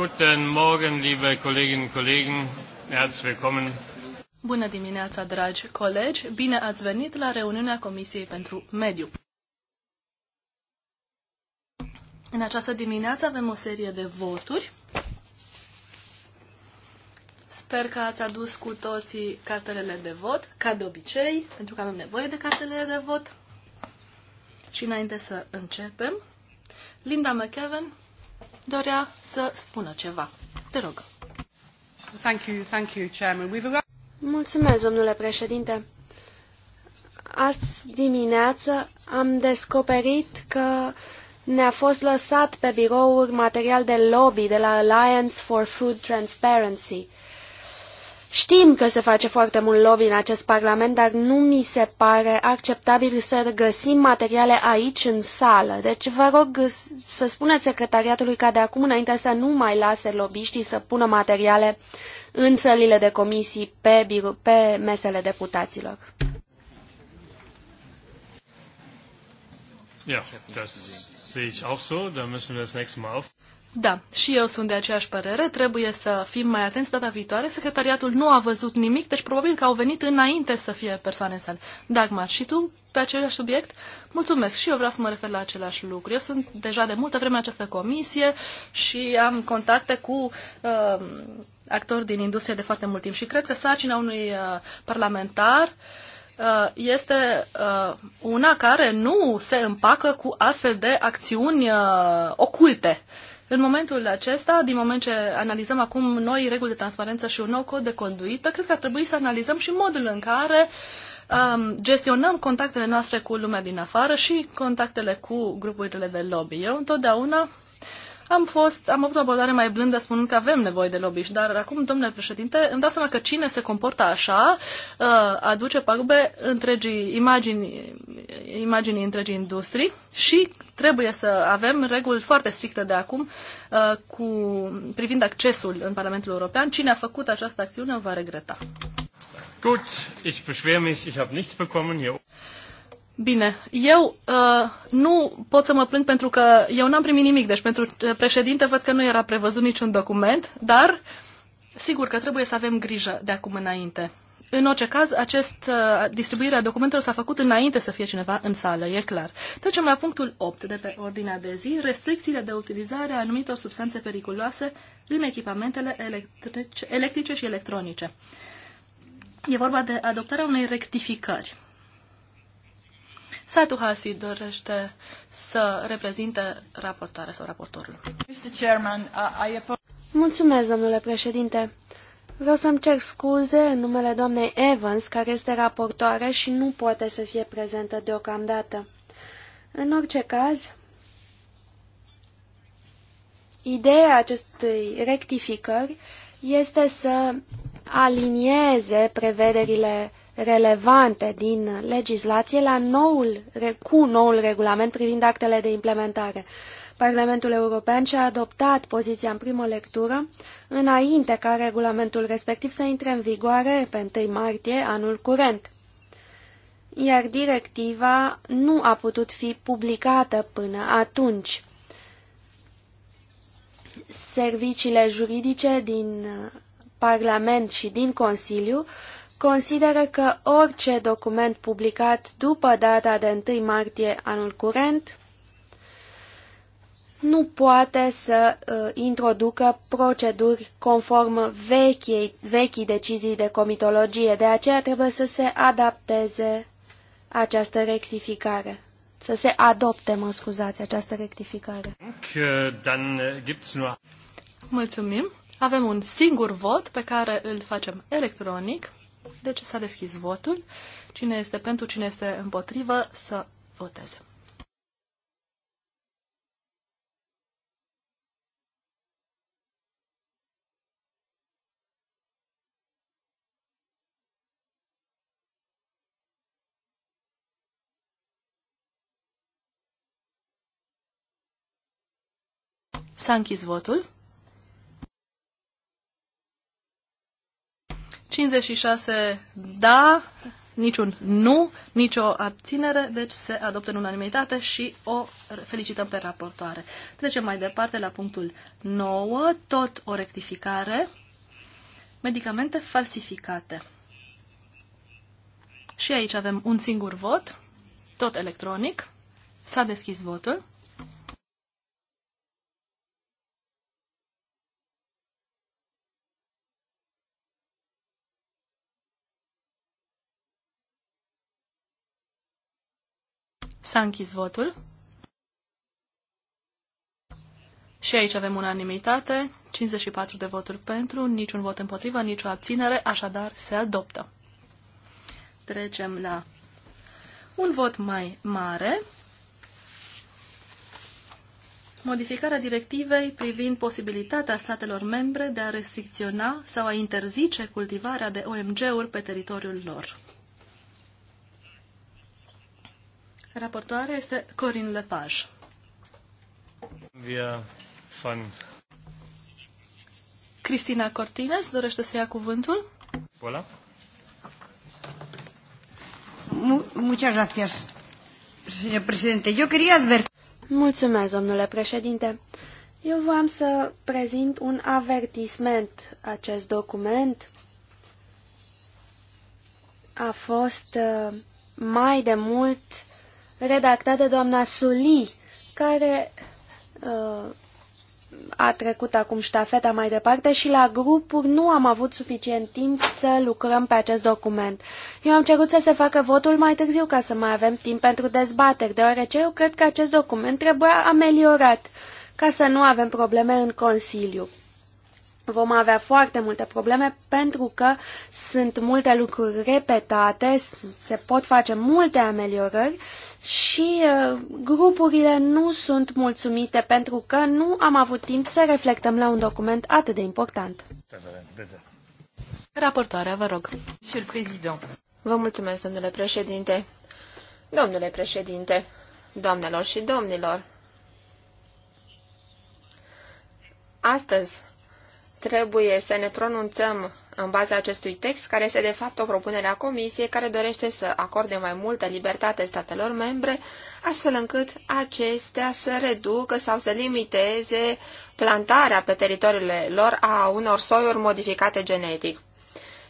Guten Morgen, liebe Kolleginnen und Kollegen. Herzlich willkommen. Bună dimineața, dragi colegi! Bine ați venit la reuniunea Comisiei pentru Mediu. În această dimineață avem o serie de voturi. Sper că ați adus cu toții cartelele de vot, ca de obicei, pentru că avem nevoie de cartelele de vot. Și înainte să începem, Linda McKeven dorea să spună ceva. Te rog. Thank you, thank you, Chairman. We've... Mulțumesc, domnule președinte. Azi dimineață am descoperit că ne-a fost lăsat pe birouri material de lobby de la Alliance for Food Transparency. Uh, Știm că se face foarte mult lobby în acest parlament, dar nu mi se pare acceptabil să găsim materiale aici, în sală. Deci vă rog să spuneți secretariatului ca de acum înainte să nu mai lase lobiștii să pună materiale în sălile de comisii pe, biru, pe mesele deputaților. Ja, das sehe ich auch so. Da müssen wir das nächste Mal auf. Da, și eu sunt de aceeași părere. Trebuie să fim mai atenți data viitoare. Secretariatul nu a văzut nimic, deci probabil că au venit înainte să fie persoane în sală. Dagmar, și tu pe același subiect? Mulțumesc și eu vreau să mă refer la același lucru. Eu sunt deja de multă vreme în această comisie și am contacte cu uh, actori din industrie de foarte mult timp și cred că sarcina unui uh, parlamentar uh, este uh, una care nu se împacă cu astfel de acțiuni uh, oculte. În momentul acesta, din moment ce analizăm acum noi reguli de transparență și un nou cod de conduită, cred că ar trebui să analizăm și modul în care um, gestionăm contactele noastre cu lumea din afară și contactele cu grupurile de lobby. Eu întotdeauna am, fost, am avut o abordare mai blândă spunând că avem nevoie de lobby, dar acum, domnule președinte, îmi dau seama că cine se comportă așa uh, aduce pagube întregii imagini, imaginii întregii industrii și trebuie să avem reguli foarte stricte de acum uh, cu, privind accesul în Parlamentul European. Cine a făcut această acțiune o va regreta. Gut, ich beschwere mich, ich habe nichts bekommen hier. Bine, eu uh, nu pot să mă plâng pentru că eu n-am primit nimic, deci pentru uh, președinte văd că nu era prevăzut niciun document, dar sigur că trebuie să avem grijă de acum înainte. În orice caz, acest, uh, distribuirea documentelor s-a făcut înainte să fie cineva în sală, e clar. Trecem la punctul 8 de pe ordinea de zi, restricțiile de utilizare a anumitor substanțe periculoase în echipamentele electrice, electrice și electronice. E vorba de adoptarea unei rectificări. Satu Hasi dorește să reprezinte raportoarea sau raportorul. Mulțumesc, domnule președinte. Vreau să-mi cer scuze în numele doamnei Evans, care este raportoare și nu poate să fie prezentă deocamdată. În orice caz, ideea acestui rectificări este să alinieze prevederile relevante din legislație la noul, cu noul regulament privind actele de implementare. Parlamentul European și-a adoptat poziția în primă lectură înainte ca regulamentul respectiv să intre în vigoare pe 1 martie anul curent. Iar directiva nu a putut fi publicată până atunci. Serviciile juridice din Parlament și din Consiliu consideră că orice document publicat după data de 1 martie anul curent nu poate să uh, introducă proceduri conform vechii, vechii decizii de comitologie. De aceea trebuie să se adapteze această rectificare. Să se adopte, mă scuzați, această rectificare. Uh, uh, Mulțumim. Avem un singur vot pe care îl facem electronic. Deci s-a deschis votul. Cine este pentru, cine este împotrivă, să voteze. S-a închis votul. 56 da, niciun nu, nicio abținere, deci se adoptă în unanimitate și o felicităm pe raportoare. Trecem mai departe la punctul 9, tot o rectificare, medicamente falsificate. Și aici avem un singur vot, tot electronic. S-a deschis votul. S-a închis votul. Și aici avem unanimitate, 54 de voturi pentru, niciun vot împotrivă, nicio abținere, așadar se adoptă. Trecem la un vot mai mare. Modificarea directivei privind posibilitatea statelor membre de a restricționa sau a interzice cultivarea de OMG-uri pe teritoriul lor. Raportoarea este Corin Lepaj. Via Cristina Cortines dorește să ia cuvântul. Voilà. Muchas gracias, señor presidente. Yo quería advertir... Mulțumesc, domnule președinte. Eu voiam să prezint un avertisment. Acest document a fost uh, mai de mult redactat de doamna Suli, care uh, a trecut acum ștafeta mai departe și la grupuri nu am avut suficient timp să lucrăm pe acest document. Eu am cerut să se facă votul mai târziu ca să mai avem timp pentru dezbateri, deoarece eu cred că acest document trebuia ameliorat ca să nu avem probleme în Consiliu vom avea foarte multe probleme pentru că sunt multe lucruri repetate, se pot face multe ameliorări și uh, grupurile nu sunt mulțumite pentru că nu am avut timp să reflectăm la un document atât de important. Raportoarea, vă rog. Vă mulțumesc, domnule președinte. Domnule președinte, doamnelor și domnilor, astăzi trebuie să ne pronunțăm în baza acestui text, care este de fapt o propunere a Comisiei care dorește să acorde mai multă libertate statelor membre, astfel încât acestea să reducă sau să limiteze plantarea pe teritoriile lor a unor soiuri modificate genetic.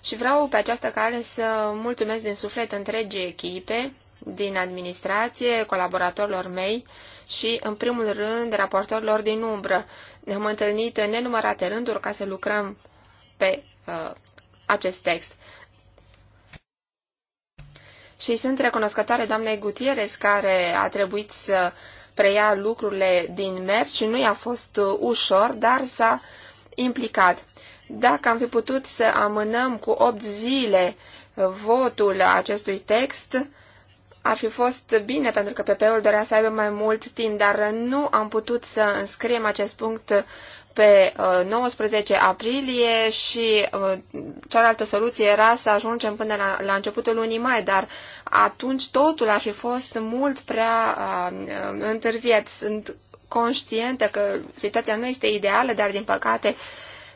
Și vreau pe această cale să mulțumesc din suflet întregii echipe, din administrație, colaboratorilor mei și, în primul rând, raportorilor din umbră, ne-am întâlnit în nenumărate rânduri ca să lucrăm pe uh, acest text. Și sunt recunoscătoare doamnei Gutierrez, care a trebuit să preia lucrurile din mers și nu i-a fost uh, ușor, dar s-a implicat. Dacă am fi putut să amânăm cu 8 zile uh, votul acestui text, ar fi fost bine pentru că PP-ul dorea să aibă mai mult timp, dar nu am putut să înscriem acest punct pe 19 uh, aprilie și uh, cealaltă soluție era să ajungem până la, la începutul lunii mai, dar atunci totul ar fi fost mult prea uh, întârziat. Sunt conștientă că situația nu este ideală, dar din păcate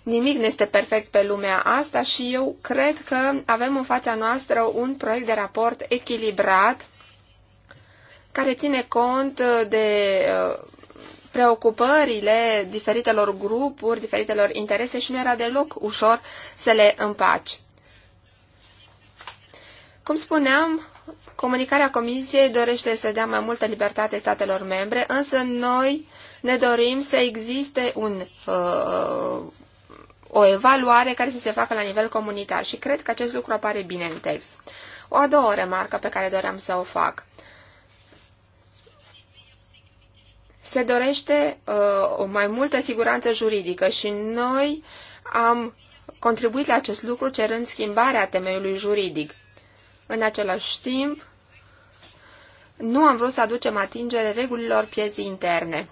nimic nu este perfect pe lumea asta și eu cred că avem în fața noastră un proiect de raport echilibrat care ține cont uh, de uh, preocupările diferitelor grupuri, diferitelor interese și nu era deloc ușor să le împaci. Cum spuneam, comunicarea Comisiei dorește să dea mai multă libertate statelor membre, însă noi ne dorim să existe un, uh, o evaluare care să se facă la nivel comunitar și cred că acest lucru apare bine în text. O a doua remarcă pe care doream să o fac. se dorește uh, o mai multă siguranță juridică și noi am contribuit la acest lucru cerând schimbarea temeiului juridic. În același timp, nu am vrut să aducem atingere regulilor pieții interne.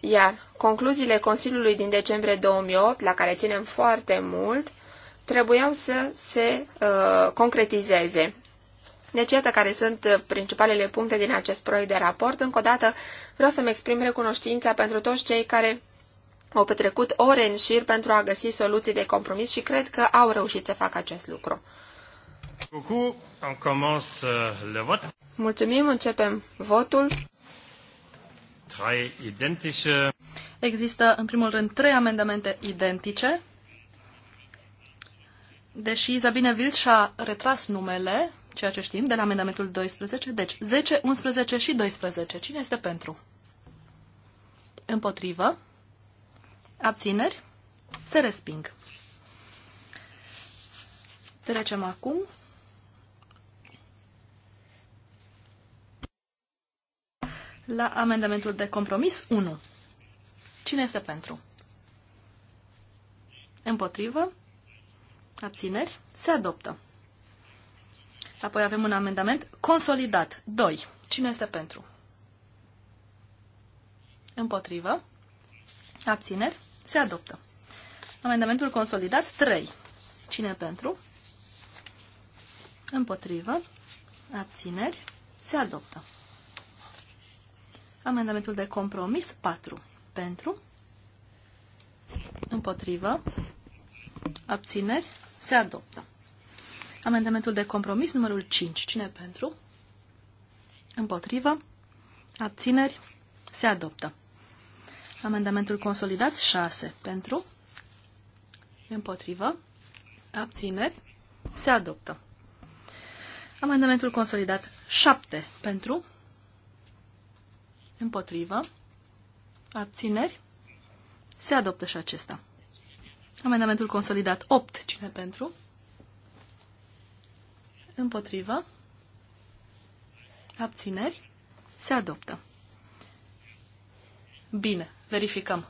Iar concluziile Consiliului din decembrie 2008, la care ținem foarte mult, trebuiau să se uh, concretizeze. Deci, iată care sunt principalele puncte din acest proiect de raport. Încă o dată, vreau să-mi exprim recunoștința pentru toți cei care au petrecut ore în șir pentru a găsi soluții de compromis și cred că au reușit să facă acest lucru. Euh, Mulțumim, începem votul. Există, în primul rând, trei amendamente identice. Deși Zabine Vilș a retras numele, ceea ce știm de la amendamentul 12. Deci 10, 11 și 12. Cine este pentru? Împotrivă. Abțineri. Se resping. Trecem acum la amendamentul de compromis 1. Cine este pentru? Împotrivă. Abțineri. Se adoptă. Apoi avem un amendament consolidat. 2. Cine este pentru? Împotrivă. Abțineri. Se adoptă. Amendamentul consolidat 3. Cine pentru? Împotrivă. Abțineri. Se adoptă. Amendamentul de compromis 4. Pentru. Împotrivă. Abțineri. Se adoptă. Amendamentul de compromis numărul 5. Cine pentru? Împotrivă. Abțineri. Se adoptă. Amendamentul consolidat 6. Pentru. Împotrivă. Abțineri. Se adoptă. Amendamentul consolidat 7. Pentru. Împotrivă. Abțineri. Se adoptă și acesta. Amendamentul consolidat 8. Cine pentru? Împotrivă. Abțineri. Se adoptă. Bine, verificăm.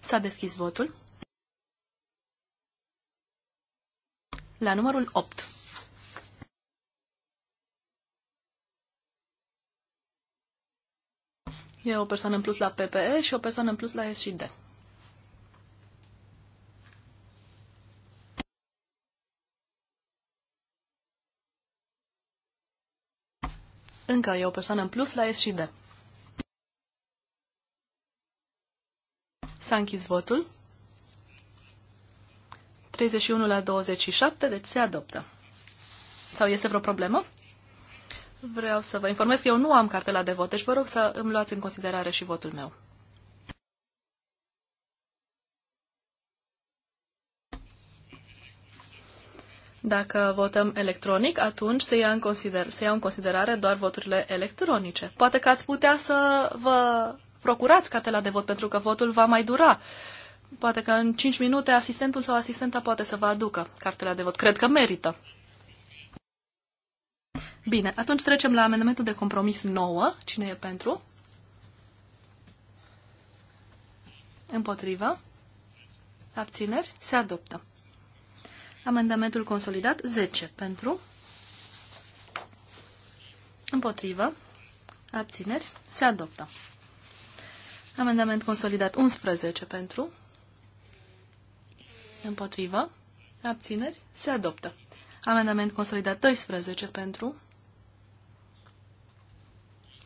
S-a deschis votul. La numărul 8. E o persoană în plus la PPE și o persoană în plus la S și D. Încă e o persoană în plus la S și D. S-a închis votul. 31 la 27, deci se adoptă. Sau este vreo problemă? Vreau să vă informez că eu nu am cartela de vot, deci vă rog să îmi luați în considerare și votul meu. Dacă votăm electronic, atunci se, ia în consider- se iau în considerare doar voturile electronice. Poate că ați putea să vă procurați cartela de vot, pentru că votul va mai dura. Poate că în 5 minute asistentul sau asistenta poate să vă aducă cartela de vot. Cred că merită. Bine, atunci trecem la amendamentul de compromis 9. Cine e pentru? Împotrivă? Abțineri? Se adoptă. Amendamentul consolidat 10 pentru, împotrivă, abțineri, se adoptă. Amendament consolidat 11 pentru, împotrivă, abțineri, se adoptă. Amendament consolidat 12 pentru,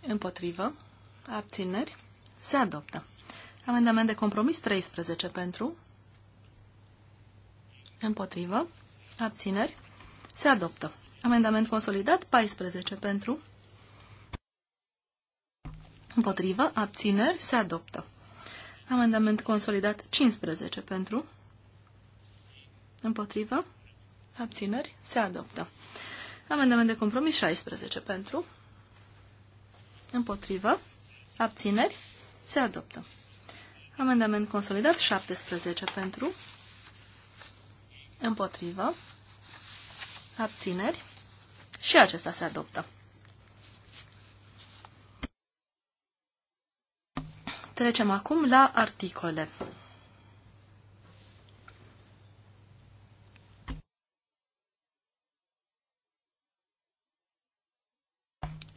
împotrivă, abțineri, se adoptă. Amendament de compromis 13 pentru, Împotrivă. Abțineri. Se adoptă. Amendament consolidat 14 pentru. Împotrivă. Abțineri. Se adoptă. Amendament consolidat 15 pentru. Împotrivă. Abțineri. Se adoptă. Amendament de compromis 16 pentru. Împotrivă. Abțineri. Se adoptă. Amendament consolidat 17 pentru împotrivă, abțineri și acesta se adoptă. Trecem acum la articole.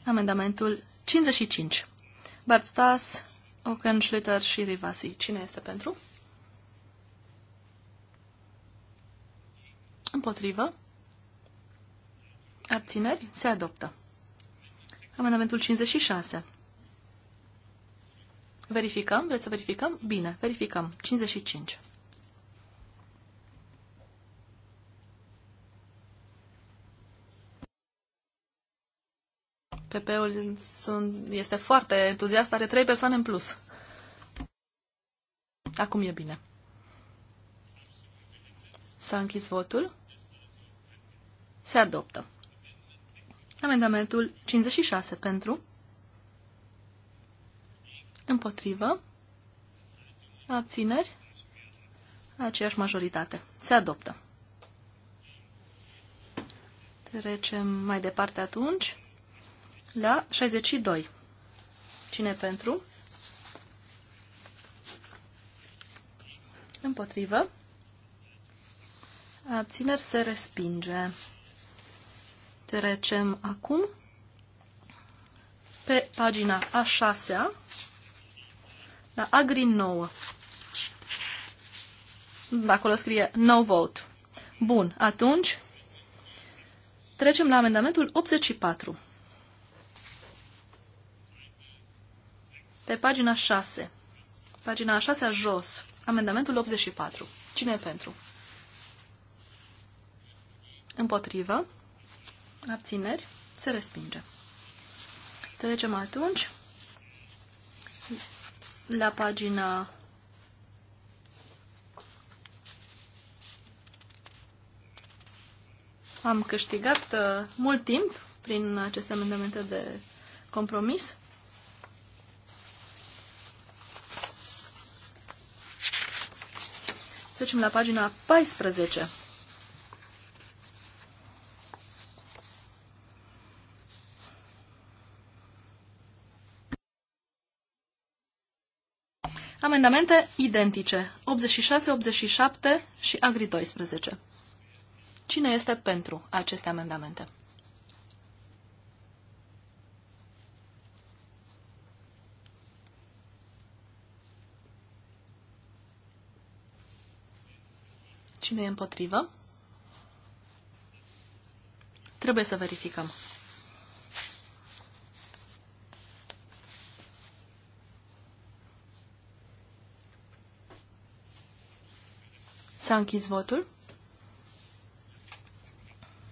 Amendamentul 55. Bart Stas, Schlüter și Rivasi. Cine este pentru? Împotrivă. Abțineri. Se adoptă. Amendamentul 56. Verificăm? Vreți să verificăm? Bine, verificăm. 55. PP-ul este foarte entuziast, are trei persoane în plus. Acum e bine. S-a închis votul. Se adoptă. Amendamentul 56 pentru. Împotrivă. Abțineri. Aceeași majoritate. Se adoptă. Trecem mai departe atunci la 62. Cine pentru? Împotrivă. Abțineri se respinge. Trecem acum pe pagina A6 a la Agri 9. Acolo scrie no vote. Bun, atunci trecem la amendamentul 84. Pe pagina 6. Pagina 6 a 6 jos. Amendamentul 84. Cine e pentru? Împotrivă. Abțineri. Se respinge. Trecem atunci la pagina Am câștigat uh, mult timp prin aceste amendamente de compromis. Trecem la pagina 14. amendamente identice, 86, 87 și Agri 12. Cine este pentru aceste amendamente? Cine e împotrivă? Trebuie să verificăm. S-a închis votul?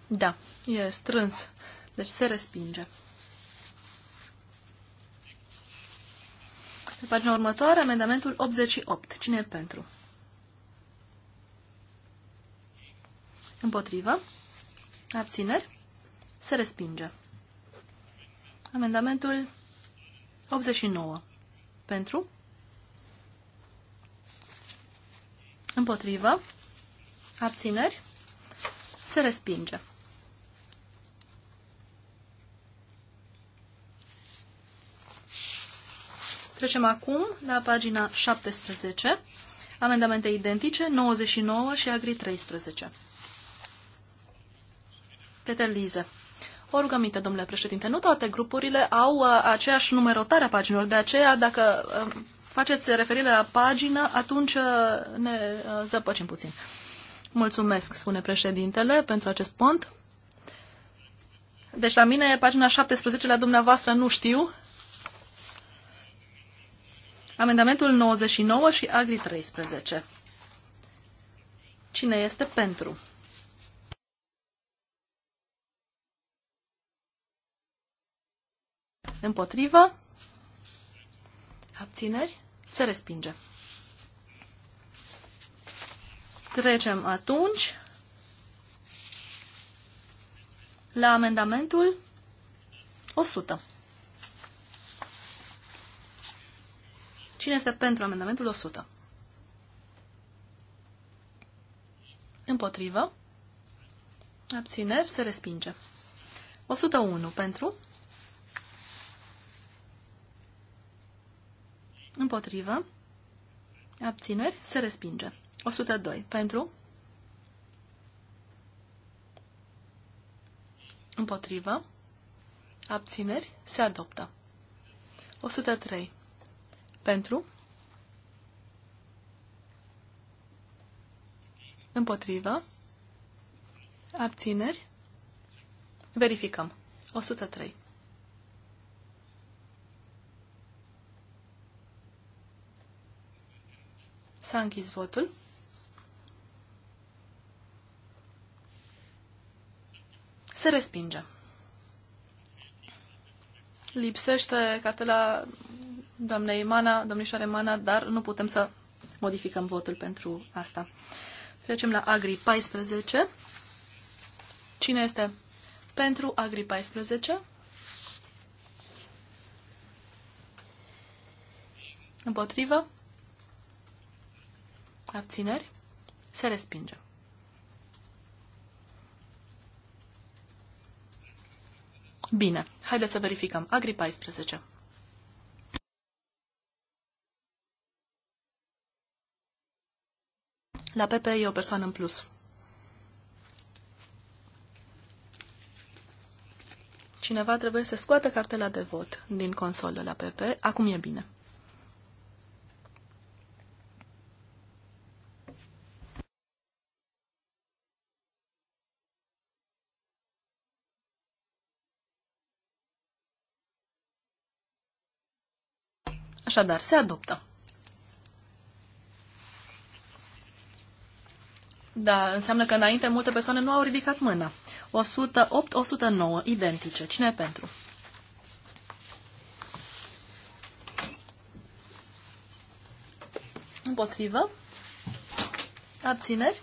Da, e strâns. Deci se respinge. Pe pagina următoare, amendamentul 88. Cine e pentru? Împotrivă. Abțineri. Se respinge. Amendamentul 89. Pentru. Împotrivă. Abțineri. Se respinge. Trecem acum la pagina 17. Amendamente identice 99 și agri 13. Peter Lize. O rugăminte, domnule președinte, nu toate grupurile au uh, aceeași numerotare a paginilor, de aceea dacă uh, faceți referire la pagină, atunci uh, ne uh, zăpăcim puțin. Mulțumesc, spune președintele, pentru acest pont. Deci la mine e pagina 17, la dumneavoastră nu știu. Amendamentul 99 și Agri 13. Cine este pentru? Împotrivă? Abțineri? Se respinge. Trecem atunci la amendamentul 100. Cine este pentru amendamentul 100? Împotrivă. Abțineri se respinge. 101 pentru. Împotrivă. Abțineri. Se respinge. 102. Pentru. Împotrivă. Abțineri. Se adoptă. 103. Pentru. Împotrivă. Abțineri. Verificăm. 103. S-a închis votul. Se respinge. Lipsește cartela doamnei Mana, domnișoare Mana, dar nu putem să modificăm votul pentru asta. Trecem la Agri 14. Cine este pentru Agri 14? Împotrivă? Abțineri? Se respinge. Bine, haideți să verificăm. Agri 14. La PP e o persoană în plus. Cineva trebuie să scoată cartela de vot din consolă la PP. Acum e bine. Așadar, se adoptă. Da, înseamnă că înainte multe persoane nu au ridicat mâna. 108-109, identice. Cine e pentru? Împotrivă? Abțineri?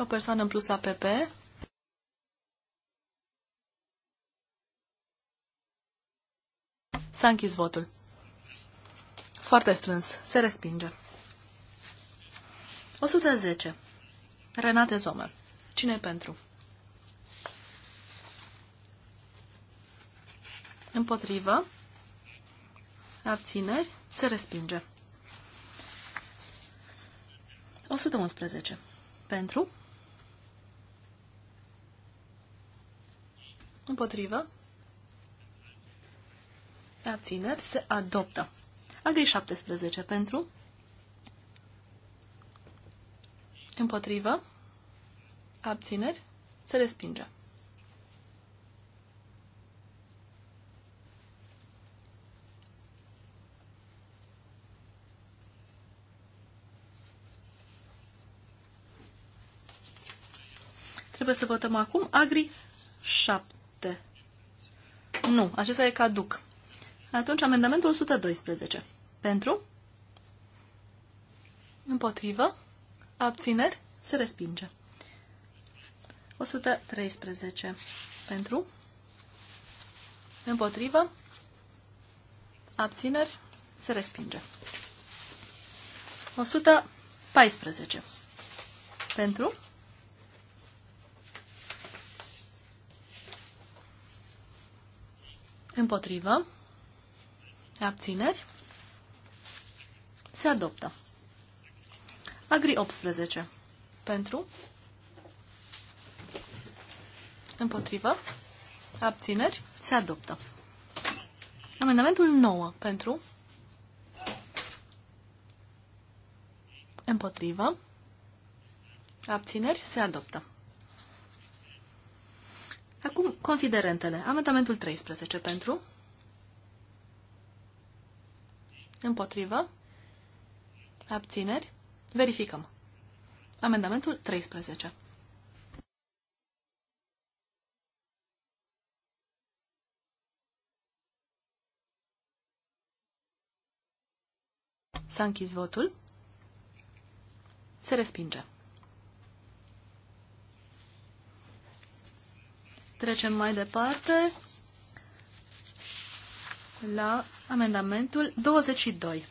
O persoană în plus la PP. S-a închis votul. Foarte strâns. Se respinge. 110. Renate Zomer. cine pentru? Împotrivă. Abțineri. Se respinge. 111. Pentru. Împotrivă. Abțineri se adoptă. Agri 17 pentru. Împotrivă. Abțineri se respinge. Trebuie să votăm acum Agri 7. Nu, acesta e caduc. Atunci amendamentul 112. Pentru? Împotrivă? Abțineri? Se respinge. 113. Pentru? Împotrivă? Abțineri? Se respinge. 114. Pentru? Împotrivă. Abțineri. Se adoptă. Agri 18. Pentru. Împotrivă. Abțineri. Se adoptă. Amendamentul 9. Pentru. Împotrivă. Abțineri. Se adoptă. Acum, considerentele. Amendamentul 13 pentru. Împotrivă. Abțineri. Verificăm. Amendamentul 13. S-a închis votul. Se respinge. Trecem mai departe la amendamentul 22.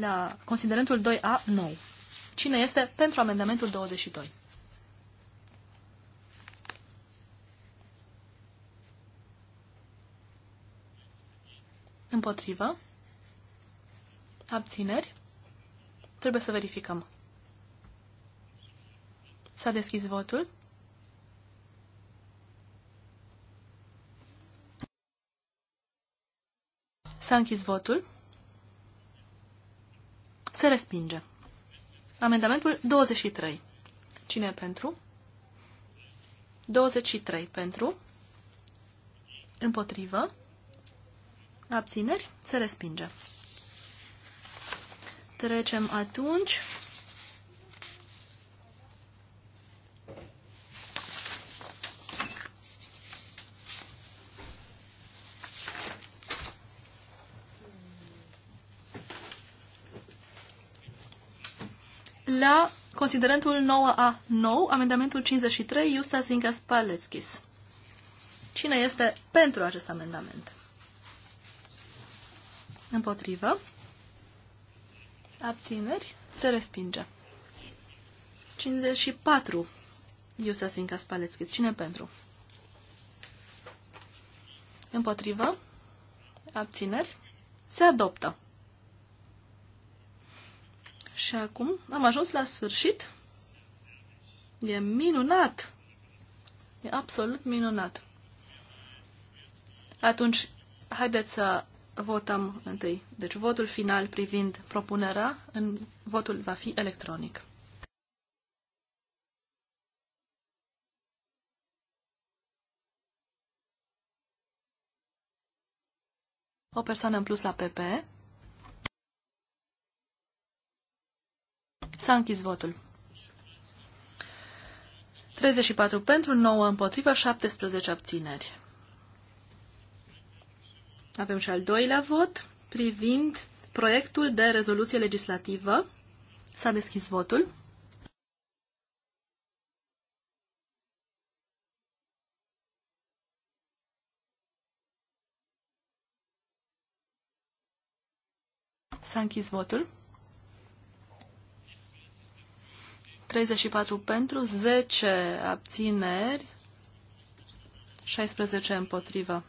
La considerentul 2A, nou. Cine este pentru amendamentul 22? Împotrivă. Abțineri. Trebuie să verificăm. S-a deschis votul. S-a închis votul. Se respinge. Amendamentul 23. Cine e pentru? 23 pentru. Împotrivă. Abțineri. Se respinge. Trecem atunci la considerentul 9A9, amendamentul 53, Iustas Ingas Paleckis. Cine este pentru acest amendament? Împotrivă. Abțineri. Se respinge. 54. Iustas Vinca Spalețchi. Cine pentru? Împotrivă. Abțineri. Se adoptă. Și acum am ajuns la sfârșit. E minunat! E absolut minunat! Atunci, haideți să votăm întâi. Deci votul final privind propunerea, în, votul va fi electronic. O persoană în plus la PP. S-a închis votul. 34 pentru, 9 împotriva, 17 abțineri. Avem și al doilea vot privind proiectul de rezoluție legislativă. S-a deschis votul. S-a închis votul. 34 pentru, 10 abțineri, 16 împotrivă.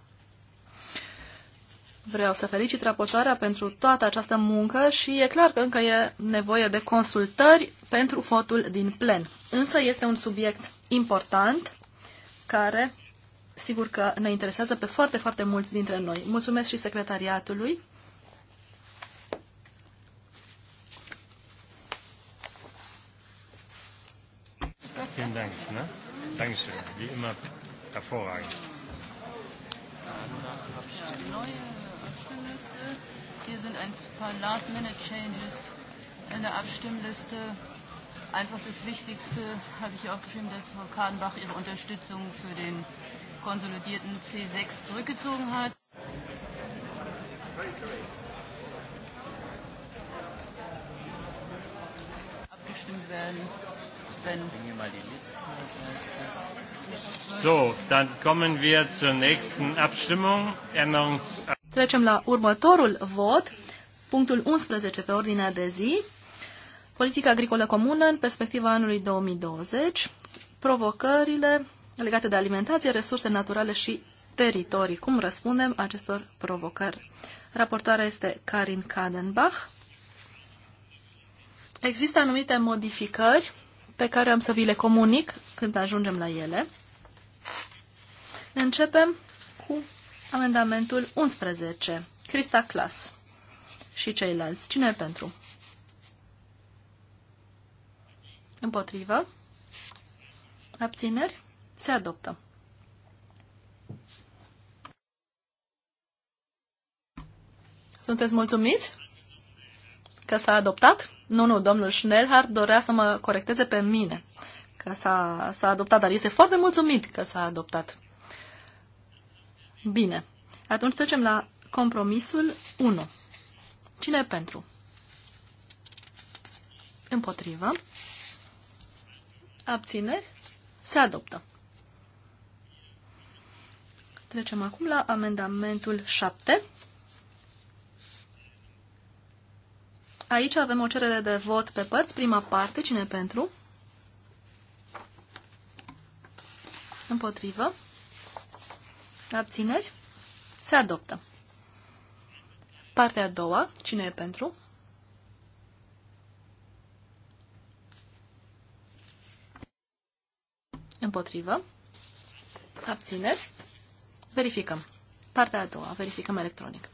Vreau să felicit raportarea pentru toată această muncă și e clar că încă e nevoie de consultări pentru votul din plen. Însă este un subiect important care sigur că ne interesează pe foarte, foarte mulți dintre noi. Mulțumesc și secretariatului Dank. Ne? Dankeschön. Wie immer hervorragend. Dann habe ich eine neue Abstimmliste. Hier sind ein paar Last-Minute-Changes in der Abstimmliste. Einfach das Wichtigste habe ich auch geschrieben, dass Frau Kadenbach ihre Unterstützung für den konsolidierten C6 zurückgezogen hat. Abgestimmt werden. So, dann kommen wir zur nächsten Abstimmung. Trecem la următorul vot, punctul 11 pe ordinea de zi. Politica agricolă comună în perspectiva anului 2020, provocările legate de alimentație, resurse naturale și teritorii. Cum răspundem acestor provocări? Raportoarea este Karin Kadenbach. Există anumite modificări pe care am să vi le comunic când ajungem la ele. Începem cu amendamentul 11. Crista Clas și ceilalți. Cine e pentru? Împotrivă? Abțineri? Se adoptă. Sunteți mulțumiți? Că s-a adoptat? Nu, nu, domnul Schnellhardt dorea să mă corecteze pe mine că s-a, s-a adoptat, dar este foarte mulțumit că s-a adoptat. Bine. Atunci trecem la compromisul 1. Cine e pentru? Împotrivă. Abțineri. Se adoptă. Trecem acum la amendamentul 7. Aici avem o cerere de vot pe părți. Prima parte, cine pentru? Împotrivă. Abțineri. Se adoptă. Partea a doua, cine e pentru? Împotrivă. Abțineri. Verificăm. Partea a doua, verificăm electronic.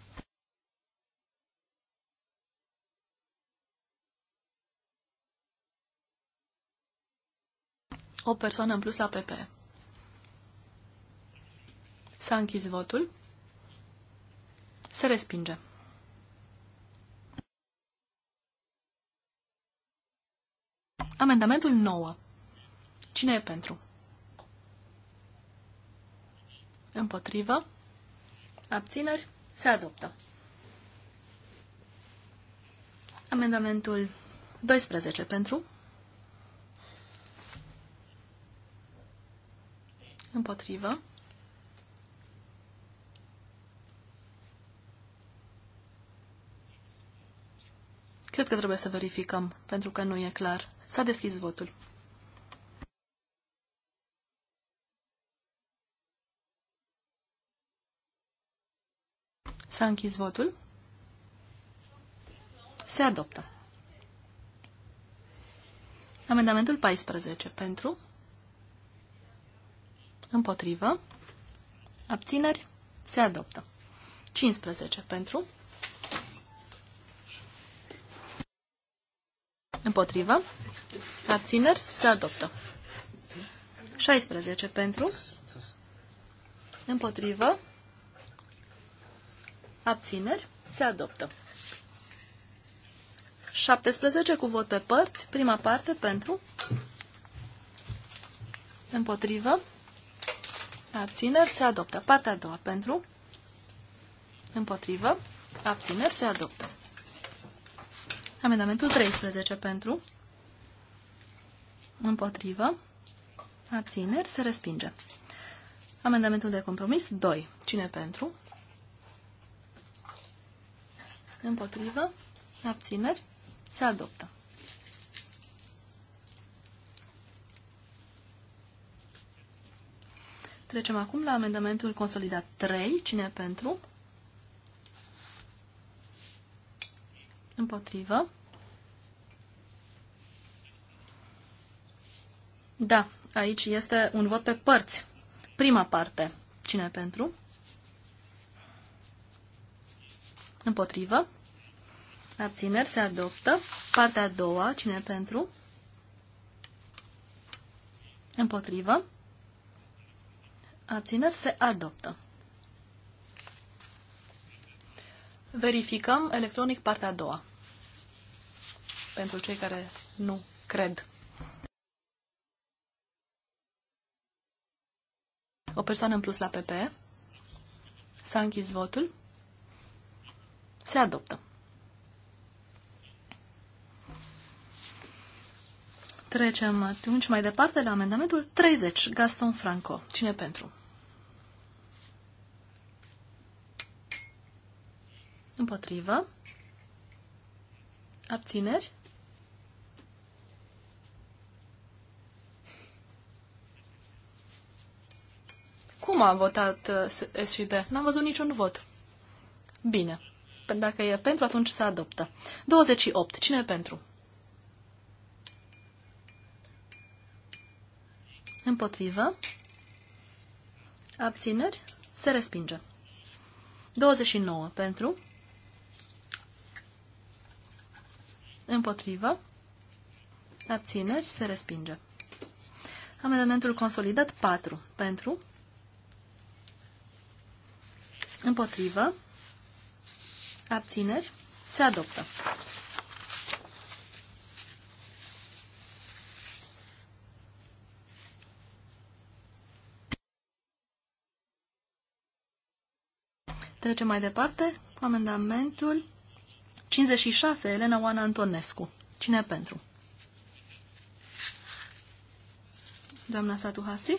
O persoană în plus la PP. S-a închis votul. Se respinge. Amendamentul 9. Cine e pentru? Împotrivă. Abțineri. Se adoptă. Amendamentul 12 pentru. Împotrivă. Cred că trebuie să verificăm, pentru că nu e clar. S-a deschis votul. S-a închis votul. Se adoptă. Amendamentul 14 pentru Împotrivă. Abțineri. Se adoptă. 15 pentru. Împotrivă. Abțineri. Se adoptă. 16 pentru. Împotrivă. Abțineri. Se adoptă. 17 cu vot pe părți. Prima parte pentru. Împotrivă. Abțineri se adoptă. Partea a doua pentru. Împotrivă. Abțineri se adoptă. Amendamentul 13 pentru. Împotrivă. Abțineri se respinge. Amendamentul de compromis 2. Cine pentru? Împotrivă. Abțineri se adoptă. Trecem acum la amendamentul consolidat 3. Cine pentru? Împotrivă. Da, aici este un vot pe părți. Prima parte. Cine pentru? Împotrivă. Abțineri se adoptă. Partea a doua. Cine pentru? Împotrivă abțineri, se adoptă. Verificăm electronic partea a doua. Pentru cei care nu cred. O persoană în plus la PP. S-a închis votul. Se adoptă. Trecem atunci mai departe la amendamentul 30, Gaston Franco. Cine pentru? Împotrivă. Abțineri. Cum a votat uh, SID? N-am văzut niciun vot. Bine. Dacă e pentru, atunci se adoptă. 28. Cine e pentru? Împotrivă. Abțineri. Se respinge. 29. Pentru. Împotrivă. Abțineri. Se respinge. Amendamentul consolidat 4. Pentru. Împotrivă. Abțineri. Se adoptă. Trecem mai departe cu amendamentul 56, Elena Oana Antonescu. Cine pentru? Doamna Satu Hasi?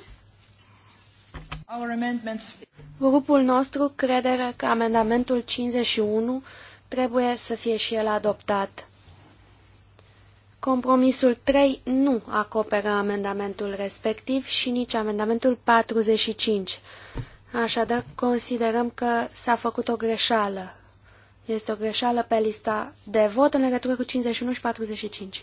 Our amendments. Grupul nostru crede că amendamentul 51 trebuie să fie și el adoptat. Compromisul 3 nu acoperă amendamentul respectiv și nici amendamentul 45. Așadar, considerăm că s-a făcut o greșeală este o greșeală pe lista de vot în legătură cu 51 și 45.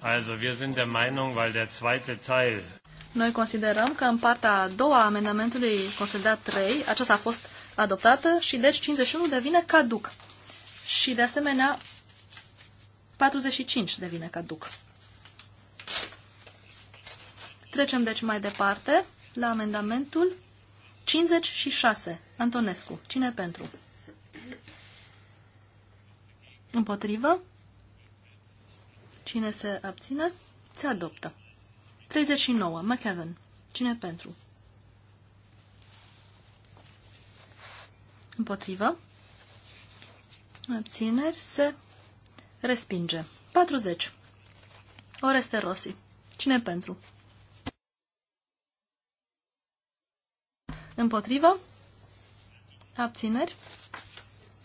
also wir sind der Meinung, weil der zweite Teil noi considerăm că în partea a doua amendamentului considerat 3, aceasta a fost adoptată și deci 51 devine caduc. Și de asemenea 45 devine caduc. Trecem deci mai departe la amendamentul 56. Antonescu. Cine pentru? Împotrivă? Cine se abține? Se adoptă. 39. McEvan. Cine pentru? Împotrivă? Abțineri se Respinge. 40. Oreste Rossi. Cine pentru? Împotrivă? Abțineri?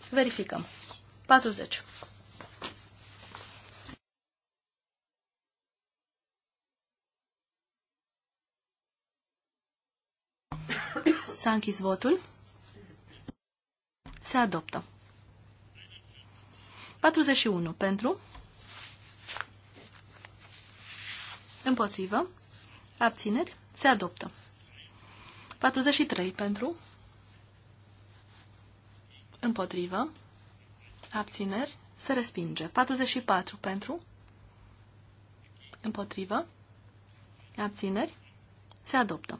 Verificăm. 40. S-a închis votul. Se adoptă. 41 pentru, împotrivă, abțineri, se adoptă. 43 pentru, împotrivă, abțineri, se respinge. 44 pentru, împotrivă, abțineri, se adoptă.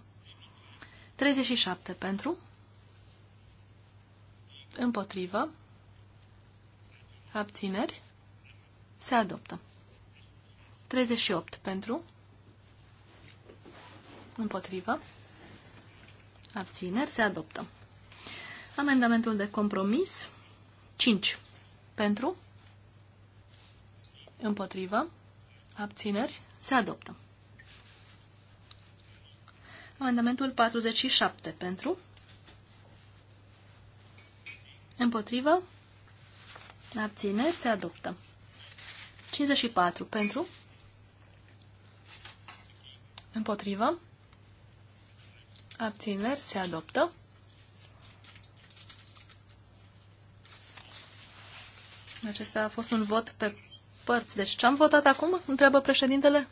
37 pentru, împotrivă, Abțineri. Se adoptă. 38 pentru. Împotrivă. Abțineri. Se adoptă. Amendamentul de compromis. 5 pentru. Împotrivă. Abțineri. Se adoptă. Amendamentul 47 pentru. Împotrivă. Abțineri se adoptă. 54 pentru. Împotrivă. Abțineri se adoptă. Acesta a fost un vot pe părți. Deci ce am votat acum? Întreabă președintele.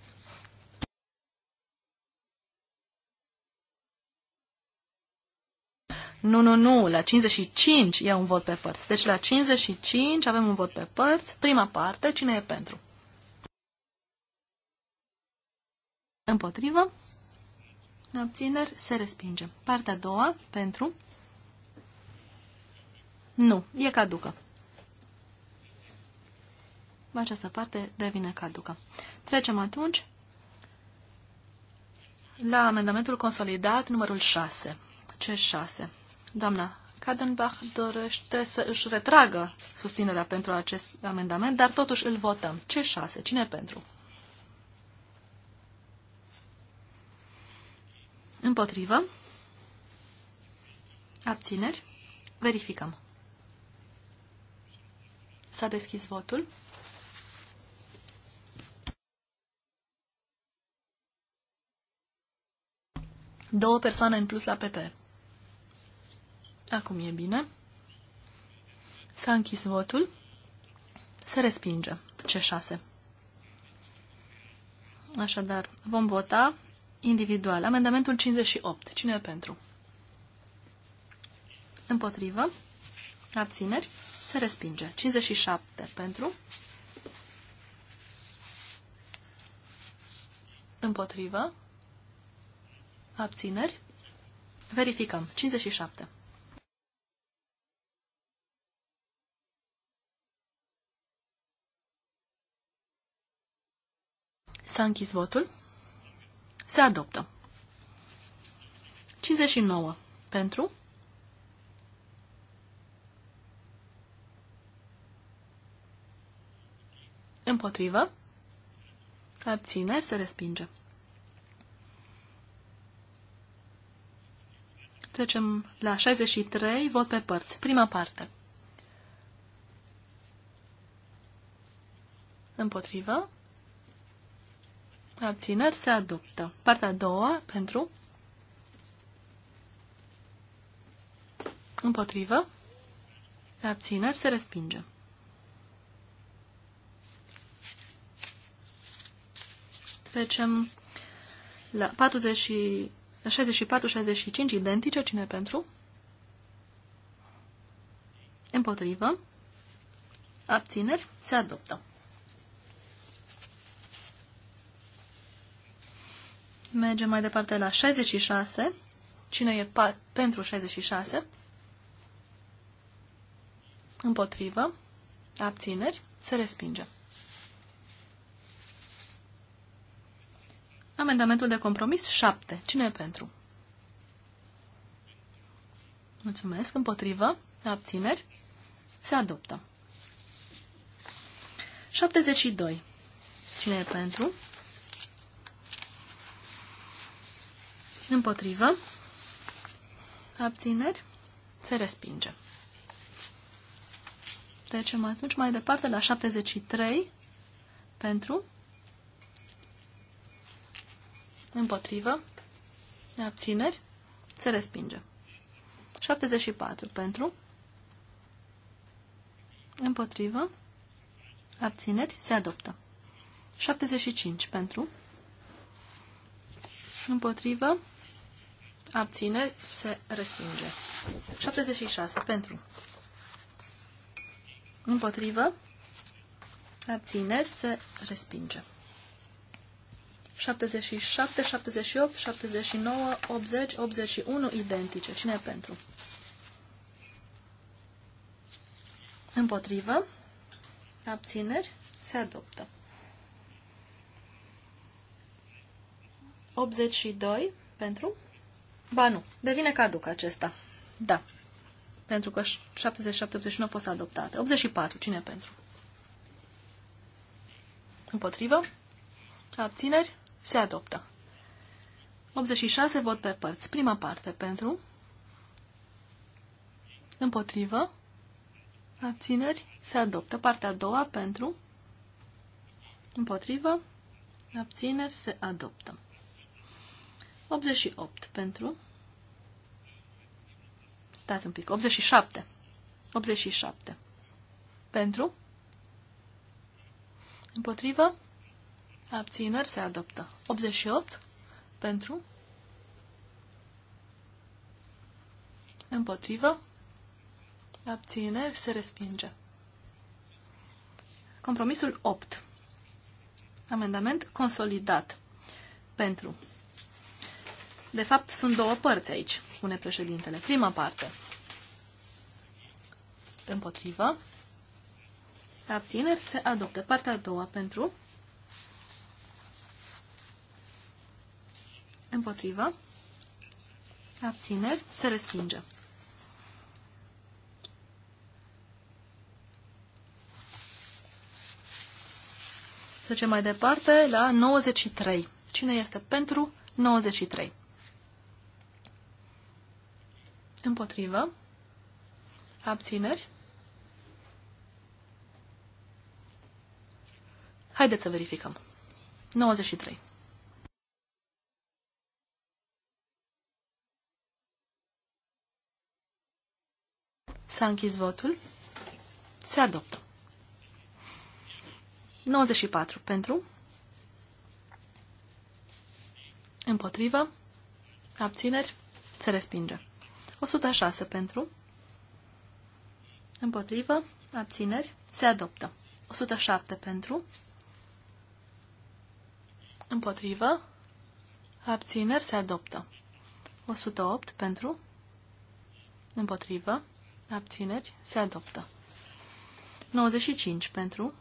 Nu, nu, nu, la 55 e un vot pe părți. Deci la 55 avem un vot pe părți. Prima parte, cine e pentru? Împotrivă. Abțineri se respinge. Partea a doua, pentru. Nu, e caducă. Această parte devine caducă. Trecem atunci la amendamentul consolidat numărul 6. C6. Doamna Kadenbach dorește să își retragă susținerea pentru acest amendament, dar totuși îl votăm. Ce șase? Cine pentru? Împotrivă? Abțineri? Verificăm. S-a deschis votul. Două persoane în plus la PP. Acum e bine. S-a închis votul. Se respinge. C6. Așadar, vom vota individual. Amendamentul 58. Cine e pentru? Împotrivă. Abțineri. Se respinge. 57 pentru. Împotrivă. Abțineri. Verificăm. 57. S-a închis votul. Se adoptă. 59 pentru. Împotrivă. Abține, se respinge. Trecem la 63, vot pe părți. Prima parte. Împotrivă abțineri, se adoptă. Partea a doua, pentru, împotrivă, abțineri, se respinge. Trecem la 64-65 identice, cine pentru? Împotrivă. Abțineri. Se adoptă. Mergem mai departe la 66. Cine e pa pentru 66? Împotrivă. Abțineri. Se respinge. Amendamentul de compromis 7. Cine e pentru? Mulțumesc. Împotrivă. Abțineri. Se adoptă. 72. Cine e pentru? Împotrivă. Abțineri. Se respinge. Trecem atunci mai departe la 73 pentru împotrivă abțineri se respinge. 74 pentru împotrivă abțineri se adoptă. 75 pentru împotrivă Abține, se respinge. 76 pentru. Împotrivă. Abțineri se respinge. 77, 78, 79, 80, 81 identice. Cine e pentru? Împotrivă. Abțineri se adoptă. 82 pentru. Ba nu, devine caduc acesta. Da. Pentru că 77-81 a fost adoptată. 84, cine pentru? Împotrivă? Abțineri? Se adoptă. 86 vot pe părți. Prima parte pentru. Împotrivă. Abțineri. Se adoptă. Partea a doua pentru. Împotrivă. Abțineri. Se adoptă. 88 pentru. Stați un pic. 87. 87. Pentru. Împotrivă. Abțineri se adoptă. 88. Pentru. Împotrivă. Abțineri se respinge. Compromisul 8. Amendament consolidat. Pentru. De fapt, sunt două părți aici, spune președintele. Prima parte. Împotrivă. Abțineri se adoptă. Partea a doua pentru. Împotrivă. Abțineri se respinge. Trecem mai departe la 93. Cine este pentru 93? Împotrivă. Abțineri. Haideți să verificăm. 93. S-a închis votul. Se adoptă. 94 pentru. Împotrivă. Abțineri. Se respinge. 106 pentru, împotrivă, abțineri, se adoptă. 107 pentru, împotrivă, abțineri, se adoptă. 108 pentru, împotrivă, abțineri, se adoptă. 95 pentru,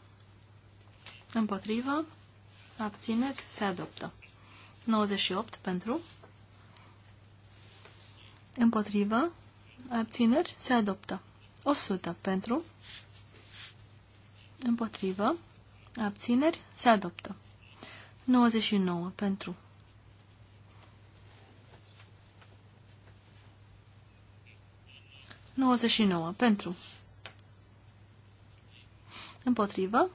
împotrivă, abțineri, se adoptă. 98 pentru, Împotrivă. Abțineri. Se adoptă. 100 pentru. Împotrivă. Abțineri. Se adoptă. 99 pentru. Nouăzeci și nouă. Pentru. Împotrivă.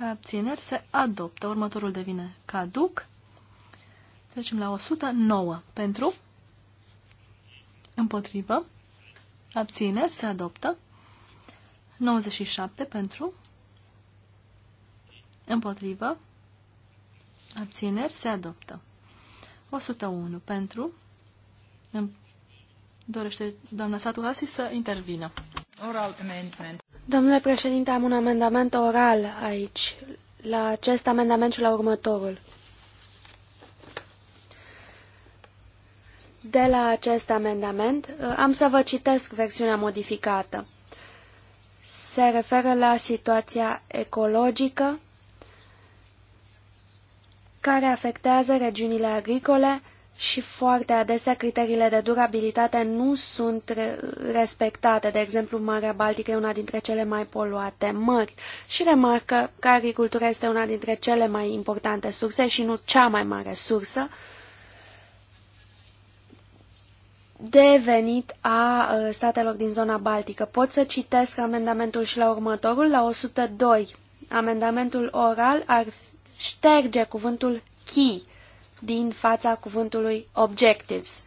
Abțineri se adoptă. Următorul devine caduc. Trecem la 109. Pentru. Împotrivă. Abțineri. Se adoptă. 97 pentru. Împotrivă. Abțineri. Se adoptă. 101 pentru. Dorește doamna Satuhasi să intervină. Oral amendment. Domnule președinte, am un amendament oral aici, la acest amendament și la următorul. de la acest amendament. Uh, am să vă citesc versiunea modificată. Se referă la situația ecologică care afectează regiunile agricole și foarte adesea criteriile de durabilitate nu sunt respectate. De exemplu, Marea Baltică e una dintre cele mai poluate mări și remarcă că agricultura este una dintre cele mai importante surse și nu cea mai mare sursă de venit a uh, statelor din zona Baltică. Pot să citesc amendamentul și la următorul, la 102. Amendamentul oral ar șterge cuvântul key din fața cuvântului objectives.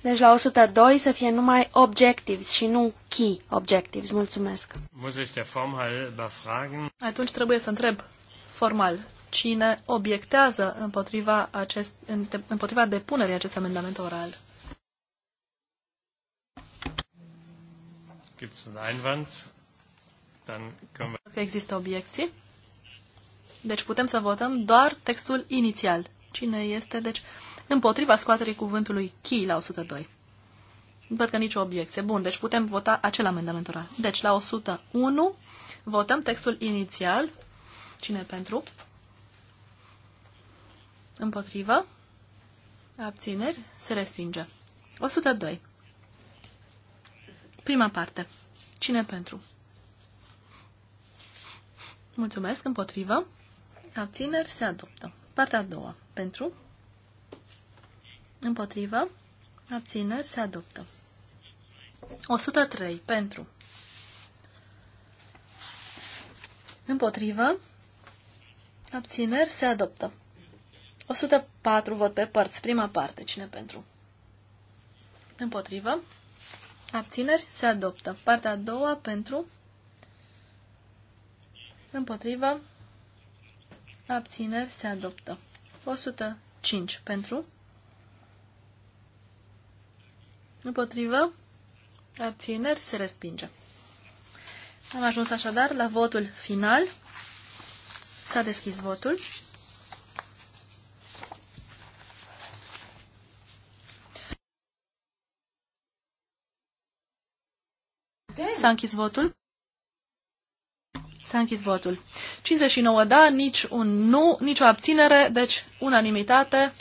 Deci la 102 să fie numai objectives și nu key objectives. Mulțumesc. Atunci trebuie să întreb formal cine obiectează împotriva, acest, împotriva depunerii acestui amendament oral. Gibt Einwand? Dann wir... Că există obiecții. Deci putem să votăm doar textul inițial. Cine este, deci, împotriva scoaterii cuvântului chi la 102. Nu văd că nicio obiecție. Bun, deci putem vota acel amendament oral. Deci la 101 votăm textul inițial. Cine pentru? Împotrivă. Abțineri. Se respinge. 102. Prima parte. Cine pentru? Mulțumesc. Împotrivă. Abțineri. Se adoptă. Partea a doua. Pentru. Împotrivă. Abțineri. Se adoptă. 103. Pentru. Împotrivă. Abțineri se adoptă. 104 vot pe părți, prima parte, cine pentru? Împotrivă. Abțineri se adoptă. Partea a doua pentru. Împotrivă. Abțineri se adoptă. 105 pentru. Împotrivă. Abțineri se respinge. Am ajuns așadar la votul final. S-a deschis votul. S-a închis votul. S-a închis votul. 59 da, nici un nu, nicio abținere, deci unanimitate.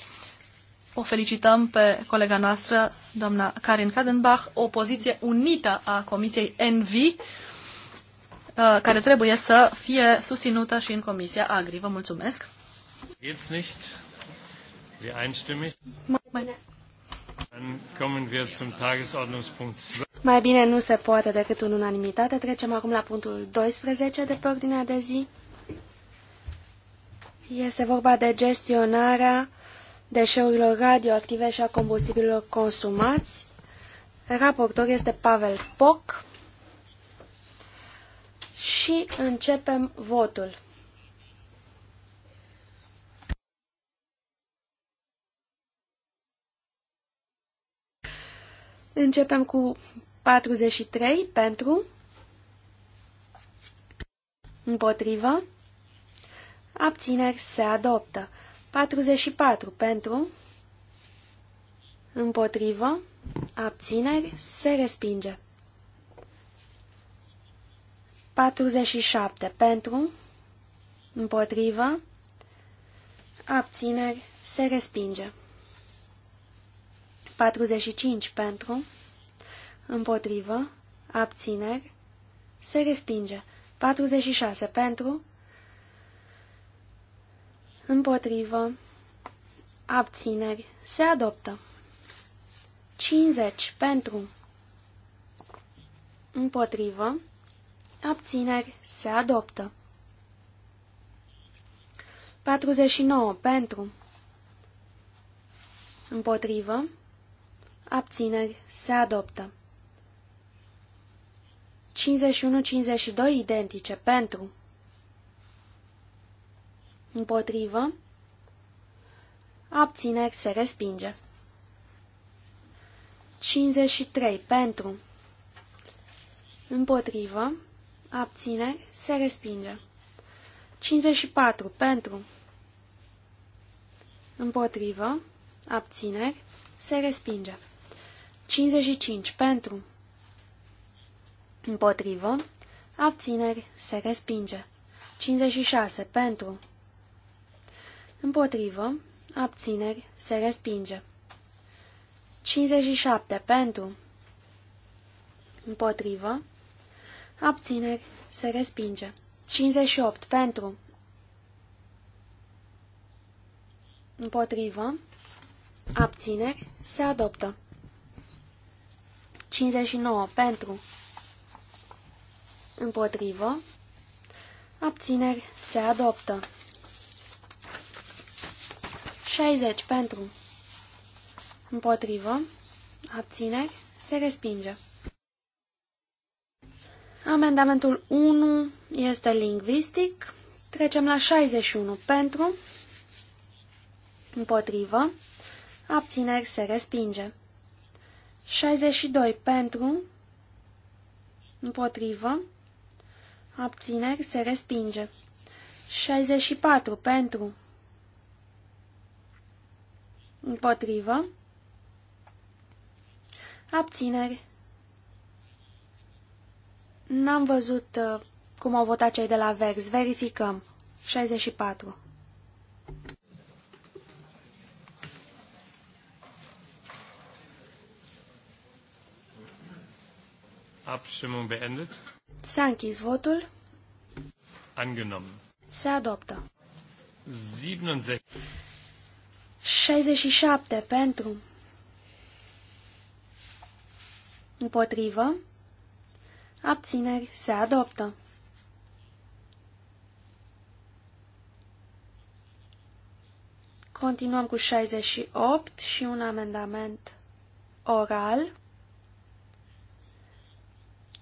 O felicităm pe colega noastră, doamna Karin Kadenbach, o poziție unită a Comisiei ENVI, uh, care trebuie să fie susținută și în Comisia Agri. Vă mulțumesc! Mai, mai. Mai bine nu se poate decât în unanimitate. Trecem acum la punctul 12 de pe ordinea de zi. Este vorba de gestionarea deșeurilor radioactive și a combustibililor consumați. Raportor este Pavel Poc. Și începem votul. Începem cu 43 pentru, împotrivă, abțineri se adoptă. 44 pentru, împotrivă, abțineri se respinge. 47 pentru, împotrivă, abțineri se respinge. 45 pentru, împotrivă, abțineri, se respinge. 46 pentru, împotrivă, abțineri, se adoptă. 50 pentru, împotrivă, abțineri, se adoptă. 49 pentru, împotrivă, abțineri, se adoptă. 51-52 identice pentru împotrivă abțineri se respinge 53 pentru împotrivă abțineri se respinge 54 pentru împotrivă abțineri se respinge 55 pentru Împotrivă. Abțineri. Se respinge. 56. Pentru. Împotrivă. Abțineri. Se respinge. 57. Pentru. Împotrivă. Abțineri. Se respinge. 58. Pentru. Împotrivă. Abțineri. Se adoptă. 59. Pentru. Împotrivă. Abțineri. Se adoptă. 60 pentru. Împotrivă. Abțineri. Se respinge. Amendamentul 1 este lingvistic. Trecem la 61 pentru. Împotrivă. Abțineri. Se respinge. 62 pentru. Împotrivă abțineri, se respinge. 64 pentru, împotrivă, abțineri. N-am văzut uh, cum au votat cei de la Vers. Verificăm. 64. Abstimmung beendet. S-a închis votul. Angenommen. Se adoptă. 67. pentru. Împotrivă. Abțineri. Se adoptă. Continuăm cu 68 și un amendament oral.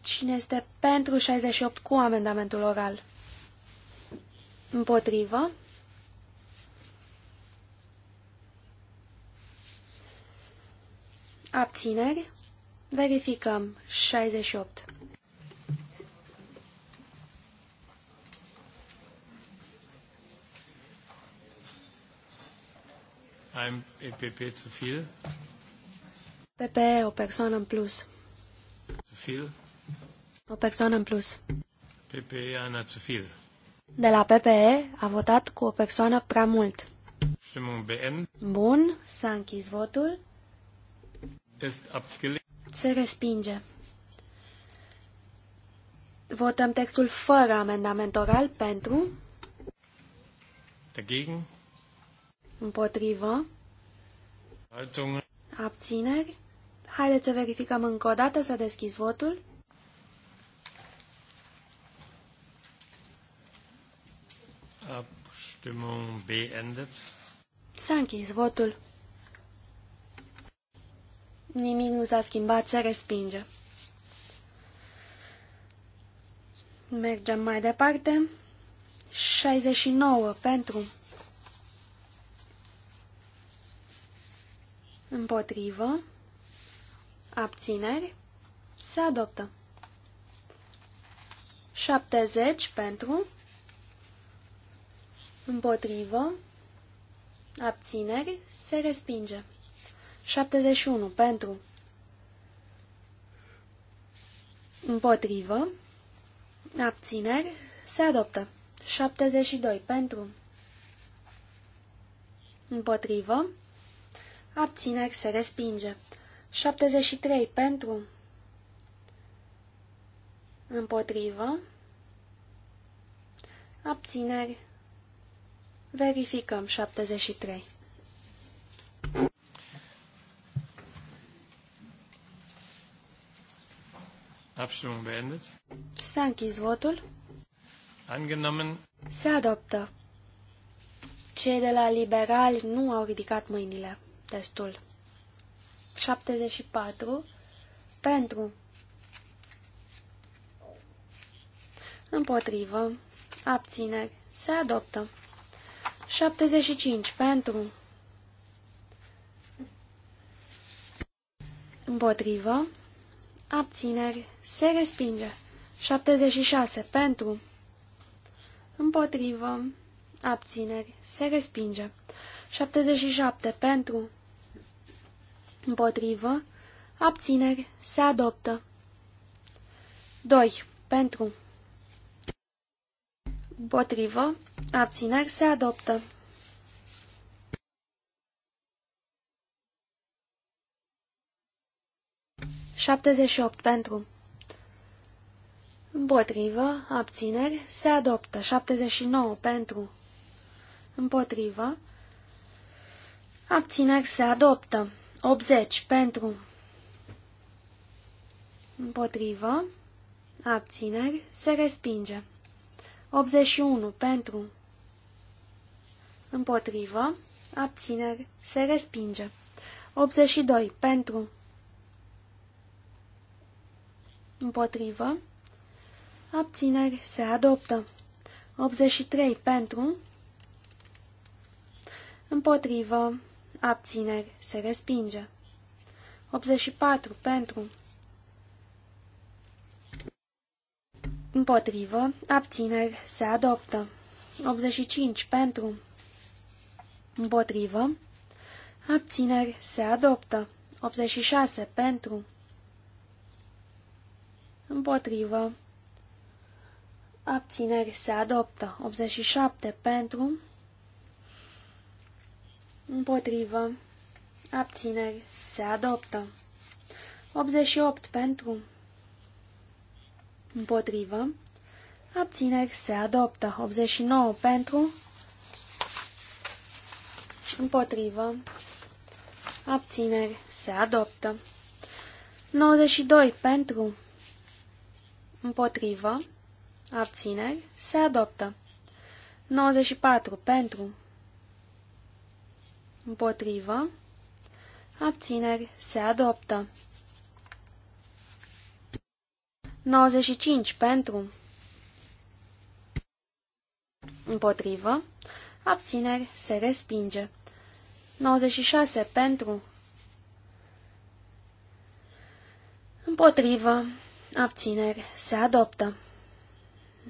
Cine este pentru 68 cu amendamentul oral? Împotrivă. Abțineri. Verificăm. 68. Am EPP zu viel. PP, o persoană în plus. Zu viel. O persoană în plus. PPE Ana Zufil. De la PPE a votat cu o persoană prea mult. Bun, s-a închis votul. Se respinge. Votăm textul fără amendament oral pentru. Dagegen. Împotrivă. Haltung. Abțineri. Haideți să verificăm încă o dată să deschizi votul. Abstimmung beendet. S-a închis votul. Nimic nu s-a schimbat, se respinge. Mergem mai departe. 69 pentru. Împotrivă. Abțineri. Se adoptă. 70 pentru. Împotrivă. Abțineri. Se respinge. 71. Pentru. Împotrivă. Abțineri. Se adoptă. 72. Pentru. Împotrivă. Abțineri. Se respinge. 73. Pentru. Împotrivă. Abțineri. Verificăm 73. Abstimmung beendet. S-a închis votul. Angenommen. Se adoptă. Cei de la liberali nu au ridicat mâinile. Testul. 74. Pentru. Împotrivă. Abțineri. Se adoptă. 75 pentru împotrivă, abțineri, se respinge. 76 pentru împotrivă, abțineri, se respinge. 77 pentru împotrivă, abțineri, se adoptă. 2 pentru Potrivă, Abțineri se adoptă. Șaptezeci opt pentru. Împotrivă. Abțineri se adoptă. Șaptezeci pentru. Împotrivă. Abțineri se adoptă. 80 pentru. Împotrivă. Abțineri se respinge. 81 pentru împotrivă, abțineri, se respinge. 82 pentru împotrivă, abțineri, se adoptă. 83 pentru împotrivă, abțineri, se respinge. 84 pentru Împotrivă, abțineri, se adoptă. 85 pentru. Împotrivă, abțineri, se adoptă. 86 pentru. Împotrivă, abțineri, se adoptă. 87 pentru. Împotrivă, abțineri, se adoptă. 88 pentru. Împotrivă. Abțineri se adoptă. 89 pentru. Împotrivă. Abțineri se adoptă. 92 pentru. Împotrivă. Abțineri se adoptă. 94 pentru. Împotrivă. Abțineri se adoptă. 95 pentru, împotrivă, abțineri, se respinge. 96 pentru, împotrivă, abțineri, se adoptă.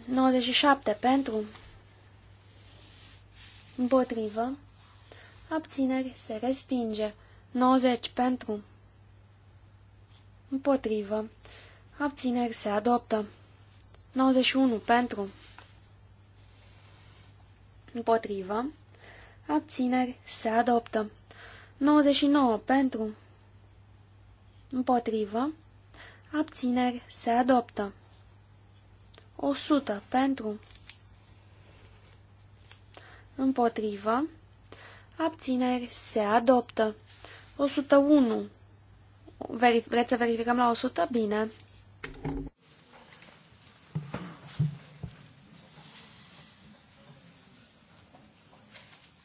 97 pentru, împotrivă, abțineri, se respinge. 90 pentru, împotrivă, Abțineri se adoptă. 91 pentru. Împotrivă. Abțineri se adoptă. 99 pentru. Împotrivă. Abțineri se adoptă. 100 pentru. Împotrivă. Abțineri se adoptă. 101. vreți să verificăm la 100? Bine.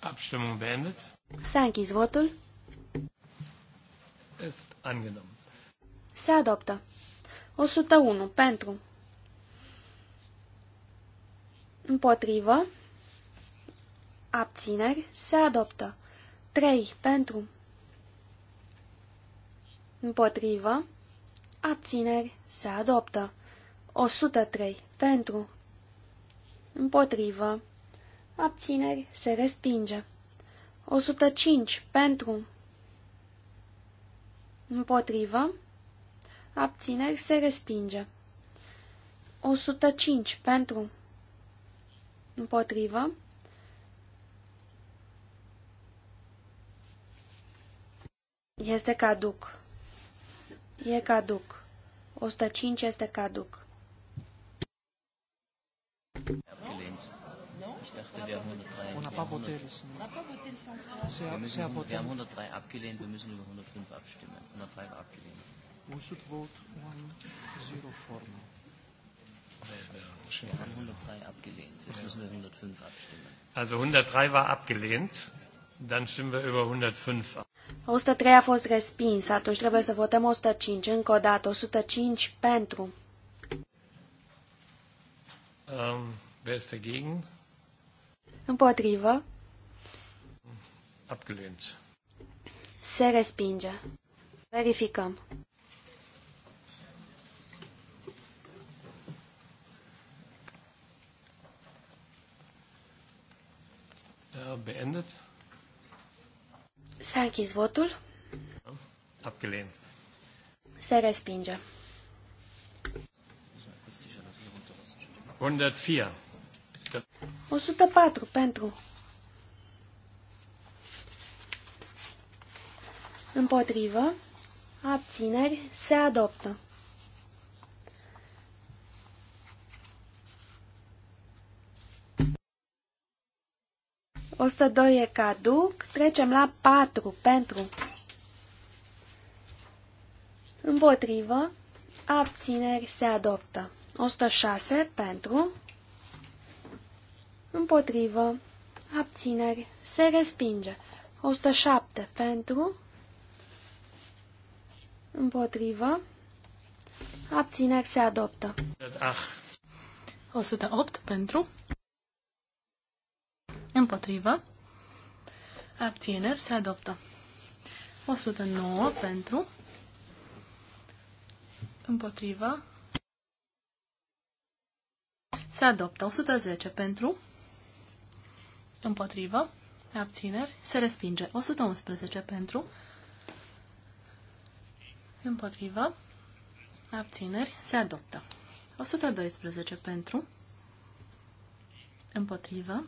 Abstimmung beendet. S-a închis votul. Ist angenommen. Se adoptă. 101 pentru. Împotrivă. Abțineri. Se adoptă. 3 pentru. Împotrivă abțineri, se adoptă. 103 pentru, împotrivă, abțineri, se respinge. 105 pentru, împotrivă, abțineri, se respinge. 105 pentru, împotrivă, este caduc. E caduc. 105 este caduc. Ich dachte, wir 103. 103. 103 abgelehnt, wir müssen über 105 abstimmen. 103 war abgelehnt. We should vote 104 103 abgelehnt. Jetzt müssen wir 105 abstimmen. Also 103 war abgelehnt. Dann stimmen wir über 105 ab. 103 a fost respins, atunci trebuie să votăm 105. Încă o dată, 105 pentru. Um, beste gegen. Împotrivă. Abgelehnt. Se respinge. Verificăm. Beendet. S-a închis votul. Se respinge. 104. 104 pentru. Împotrivă. Abțineri. Se adoptă. 102 e caduc. Trecem la 4 pentru. Împotrivă. Abțineri se adoptă. 106 pentru. Împotrivă. Abțineri se respinge. 107 pentru. Împotrivă. Abțineri se adoptă. 108 pentru. Împotrivă. Abțineri se adoptă. 109 pentru. Împotrivă. Se adoptă. 110 pentru. Împotrivă. Abțineri. Se respinge. 111 pentru. Împotrivă. Abțineri. Se adoptă. 112 pentru. Împotrivă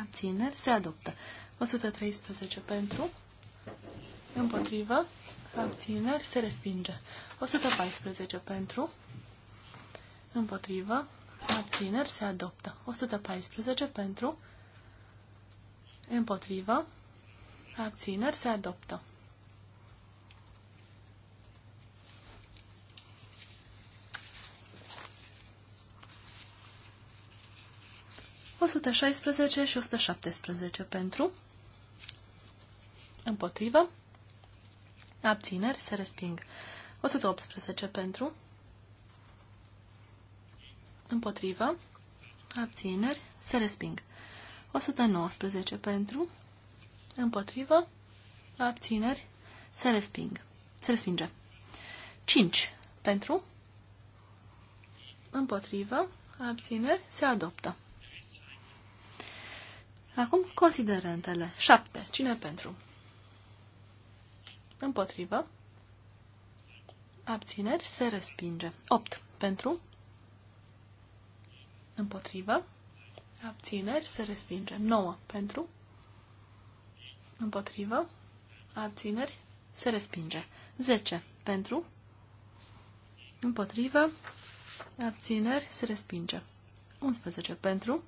abțineri, se adoptă. 113 pentru, împotrivă, abțineri, se respinge. 114 pentru, împotrivă, abțineri, se adoptă. 114 pentru, împotrivă, abțineri, se adoptă. 116 și 117 pentru, împotrivă, abțineri, se resping. 118 pentru, împotrivă, abțineri, se resping. 119 pentru, împotrivă, abțineri, se resping. Se respinge. 5 pentru, împotrivă, abțineri, se adoptă. Acum considerentele. șapte. Cine pentru? Împotrivă. Abțineri se respinge. Opt. Pentru. Împotrivă. Abțineri se respinge. Nouă. Pentru. Împotrivă. Abțineri se respinge. Zece. Pentru. Împotrivă. Abțineri se respinge. 11. Pentru.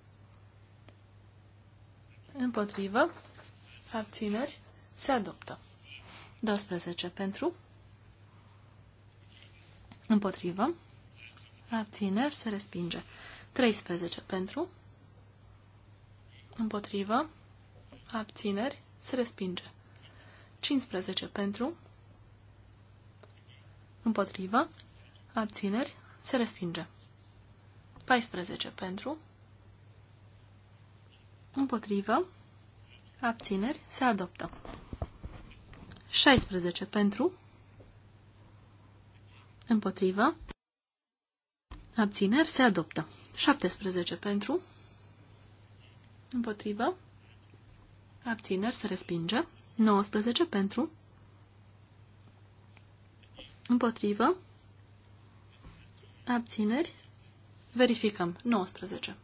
Împotrivă. Abțineri. Se adoptă. 12 pentru. Împotrivă. Abțineri. Se respinge. 13 pentru. Împotrivă. Abțineri. Se respinge. 15 pentru. Împotrivă. Abțineri. Se respinge. 14 pentru. Împotrivă. Abțineri. Se adoptă. 16 pentru. Împotrivă. Abțineri. Se adoptă. 17 pentru. Împotrivă. Abțineri. Se respinge. 19 pentru. Împotrivă. Abțineri. Verificăm. 19.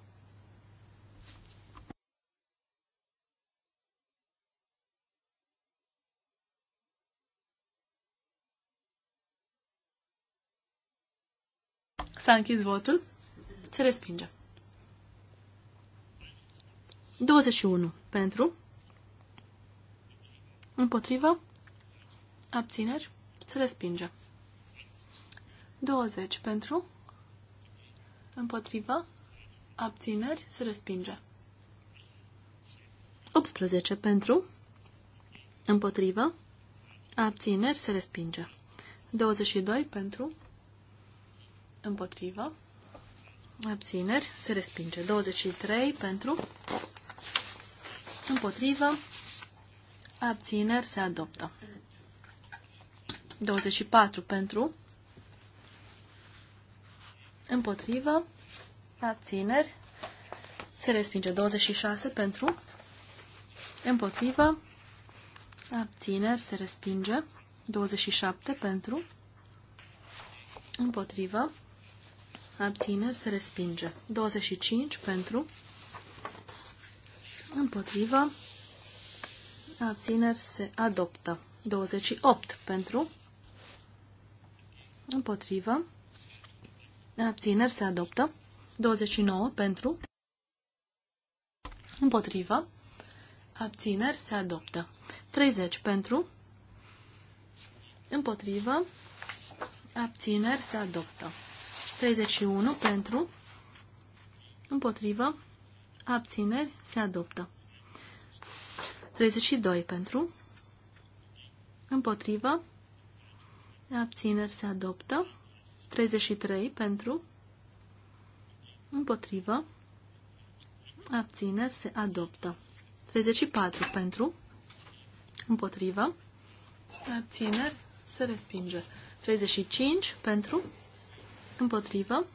S-a închis votul. Se respinge. 21 pentru. Împotrivă. Abțineri. Se respinge. 20 pentru. Împotrivă. Abțineri. Se respinge. 18 pentru. Împotrivă. Abțineri. Se respinge. 22 pentru. Împotrivă. Abțineri. Se respinge. 23 pentru. Împotrivă. Abțineri. Se adoptă. 24 pentru. Împotrivă. Abțineri. Se respinge. 26 pentru. Împotrivă. Abțineri. Se respinge. 27 pentru. Împotrivă abțineri, se respinge. 25 pentru, împotriva, abțineri, se adoptă. 28 pentru, împotriva, abțineri, se adoptă. 29 pentru, împotriva, abțineri, se adoptă. 30 pentru, împotriva, abțineri, se adoptă. 31 pentru, împotrivă, abțineri, se adoptă. 32 pentru, împotrivă, abțineri, se adoptă. 33 pentru, împotrivă, abțineri, se adoptă. 34 pentru, împotrivă, abțineri, se respinge. 35 pentru, împotrivă,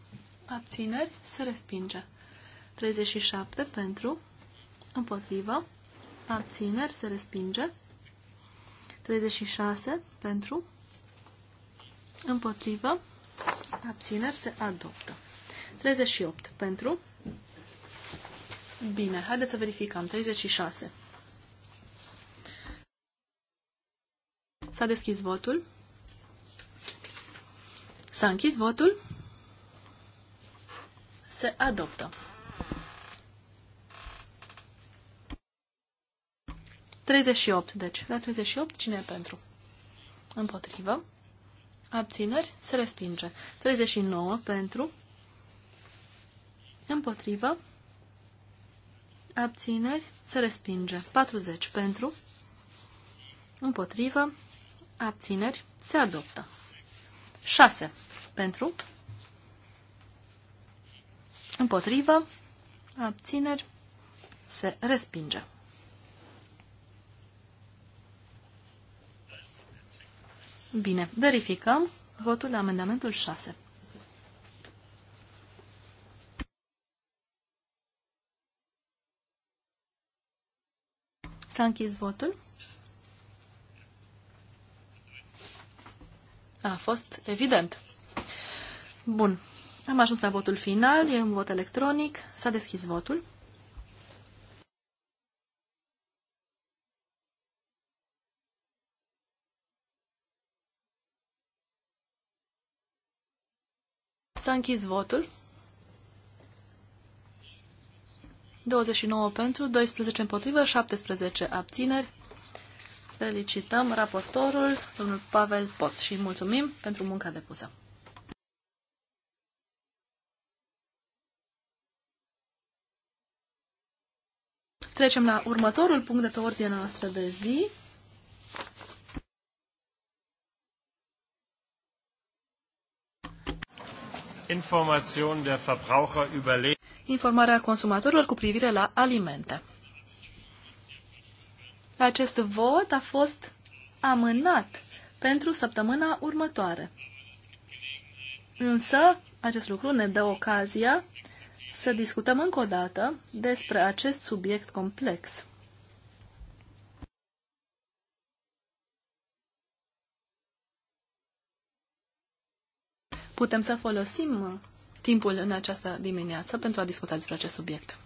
abțineri, se respinge. 37 pentru, împotrivă, abțineri, se respinge. 36 pentru, împotrivă, abțineri, se adoptă. 38 pentru, bine, haideți să verificăm, 36. S-a deschis votul. S-a închis votul se adoptă. deci. La 38, cine e pentru? Împotrivă. Abțineri, se respinge. 39 pentru. Împotrivă. Abțineri, se respinge. 40 pentru. Împotrivă. Abțineri, se adoptă. 6 pentru. Împotrivă. Abțineri. Se respinge. Bine, verificăm votul la amendamentul 6. S-a închis votul. A fost evident. Bun. Am ajuns la votul final, e un vot electronic, s-a deschis votul. S-a închis votul. 29 pentru, 12 împotrivă, 17 abțineri. Felicităm raportorul, domnul Pavel Poț, și mulțumim pentru munca depusă. Trecem la următorul punct de pe ordinea noastră de zi. Informarea consumatorilor cu privire la alimente. Acest vot a fost amânat pentru săptămâna următoare. Însă, acest lucru ne dă ocazia să discutăm încă o dată despre acest subiect complex. Putem să folosim timpul în această dimineață pentru a discuta despre acest subiect.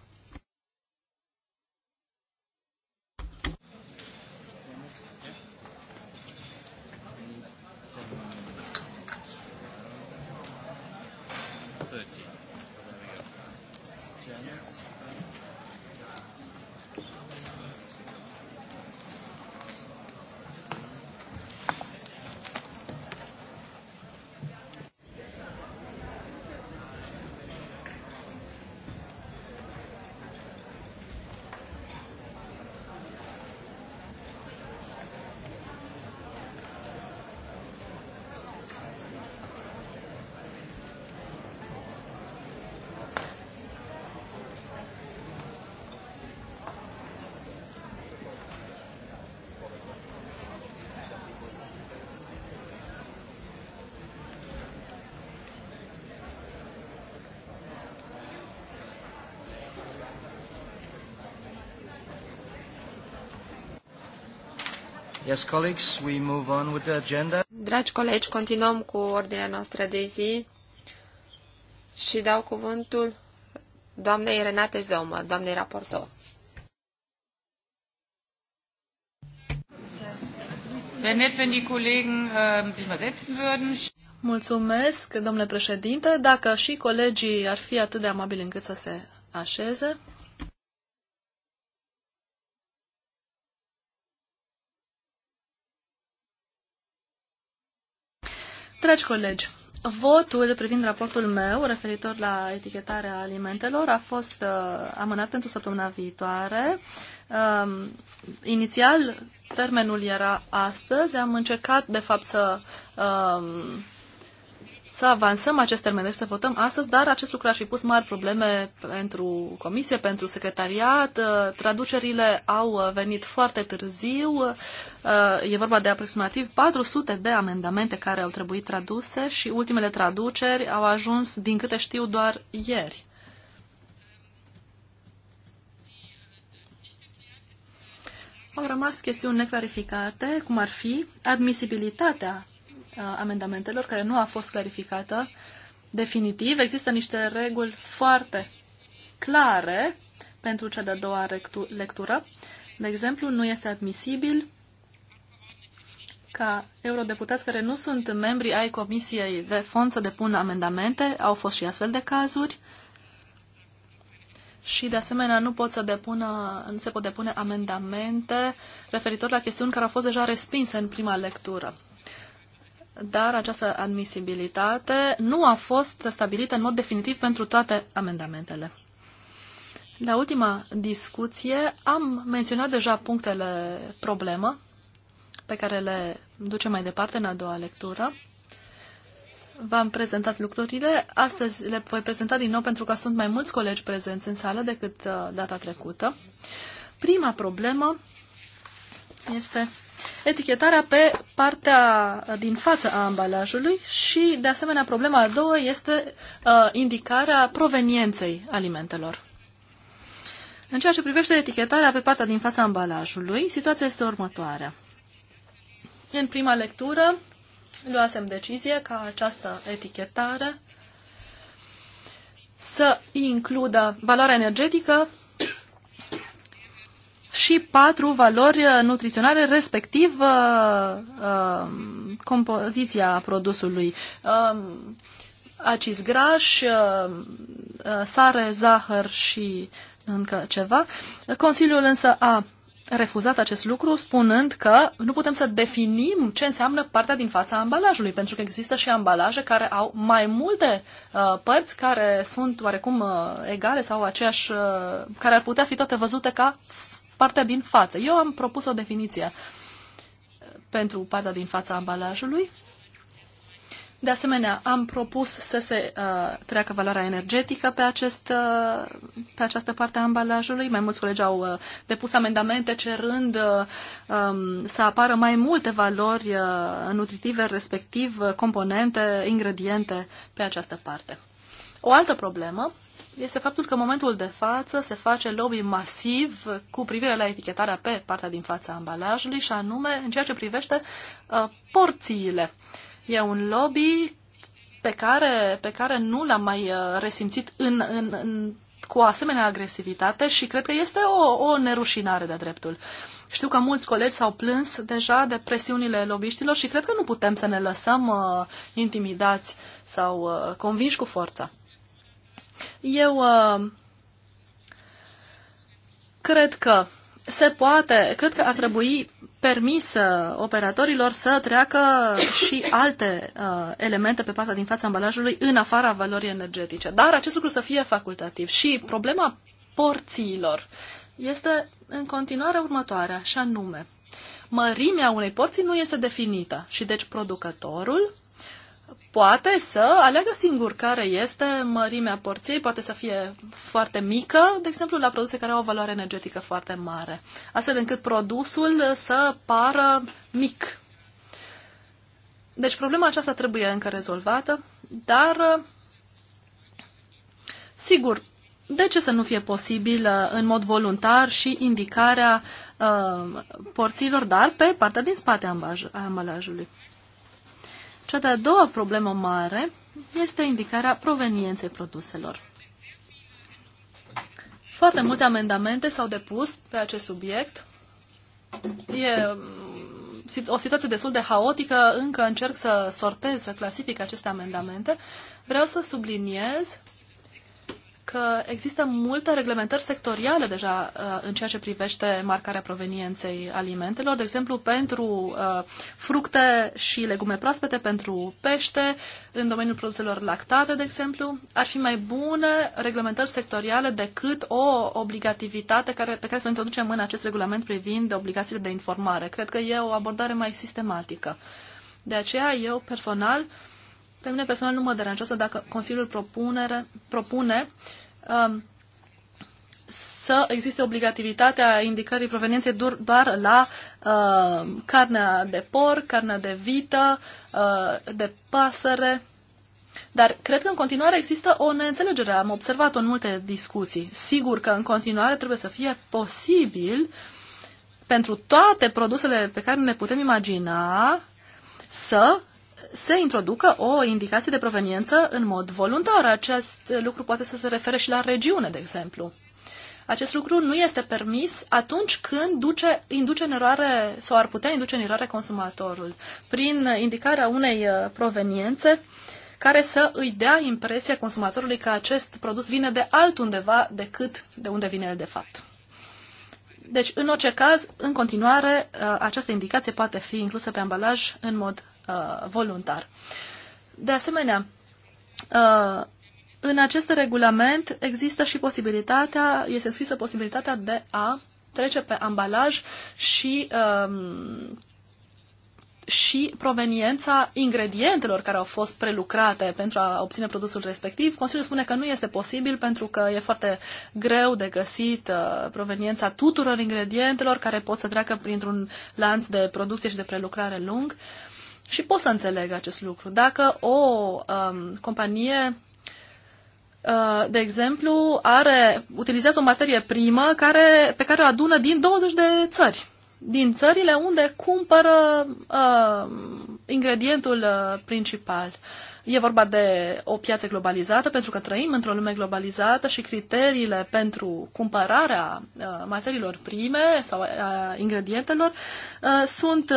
Yes, colleagues, we move on with the agenda. Dragi colegi, continuăm cu ordinea noastră de zi și dau cuvântul doamnei Renate Zomăr, doamnei raportor. Ähm, Mulțumesc, domnule președinte. Dacă și colegii ar fi atât de amabili încât să se așeze. Dragi colegi, votul privind raportul meu referitor la etichetarea alimentelor a fost uh, amânat pentru săptămâna viitoare. Uh, inițial, termenul era astăzi. Am încercat, de fapt, să uh, să avansăm acest termen, deci să votăm astăzi, dar acest lucru ar fi pus mari probleme pentru comisie, pentru secretariat. Uh, traducerile au uh, venit foarte târziu. Uh, e vorba de aproximativ 400 de amendamente care au trebuit traduse și ultimele traduceri au ajuns, din câte știu, doar ieri. Au rămas chestiuni neclarificate, cum ar fi admisibilitatea Uh, amendamentelor, care nu a fost clarificată definitiv. Există niște reguli foarte clare pentru cea de-a doua lectură. De exemplu, nu este admisibil ca eurodeputați care nu sunt membri ai Comisiei de Fond să depună amendamente. Au fost și astfel de cazuri. Și, de asemenea, nu, pot să depună, nu se pot depune amendamente referitor la chestiuni care au fost deja respinse în prima lectură dar această admisibilitate nu a fost stabilită în mod definitiv pentru toate amendamentele. La ultima discuție am menționat deja punctele problemă pe care le ducem mai departe în a doua lectură. V-am prezentat lucrurile, astăzi le voi prezenta din nou pentru că sunt mai mulți colegi prezenți în sală decât uh, data trecută. Prima problemă este etichetarea pe partea uh, din față a ambalajului și, de asemenea, problema a doua este uh, indicarea provenienței alimentelor. În ceea ce privește etichetarea pe partea din fața ambalajului, situația este următoarea. În prima lectură, luasem decizie ca această etichetare să includă valoarea energetică și patru valori uh, nutriționale, respectiv uh, uh, compoziția produsului. Um, uh, graș, uh, grași, sare, zahăr și încă ceva. Consiliul însă a refuzat acest lucru spunând că nu putem să definim ce înseamnă partea din fața ambalajului, pentru că există și ambalaje care au mai multe uh, părți care sunt oarecum uh, egale sau aceeași, uh, care ar putea fi toate văzute ca partea din față. Eu am propus o definiție pentru partea din fața ambalajului. De asemenea, am propus să se uh, treacă valoarea energetică pe, acest, uh, pe această parte a ambalajului. Mai mulți colegi au uh, depus amendamente cerând uh, um, să apară mai multe valori uh, nutritive, respectiv uh, componente, ingrediente pe această parte. O altă problemă este faptul că în momentul de față se face lobby masiv cu privire la etichetarea pe partea din fața ambalajului și anume în ceea ce privește uh, porțiile. E un lobby pe care, pe care nu l-am mai uh, resimțit în, în, în, cu o asemenea agresivitate și cred că este o, o nerușinare de dreptul. Știu că mulți colegi s-au plâns deja de presiunile lobiștilor și cred că nu putem să ne lăsăm uh, intimidați sau uh, convinși cu forța. Eu uh, cred că se poate, cred că ar trebui permisă uh, operatorilor să treacă și alte uh, elemente pe partea din fața ambalajului în afara valorii energetice. Dar acest lucru să fie facultativ. Și problema porțiilor este în continuare următoarea, și anume, mărimea unei porții nu este definită și deci producătorul poate să aleagă singur care este mărimea porției, poate să fie foarte mică, de exemplu, la produse care au o valoare energetică foarte mare, astfel încât produsul să pară mic. Deci problema aceasta trebuie încă rezolvată, dar sigur, de ce să nu fie posibil uh, în mod voluntar și indicarea uh, porțiilor, dar pe partea din spate a ambalajului? Cea de-a doua problemă mare este indicarea provenienței produselor. Foarte multe amendamente s-au depus pe acest subiect. E mm, o situație destul de haotică, încă încerc să sortez, să clasific aceste amendamente. Vreau să subliniez că există multe reglementări sectoriale deja uh, în ceea ce privește marcarea provenienței alimentelor, de exemplu pentru uh, fructe și legume proaspete, pentru pește, în domeniul produselor lactate, de exemplu, ar fi mai bune reglementări sectoriale decât o obligativitate care, pe care să o introducem în acest regulament privind obligațiile de informare. Cred că e o abordare mai sistematică. De aceea eu personal uh, pe mine personal nu mă deranjează dacă Consiliul propunere, propune um, să existe obligativitatea indicării provenienței doar la uh, carnea de porc, carnea de vită, uh, de pasăre. Dar cred că în continuare există o neînțelegere. Am observat-o în multe discuții. Sigur că în continuare trebuie să fie posibil pentru toate produsele pe care ne putem imagina să se introducă o indicație de proveniență în mod voluntar. Acest lucru poate să se refere și la regiune, de exemplu. Acest lucru nu este permis atunci când duce, induce în eroare sau ar putea induce în eroare consumatorul prin indicarea unei uh, proveniențe care să îi dea impresia consumatorului că acest produs vine de altundeva decât de unde vine el de fapt. Deci, în orice caz, în continuare, uh, această indicație poate fi inclusă pe ambalaj în mod Uh, voluntar. De asemenea, uh, în acest regulament există și posibilitatea, este scrisă posibilitatea de a trece pe ambalaj și, um, și proveniența ingredientelor care au fost prelucrate pentru a obține produsul respectiv. Consiliul spune că nu este posibil pentru că e foarte greu de găsit uh, proveniența tuturor ingredientelor care pot să treacă printr-un lanț de producție și de prelucrare lung. Uh, și pot să înțeleg acest lucru. Dacă o um, companie, uh, de exemplu, are, utilizează o materie primă care, pe care o adună din 20 de țări, din țările unde cumpără uh, ingredientul uh, principal. Uh, E vorba de o piață globalizată, pentru că trăim într-o lume globalizată și criteriile pentru cumpărarea uh, materiilor prime sau a uh, ingredientelor uh, sunt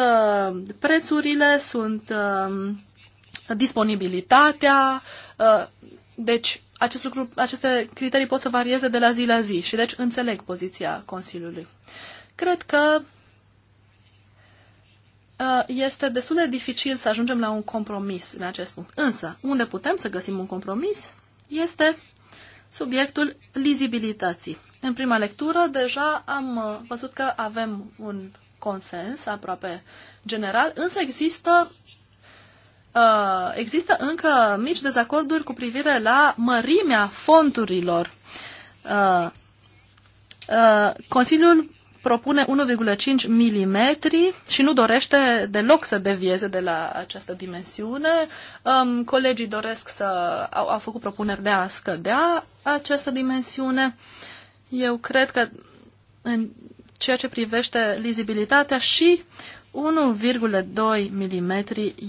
prețurile, sunt disponibilitatea. Deci, acest lucru, aceste criterii pot să varieze de la zi la zi și deci înțeleg poziția Consiliului. Cred că Uh, este destul de dificil să ajungem la un compromis în acest punct. Însă, unde putem să găsim un compromis este subiectul lizibilității. În prima lectură, deja am uh, văzut că avem un consens aproape general, însă există, uh, există încă mici dezacorduri cu privire la mărimea fonturilor. Consiliul propune 1,5 mm și nu dorește deloc să devieze de la această dimensiune. Um, colegii doresc să au, au făcut propuneri de a scădea această dimensiune. Eu cred că în ceea ce privește lizibilitatea și 1,2 mm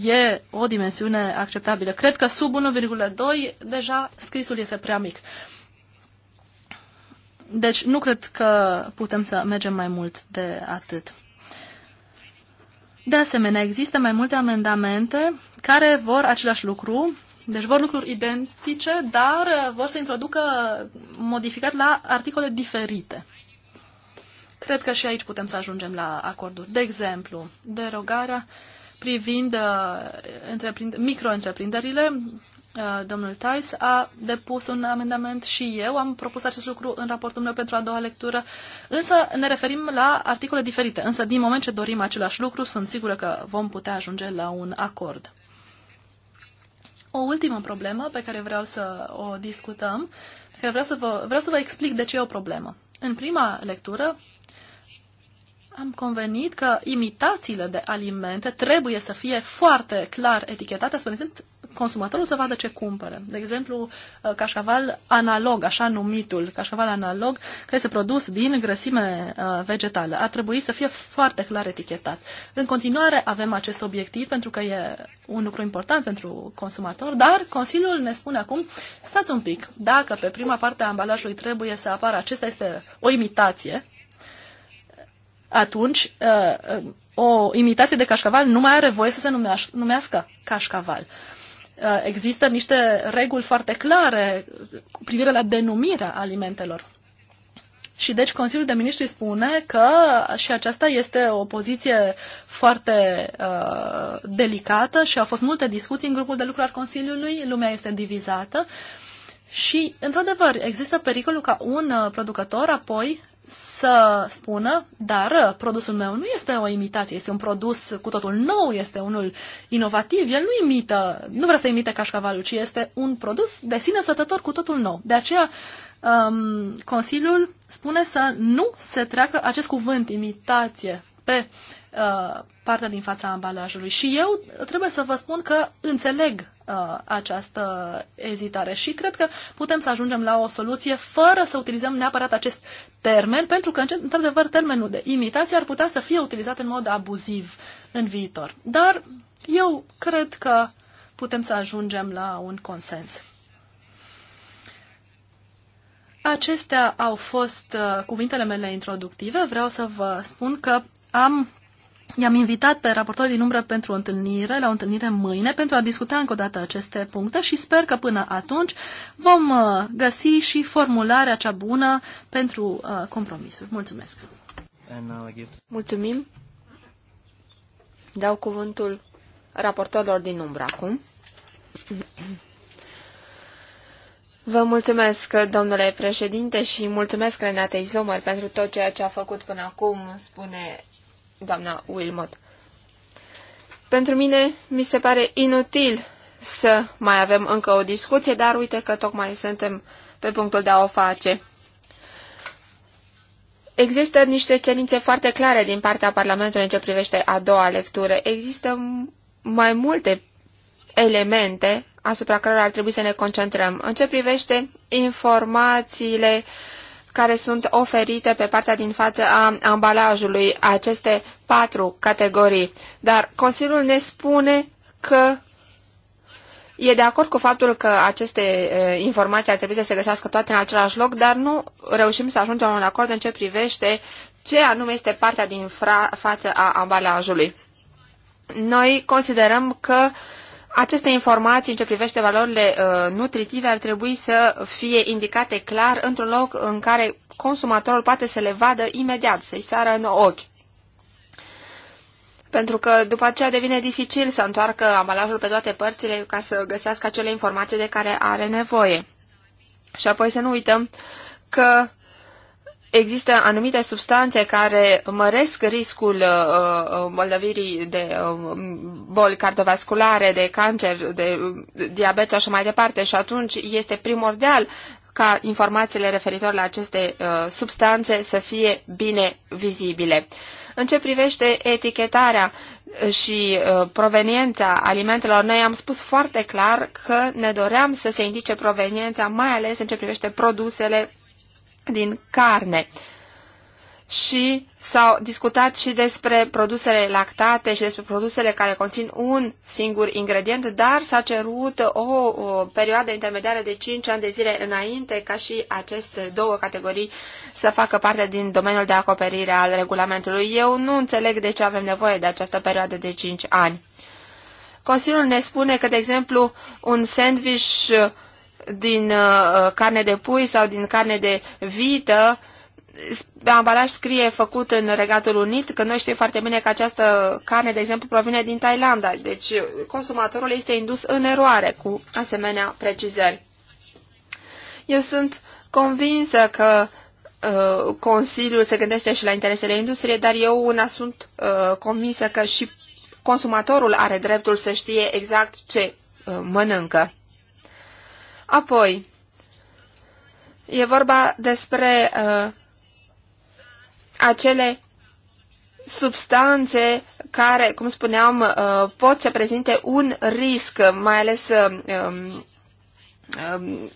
e o dimensiune acceptabilă. Cred că sub 1,2 deja scrisul este prea mic. Uh, deci nu cred că putem să mergem mai mult de atât. De asemenea, există mai multe amendamente care vor același lucru, deci vor lucruri identice, dar uh, vor să introducă modificări la articole diferite. Cred că și aici putem să ajungem la acorduri. De exemplu, derogarea privind uh, micro-întreprinderile Uh, domnul Tais a depus un amendament și eu am propus acest lucru în raportul meu pentru a doua lectură, însă ne referim la articole diferite. Însă din moment ce dorim același lucru, sunt sigură că vom putea ajunge la un acord. O ultimă problemă pe care vreau să o discutăm, pe care vreau să vă, vreau să vă explic de ce e o problemă. În prima lectură am convenit că imitațiile de alimente trebuie să fie foarte clar etichetate, astfel încât consumatorul să vadă ce cumpără. De exemplu, uh, cașcaval analog, așa numitul cașcaval analog, care este produs din grăsime uh, vegetală. Ar trebui să fie foarte clar etichetat. În continuare avem acest obiectiv pentru că e un lucru important pentru consumator, dar Consiliul ne spune acum, stați un pic, dacă pe prima parte a ambalajului trebuie să apară, acesta este o imitație, atunci uh, o imitație de cașcaval nu mai are voie să se numească, cașcaval. Uh, există niște reguli foarte clare cu privire la denumirea alimentelor. Și deci Consiliul de Ministri spune că și aceasta este o poziție foarte uh, delicată și au fost multe discuții în grupul de lucru al Consiliului, lumea este divizată și, într-adevăr, există pericolul ca un uh, producător apoi să spună, dar uh, produsul meu nu este o imitație, este un produs cu totul nou, este unul inovativ, el nu imită, nu vrea să imite cașcavalul, ci este un produs de sine sătător cu totul nou. De aceea um, Consiliul spune să nu se treacă acest cuvânt imitație pe uh, partea din fața ambalajului. Și eu trebuie să vă spun că înțeleg uh, această ezitare. Și cred că putem să ajungem la o soluție fără să utilizăm neapărat acest termen, pentru că, într-adevăr, termenul de imitație ar putea să fie utilizat în mod abuziv în viitor. Dar eu cred că putem să ajungem la un consens. Acestea au fost uh, cuvintele mele introductive. Vreau să vă spun că am I-am invitat pe raportorii din umbră pentru o întâlnire, la o întâlnire mâine, pentru a discuta încă o dată aceste puncte și sper că până atunci vom uh, găsi și formularea cea bună pentru uh, compromisuri. Mulțumesc! Mulțumim! Dau cuvântul raportorilor din umbră acum. Vă mulțumesc, domnule președinte, și mulțumesc Renatei Izomăr, pentru tot ceea ce a făcut până acum, spune doamna Wilmot. Pentru mine mi se pare inutil să mai avem încă o discuție, dar uite că tocmai suntem pe punctul de a o face. Există niște cerințe foarte clare din partea Parlamentului în ce privește a doua lectură. Există mai multe elemente asupra cărora ar trebui să ne concentrăm. În ce privește informațiile uh, care sunt oferite pe partea din față a ambalajului, aceste patru categorii. Dar Consiliul ne spune că e de acord cu faptul că aceste informații ar trebui să se găsească toate în același loc, dar nu reușim să ajungem la un acord în ce privește ce anume este partea din față a ambalajului. Noi considerăm că uh, aceste informații în ce privește valorile uh, nutritive ar trebui să fie indicate clar într-un loc în care consumatorul poate să le vadă imediat, să-i sară în ochi. Pentru că după aceea devine dificil să întoarcă ambalajul pe toate părțile ca să găsească acele informații de care are nevoie. Și apoi să nu uităm că Există anumite substanțe care măresc riscul uh, uh de uh, boli cardiovasculare, de cancer, de uh, diabet și așa mai departe și atunci este primordial ca informațiile referitor la aceste uh, substanțe să fie bine vizibile. În ce privește etichetarea și uh, proveniența alimentelor, noi am spus foarte clar că ne doream să se indice proveniența, mai ales în ce privește produsele din carne. Și s-au discutat și despre produsele lactate și despre produsele care conțin un singur ingredient, dar s-a cerut o, o perioadă intermediară de 5 ani de zile înainte ca și aceste două categorii să facă parte din domeniul de acoperire al regulamentului. Eu nu înțeleg de ce avem nevoie de această perioadă de 5 ani. Consiliul ne spune că, de exemplu, un sandwich din uh, uh, carne de pui sau din carne de vită, pe ambalaj scrie făcut în Regatul Unit, că noi știm foarte bine că această carne, de exemplu, provine din Thailanda. Deci consumatorul este indus în eroare cu asemenea precizări. Eu sunt convinsă că uh, Consiliul se gândește și la interesele industriei, dar eu una sunt uh, convinsă că și consumatorul are dreptul să știe exact ce uh, mănâncă. Apoi, e vorba despre uh, acele substanțe care, cum spuneam, uh, pot să prezinte un risc, mai ales uh, um, um,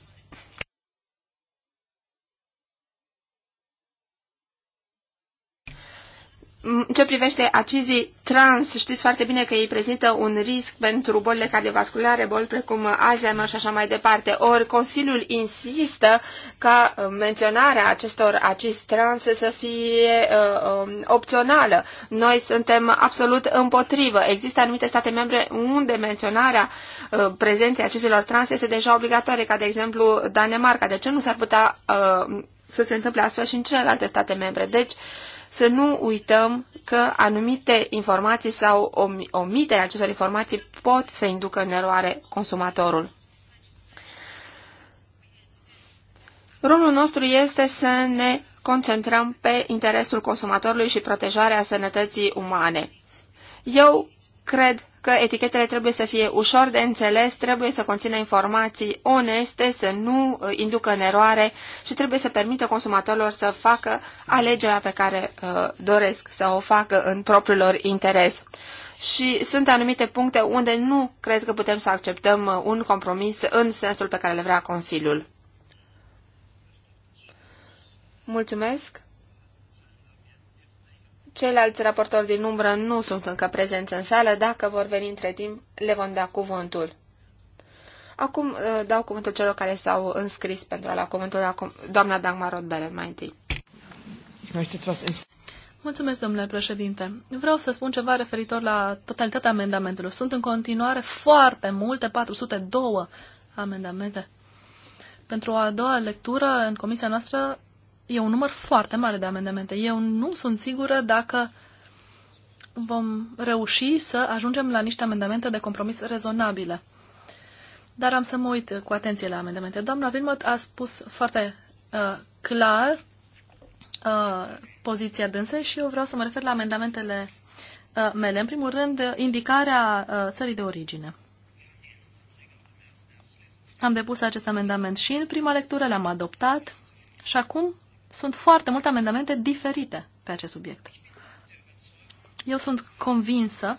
ce privește acizii trans, știți foarte bine că ei prezintă un risc pentru bolile cardiovasculare, boli precum Alzheimer și așa mai departe. Ori Consiliul insistă ca uh, menționarea acestor acizi trans să fie uh, um, opțională. Noi suntem absolut împotrivă. Există anumite state membre unde menționarea uh, prezenței acizilor trans este deja obligatorie, ca de exemplu Danemarca. De ce nu s-ar putea uh, să se întâmple astfel și în celelalte state membre? Deci, uh, să nu uităm că anumite informații sau omiterea acestor informații pot să inducă în eroare consumatorul. Rolul nostru este să ne concentrăm pe interesul consumatorului și protejarea sănătății umane. Eu Cred că etichetele trebuie să fie ușor de înțeles, trebuie să conțină informații oneste, să nu uh, inducă în eroare și trebuie să permită consumatorilor să facă alegerea pe care uh, doresc să o facă în propriul lor interes. Și sunt anumite puncte unde nu cred că putem să acceptăm uh, un compromis în sensul pe care le vrea Consiliul. Mulțumesc! Ceilalți raportori din umbră nu sunt încă prezenți în sală. Dacă vor veni între timp, le vom da cuvântul. Acum uh, dau cuvântul celor care s-au înscris pentru a la cuvântul acum, doamna Dagmar Rodberen mai întâi. Mulțumesc, domnule președinte. Vreau să spun ceva referitor la totalitatea amendamentelor. Sunt în continuare foarte multe, 402 amendamente. Pentru a doua lectură, în comisia noastră, e un număr foarte mare de amendamente. Eu nu sunt sigură dacă vom reuși să ajungem la niște amendamente de compromis rezonabile. Dar am să mă uit cu atenție la amendamente. Doamna Vilmot a spus foarte uh, clar uh, poziția dânsă și eu vreau să mă refer la amendamentele uh, mele. În primul rând, indicarea uh, țării de origine. Am depus acest amendament și în prima lectură, l-am adoptat și acum sunt foarte multe amendamente diferite pe acest subiect. Eu sunt convinsă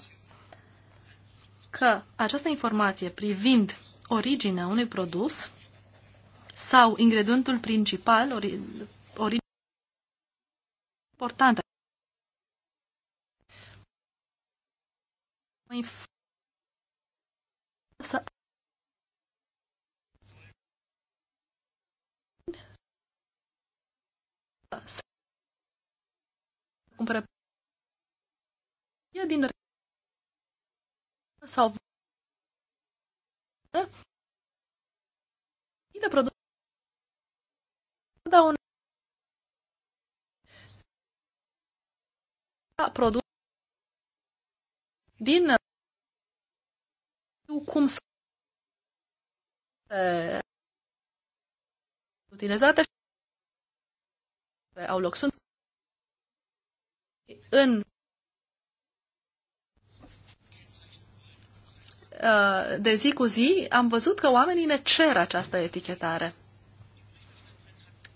că această informație privind originea unui produs sau ingredientul principal, ori, importantă, să să cumpere din sau de produs da un produs din cum sunt eh, utilizate au loc sunt în uh, de zi cu zi, am văzut că oamenii ne cer această etichetare.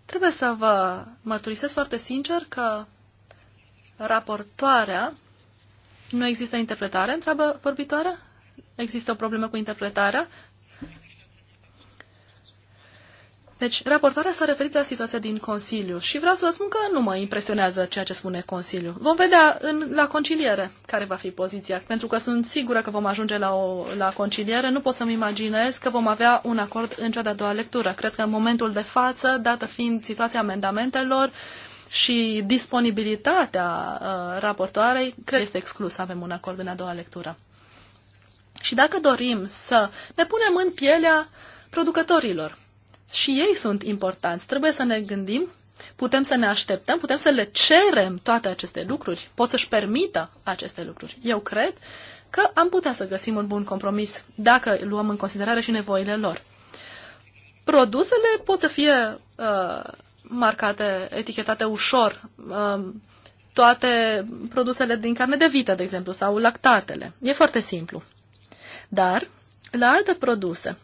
Trebuie să vă mărturisesc foarte sincer că raportoarea nu există interpretare, întreabă vorbitoarea? Există o problemă cu interpretarea? Deci, raportarea s-a referit la situația din Consiliu și vreau să vă spun că nu mă impresionează ceea ce spune Consiliu. Vom vedea în, la conciliere care va fi poziția, pentru că sunt sigură că vom ajunge la, o, la conciliere. Nu pot să-mi imaginez că vom avea un acord în cea de-a doua lectură. Cred că în momentul de față, dată fiind situația amendamentelor și disponibilitatea uh, raportoarei, cred că este exclus să avem un acord în a doua lectură. Și dacă dorim să ne punem în pielea producătorilor, și ei sunt importanți. Trebuie să ne gândim, putem să ne așteptăm, putem să le cerem toate aceste lucruri, pot să-și permită aceste lucruri. Eu cred că am putea să găsim un bun compromis dacă luăm în considerare și nevoile lor. Produsele pot să fie uh, marcate, etichetate ușor, uh, toate produsele din carne de vită, de exemplu, sau lactatele. E foarte simplu. Dar, la alte produse,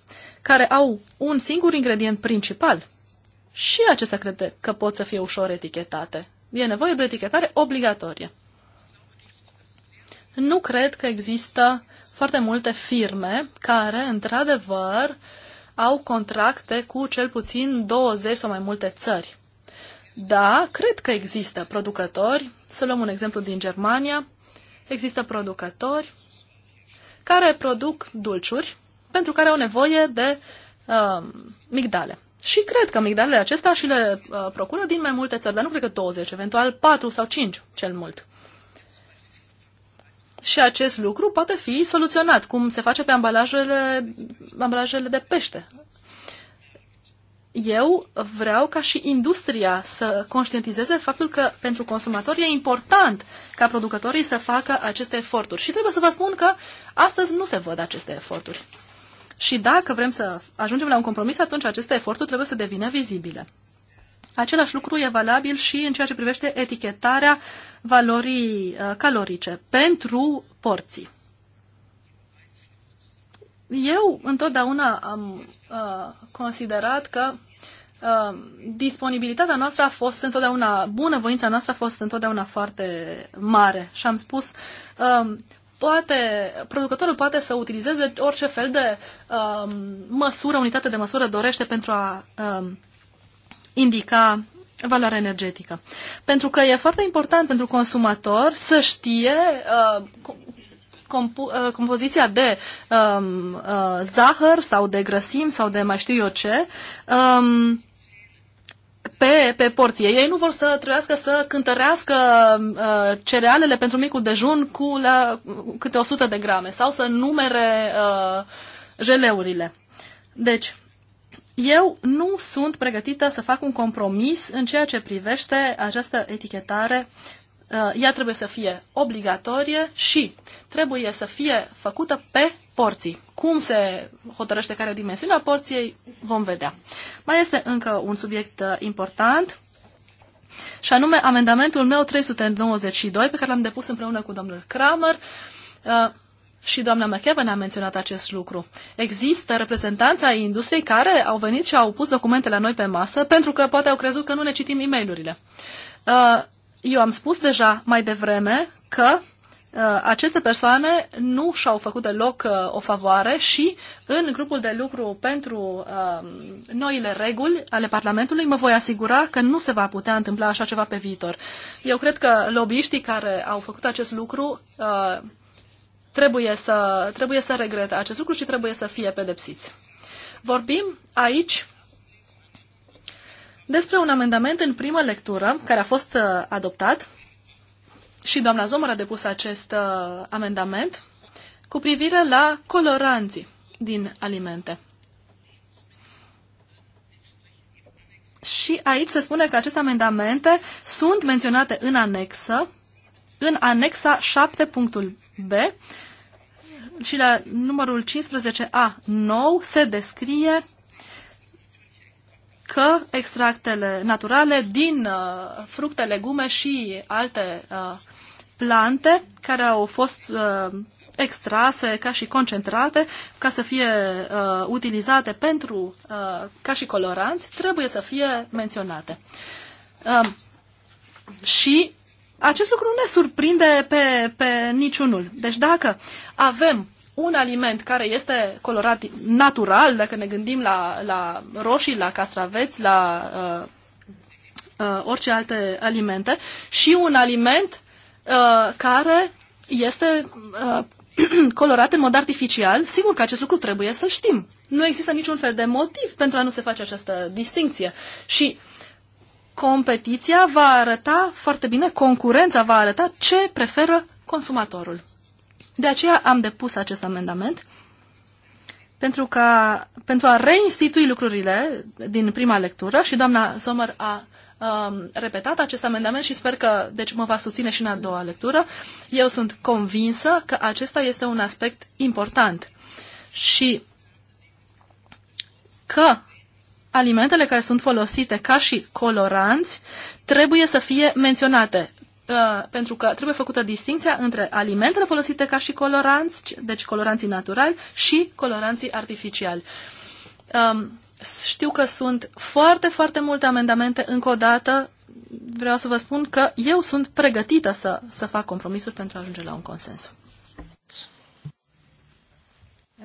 care au un singur ingredient principal. Și acestea cred că pot să fie ușor etichetate. E nevoie de o etichetare obligatorie. Nu cred că există foarte multe firme care, într-adevăr, au contracte cu cel puțin 20 sau mai multe țări. Da, cred că există producători, să luăm un exemplu din Germania, există producători care produc dulciuri pentru care au nevoie de uh, migdale. Și cred că migdalele acestea și le uh, procură din mai multe țări, dar nu cred că 20, eventual 4 sau 5 cel mult. Și acest lucru poate fi soluționat, cum se face pe ambalajele, ambalajele de pește. Eu vreau ca și industria să conștientizeze faptul că pentru consumatori e important ca producătorii să facă aceste eforturi. Și trebuie să vă spun că astăzi nu se văd aceste eforturi. Și dacă vrem să ajungem la un compromis, atunci aceste eforturi trebuie să devină vizibile. Același lucru e valabil și în ceea ce privește etichetarea valorii uh, calorice pentru porții. Eu întotdeauna am uh, considerat că uh, disponibilitatea noastră a fost întotdeauna bună, voința noastră a fost întotdeauna foarte mare și am spus uh, poate, producătorul poate să utilizeze orice fel de um, măsură, unitate de măsură dorește pentru a um, indica valoarea energetică. Pentru că e foarte important pentru consumator să știe uh, compo uh, compoziția de um, uh, zahăr sau de grăsim sau de mai știu eu ce um, pe, pe porție. Ei nu vor să trebuiască să cântărească uh, cerealele pentru micul dejun cu la, cu câte 100 de grame sau să numere uh, jeleurile. Deci, eu nu sunt pregătită să fac un compromis în ceea ce privește această etichetare. Uh, ea trebuie să fie obligatorie și trebuie să fie făcută pe porții. Cum se hotărăște care dimensiunea porției, vom vedea. Mai este încă un subiect uh, important, și anume amendamentul meu 392, pe care l-am depus împreună cu domnul Kramer. Uh, și doamna McKeven a menționat acest lucru. Există reprezentanța ai industriei care au venit și au pus documentele la noi pe masă pentru că poate au crezut că nu ne citim e-mailurile. Uh, eu am spus deja mai devreme că Uh, aceste persoane nu și-au făcut deloc uh, o favoare și în grupul de lucru pentru um, noile reguli ale Parlamentului mă voi asigura că nu se va putea întâmpla așa ceva pe viitor. Eu cred că lobbyiștii care au făcut acest lucru uh, trebuie să, trebuie să regrete acest lucru și trebuie să fie pedepsiți. Vorbim aici despre un amendament în primă lectură care a fost adoptat și doamna Zomăr a depus acest uh, amendament cu privire la coloranții din alimente. Și aici se spune că aceste amendamente sunt menționate în anexă, în anexa 7.b și la numărul 15a nou se descrie că extractele naturale din uh, fructe, legume și alte uh, plante care au fost uh, extrase ca și concentrate ca să fie uh, utilizate pentru uh, ca și coloranți trebuie să fie menționate. Uh, și acest lucru nu ne surprinde pe, pe niciunul. Deci dacă avem un aliment care este colorat natural, dacă ne gândim la, la roșii, la castraveți, la uh, uh, orice alte alimente, și un aliment Uh, care este uh, colorat în mod artificial, sigur că acest lucru trebuie să știm. Nu există niciun fel de motiv pentru a nu se face această distinție. Și competiția va arăta foarte bine, concurența va arăta ce preferă consumatorul. De aceea am depus acest amendament pentru, ca, pentru a reinstitui lucrurile din prima lectură și doamna Sommer a repetat acest amendament și sper că deci mă va susține și în a doua lectură. Eu sunt convinsă că acesta este un aspect important și că alimentele care sunt folosite ca și coloranți trebuie să fie menționate uh, pentru că trebuie făcută distinția între alimentele folosite ca și coloranți, deci coloranții naturali, și coloranții artificiali. Um, știu că sunt foarte, foarte multe amendamente. Încă o dată vreau să vă spun că eu sunt pregătită să, să fac compromisuri pentru a ajunge la un consens.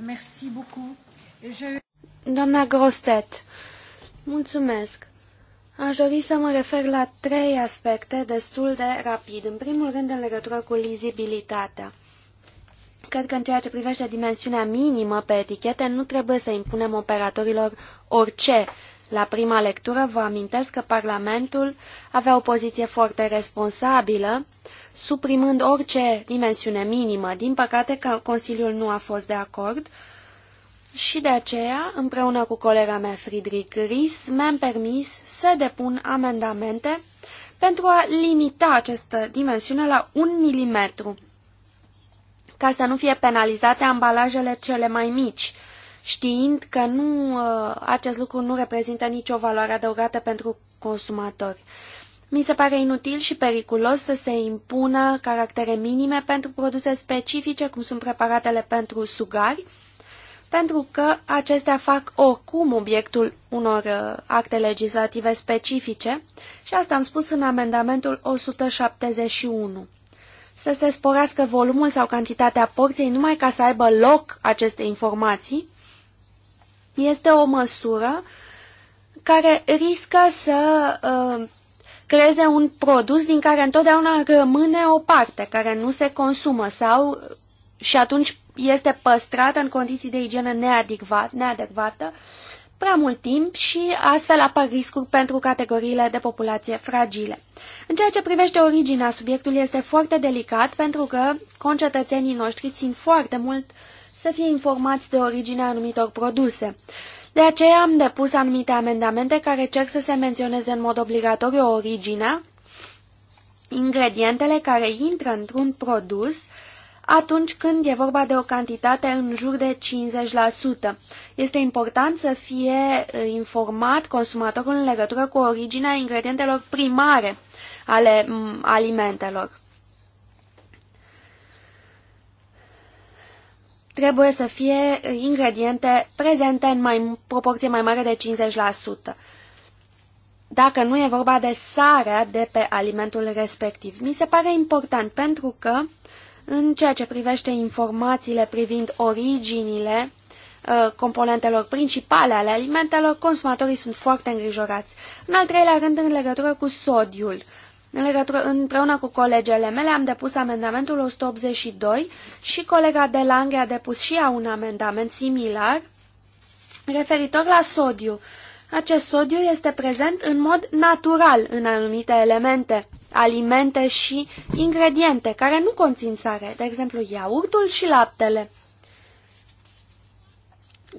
Merci beaucoup. Je... Doamna Grostet, mulțumesc. Aș dori să mă refer la trei aspecte destul de rapid. În primul rând, în legătură cu lizibilitatea. Cred că în ceea ce privește dimensiunea minimă pe etichete, nu trebuie să impunem operatorilor orice. La prima lectură vă amintesc că Parlamentul avea o poziție foarte responsabilă, suprimând orice dimensiune minimă. Din păcate, Consiliul nu a fost de acord și de aceea, împreună cu colega mea Friedrich Ries, mi-am permis să depun amendamente pentru a limita această dimensiune la un milimetru ca să nu fie penalizate ambalajele cele mai mici, știind că nu, ă, acest lucru nu reprezintă nicio valoare adăugată pentru consumatori. Mi se pare inutil și periculos să se impună caractere minime pentru produse specifice, cum sunt preparatele pentru sugari, pentru că acestea fac oricum obiectul unor ă, acte legislative specifice și asta am spus în amendamentul 171 să se sporească volumul sau cantitatea porției numai ca să aibă loc aceste informații, este o măsură care riscă să uh, creeze un produs din care întotdeauna rămâne o parte care nu se consumă sau uh, și atunci este păstrată în condiții de igienă neadecvată, neadecvată prea mult timp și astfel apar riscuri pentru categoriile de populație fragile. În ceea ce privește originea, subiectul este foarte delicat pentru că concetățenii noștri țin foarte mult să fie informați de originea anumitor produse. De aceea am depus anumite amendamente care cer să se menționeze în mod obligatoriu originea, ingredientele care intră într-un produs, atunci când e vorba de o cantitate în jur de 50%. Este important să fie informat consumatorul în legătură cu originea ingredientelor primare ale alimentelor. Trebuie să fie ingrediente prezente în mai, proporție mai mare de 50% dacă nu e vorba de sarea de pe alimentul respectiv. Mi se pare important pentru că uh, în ceea ce privește informațiile privind originile uh, componentelor principale ale alimentelor, consumatorii sunt foarte îngrijorați. În al treilea rând, în legătură cu sodiul. În legătură, împreună cu colegele mele am depus amendamentul 182 și colega de Lange a depus și ea un amendament similar referitor la sodiu. Acest sodiu este prezent în mod natural în anumite elemente alimente și ingrediente care nu conțin sare, de exemplu iaurtul și laptele.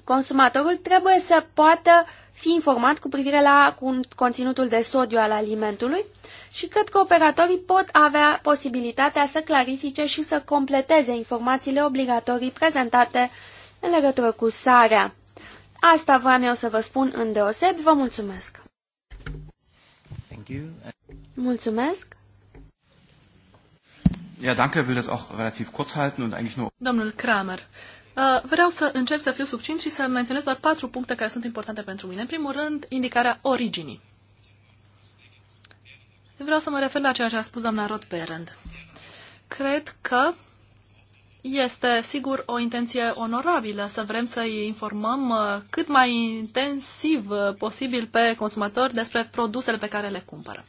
Consumatorul trebuie să poată fi informat cu privire la conținutul de sodiu al alimentului și cred că operatorii pot avea posibilitatea să clarifice și să completeze informațiile obligatorii prezentate în legătură cu sarea. Asta vreau eu să vă spun îndeoseb. Vă mulțumesc! Thank you. Mulțumesc! Ja, danke, will das auch relativ kurz halten und eigentlich nur... Domnul Kramer, uh, vreau să încerc să fiu succint și să menționez doar patru puncte care sunt importante pentru mine. În primul rând, indicarea originii. Vreau să mă refer la ceea ce a spus doamna Rod Berend. Cred că este, sigur, o intenție onorabilă să vrem să îi informăm uh, cât mai intensiv uh, posibil pe consumatori despre produsele pe care le cumpără.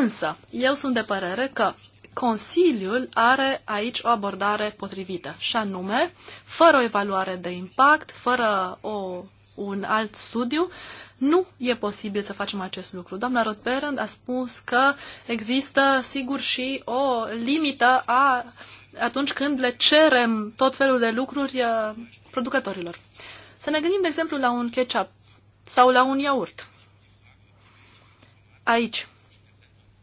Însă, eu sunt de părere că Consiliul are aici o abordare potrivită, și anume, fără o evaluare de impact, fără o, un alt studiu, nu e posibil să facem acest lucru. Doamna Rothberend a spus că există, sigur, și o limită a, atunci când le cerem tot felul de lucruri uh, producătorilor. Să ne gândim, de exemplu, la un ketchup sau la un iaurt. Aici,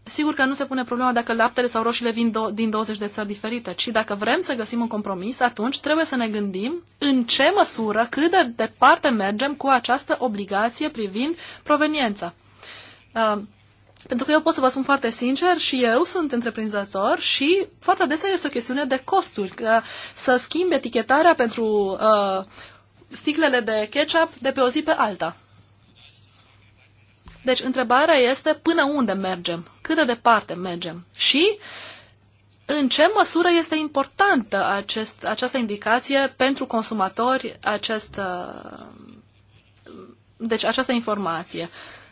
Sigur că nu se pune problema dacă laptele sau roșiile vin do- din 20 de țări diferite, ci dacă vrem să găsim un compromis, atunci trebuie să ne gândim în ce măsură, cât de departe mergem cu această obligație privind proveniența. Uh, pentru că eu pot să vă spun foarte sincer, și eu sunt întreprinzător și foarte adesea este o chestiune de costuri. Să schimb etichetarea pentru uh, sticlele de ketchup de pe o zi pe alta. Deci întrebarea este până unde mergem, cât de departe mergem și în ce măsură este importantă acest, această indicație pentru consumatori, acest, deci această informație.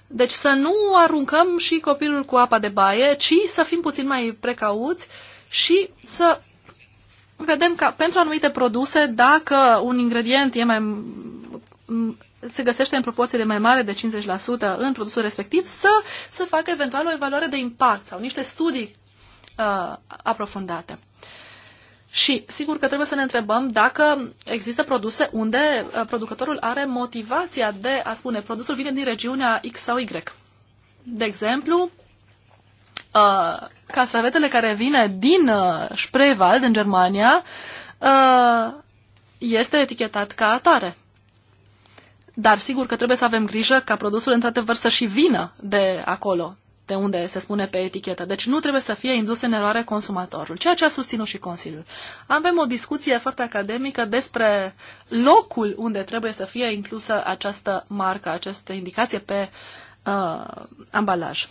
Deci să nu aruncăm și copilul cu apa de baie, ci să fim puțin mai precauți și să vedem că pentru anumite produse, dacă un ingredient e mai se găsește în proporție de mai mare de 50% în produsul respectiv, să se facă eventual o evaluare de impact sau niște studii uh, aprofundate. Și sigur că trebuie să ne întrebăm dacă există produse unde uh, producătorul are motivația de a spune produsul vine din regiunea X sau Y. De exemplu, uh, castravetele care vine din uh, Spreewald, în Germania, uh, este etichetat ca atare. Dar sigur că trebuie să avem grijă ca produsul într-adevăr să și vină de acolo, de unde se spune pe etichetă. Deci nu trebuie să fie indus în eroare consumatorul, ceea ce a susținut și Consiliul. Avem o discuție foarte academică despre locul unde trebuie să fie inclusă această marcă, această indicație pe uh, ambalaj.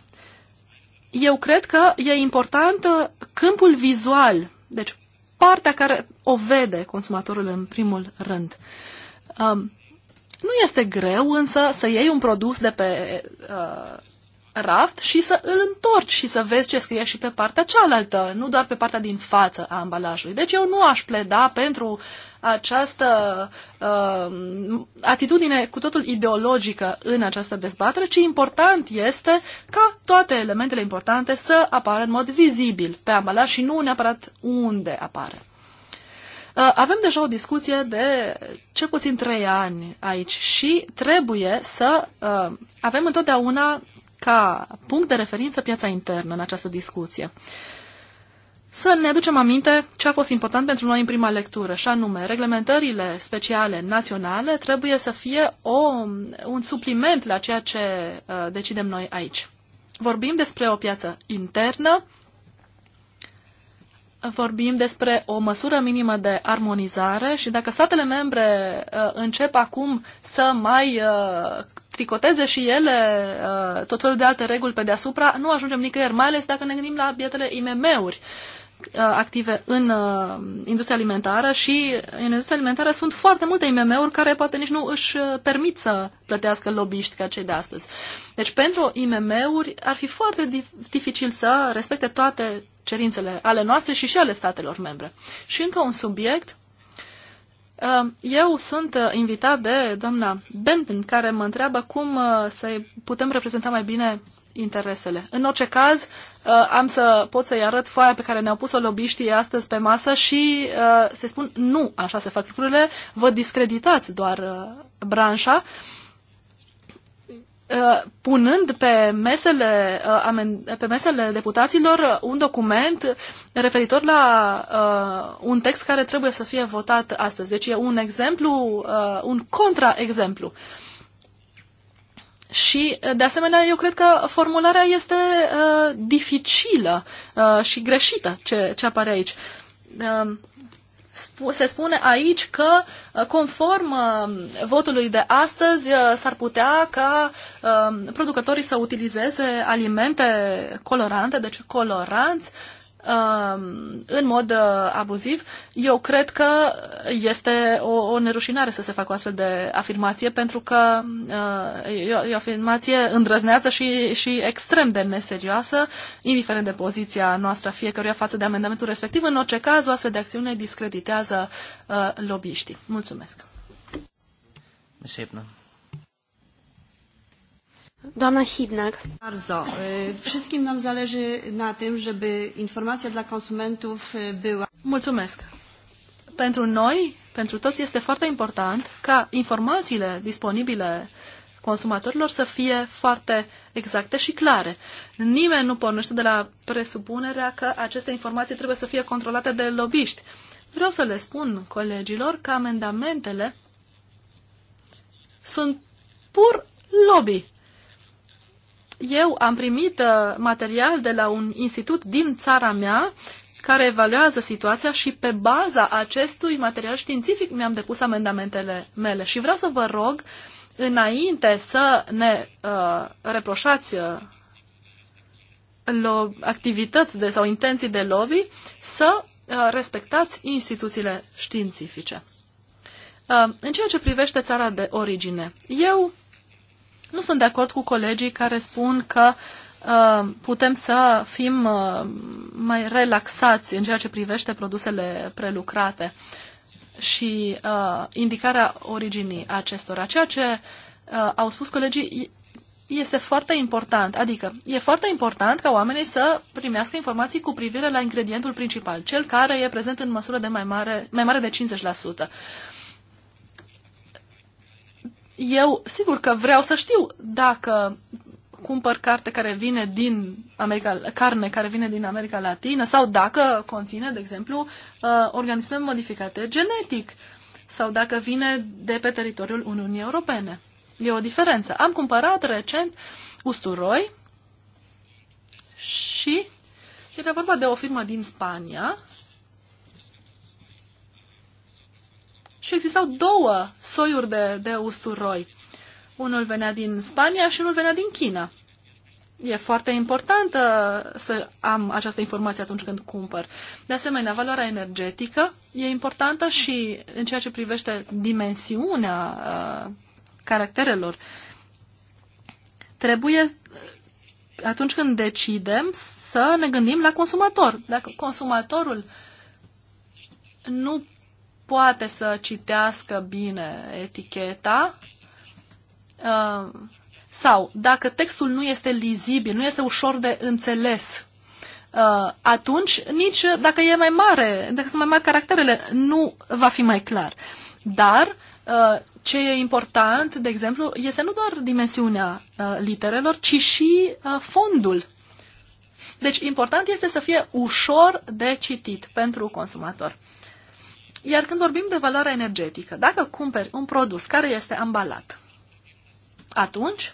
Eu cred că e important uh, câmpul vizual, deci partea care o vede consumatorul în primul rând. Um, nu este greu însă să iei un produs de pe uh, raft și să îl întorci și să vezi ce scrie și pe partea cealaltă, nu doar pe partea din față a ambalajului. Deci eu nu aș pleda pentru această uh, atitudine cu totul ideologică în această dezbatere, ci important este ca toate elementele importante să apară în mod vizibil pe ambalaj și nu neapărat unde apare. Uh, avem deja o discuție de cel puțin trei ani aici și trebuie să uh, avem întotdeauna ca punct de referință piața internă în această discuție. Să ne aducem aminte ce a fost important pentru noi în prima lectură, și anume, reglementările speciale naționale trebuie să fie o, un supliment la ceea ce uh, decidem noi aici. Vorbim despre o piață internă vorbim despre o măsură minimă de armonizare și dacă statele membre uh, încep acum să mai uh, tricoteze și ele uh, tot felul de alte reguli pe deasupra, nu ajungem nicăieri, mai ales dacă ne gândim la bietele IMM-uri uh, active în uh, industria alimentară și în industria alimentară sunt foarte multe IMM-uri care poate nici nu își uh, permit să plătească lobbyști ca cei de astăzi. Deci pentru IMM-uri ar fi foarte dificil să respecte toate cerințele ale noastre și și ale statelor membre. Și încă un subiect. Um, eu sunt uh, invitat de doamna Benton, care mă întreabă cum uh, să putem reprezenta mai bine interesele. În orice caz, uh, am să pot să-i arăt foaia pe care ne-au pus-o lobiștii astăzi pe masă și să-i spun nu, așa se fac lucrurile, vă discreditați doar branșa Uh, punând pe mesele, uh, pe mesele deputaților uh, un document referitor la un text care trebuie să fie votat astăzi. Deci e un exemplu, un contraexemplu. Și, de asemenea, eu cred că formularea este dificilă și greșită ce, ce apare aici se spune aici că, uh, conform uh, votului de astăzi, uh, s-ar putea ca producătorii să utilizeze alimente colorante, deci coloranți, Um, în mod uh, abuziv, eu cred că este o, o nerușinare să se facă o astfel de afirmație, pentru că uh, e o afirmație îndrăzneață și, și extrem de neserioasă, indiferent de poziția noastră fiecăruia față de amendamentul respectiv. În orice caz, o astfel de acțiune discreditează uh, lobbyiștii. Mulțumesc! Mulțumesc. Doamna Hibner. Bardzo. Wszystkim nam zależy na tym, żeby informacja dla konsumentów była... Mulțumesc. Pentru noi, pentru toți este foarte important ca informațiile disponibile consumatorilor să fie foarte exacte și clare. Nimeni nu pornește de la presupunerea că aceste informații trebuie să fie controlate de lobiști. Vreau să le spun colegilor că amendamentele sunt pur lobby eu am primit uh, material de la un institut din țara mea care evaluează situația și pe baza acestui material științific mi-am depus amendamentele mele. Și vreau să vă rog, înainte să ne uh, reproșați uh, activități de, sau intenții de lobby, să uh, respectați instituțiile științifice. Uh, în ceea ce privește țara de origine, eu nu sunt de acord cu colegii care spun că uh, putem să fim uh, mai relaxați în ceea ce privește produsele prelucrate și uh, indicarea originii acestora. Ceea ce uh, au spus colegii este foarte important. Adică, e foarte important ca oamenii să primească informații cu privire la ingredientul principal, cel care e prezent în măsură de mai mare, mai mare de 50% eu sigur că vreau să știu dacă cumpăr carte care vine din America, carne care vine din America Latină sau dacă conține, de exemplu, uh, organisme modificate genetic sau dacă vine de pe teritoriul Uniunii Europene. E o diferență. Am cumpărat recent usturoi și era vorba de o firmă din Spania și existau două soiuri de, de usturoi. Unul venea din Spania și unul venea din China. E foarte important să am această informație atunci când cumpăr. De asemenea, valoarea energetică e importantă și în ceea ce privește dimensiunea uh, caracterelor. Trebuie, uh, atunci când decidem, să ne gândim la consumator. Dacă consumatorul nu poate să citească bine eticheta uh, sau dacă textul nu este lizibil, nu este ușor de înțeles, uh, atunci nici dacă e mai mare, dacă sunt mai mari caracterele, nu va fi mai clar. Dar uh, ce e important, de exemplu, este nu doar dimensiunea literelor, ci și fondul deci, important este să fie ușor de citit pentru consumator. Iar când vorbim de valoarea energetică, dacă cumperi un produs care este ambalat, atunci,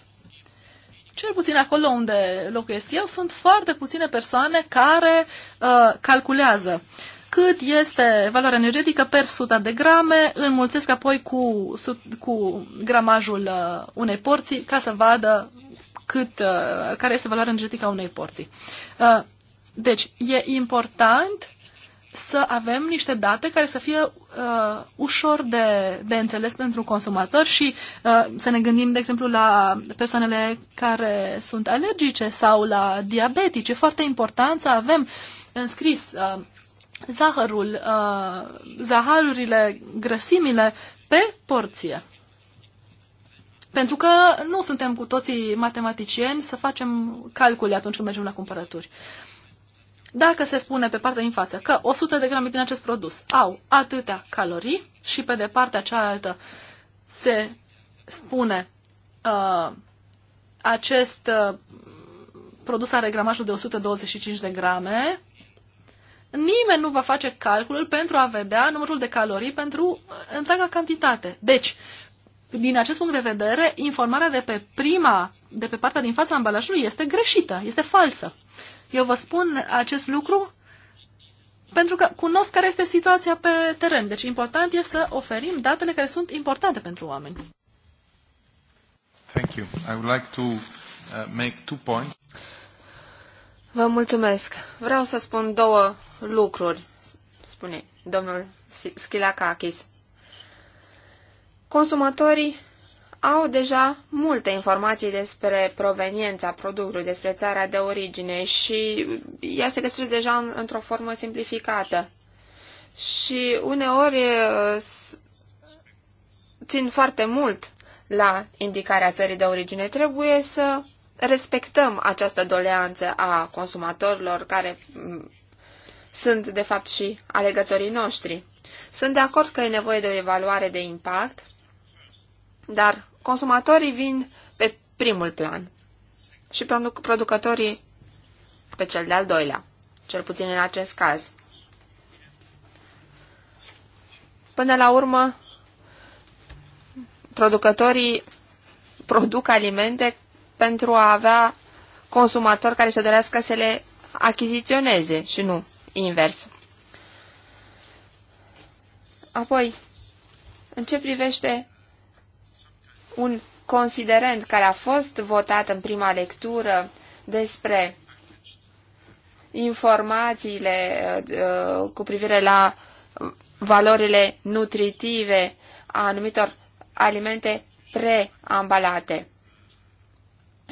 cel puțin acolo unde locuiesc eu, sunt foarte puține persoane care uh, calculează cât este valoarea energetică per 100 de grame, înmulțesc apoi cu, cu gramajul uh, unei porții ca să vadă cât, uh, care este valoarea energetică a unei porții. Uh, deci, e important să avem niște date care să fie uh, ușor de, de înțeles pentru consumator și uh, să ne gândim, de exemplu, la persoanele care sunt alergice sau la diabetici. E foarte important să avem înscris uh, zahărul, uh, zahărurile, grăsimile pe porție. Pentru că nu suntem cu toții matematicieni să facem calcule atunci când mergem la cumpărături. Uh, dacă se spune pe partea din față că 100 de grame din acest produs au atâtea calorii și pe de partea cealaltă se spune uh, acest uh, produs are gramajul de 125 de grame, nimeni nu va face calculul pentru a vedea numărul de calorii pentru întreaga cantitate. Deci, din acest punct de vedere, informarea de pe prima, de pe partea din fața ambalajului este greșită, este falsă. Eu vă spun acest lucru pentru că cunosc care este situația pe teren. Deci important e să oferim datele care sunt importante pentru oameni. Thank you. I would like to uh, make two points. Vă mulțumesc. Vreau să spun două lucruri, spune domnul Schilakakis. Consumatorii au deja multe informații despre proveniența produsului, despre țara de origine și ea se găsește deja în, într-o formă simplificată. Și uneori țin foarte mult la indicarea țării de origine. Trebuie să respectăm această doleanță a consumatorilor care sunt, de fapt, și alegătorii noștri. Sunt de acord că e nevoie de o evaluare de impact, dar consumatorii vin pe primul plan și produc producătorii pe cel de-al doilea, cel puțin în acest caz. Până la urmă, producătorii produc alimente pentru a avea consumatori care se dorească să le achiziționeze și nu invers. Apoi, în ce privește un considerent care a fost votat în prima lectură despre informațiile uh, cu privire la valorile nutritive a anumitor alimente preambalate.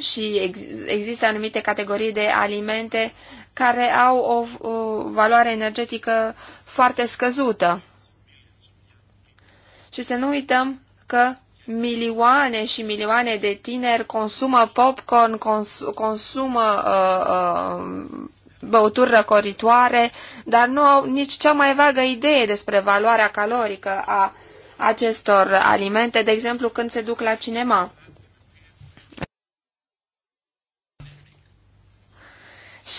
Și ex există anumite categorii de alimente care au o, o uh, valoare energetică foarte scăzută. Și să nu uităm că milioane și milioane de tineri consumă popcorn, cons consumă uh, uh, băuturi răcoritoare, dar nu au nici cea mai vagă idee despre valoarea calorică a acestor alimente, de exemplu când se duc la cinema.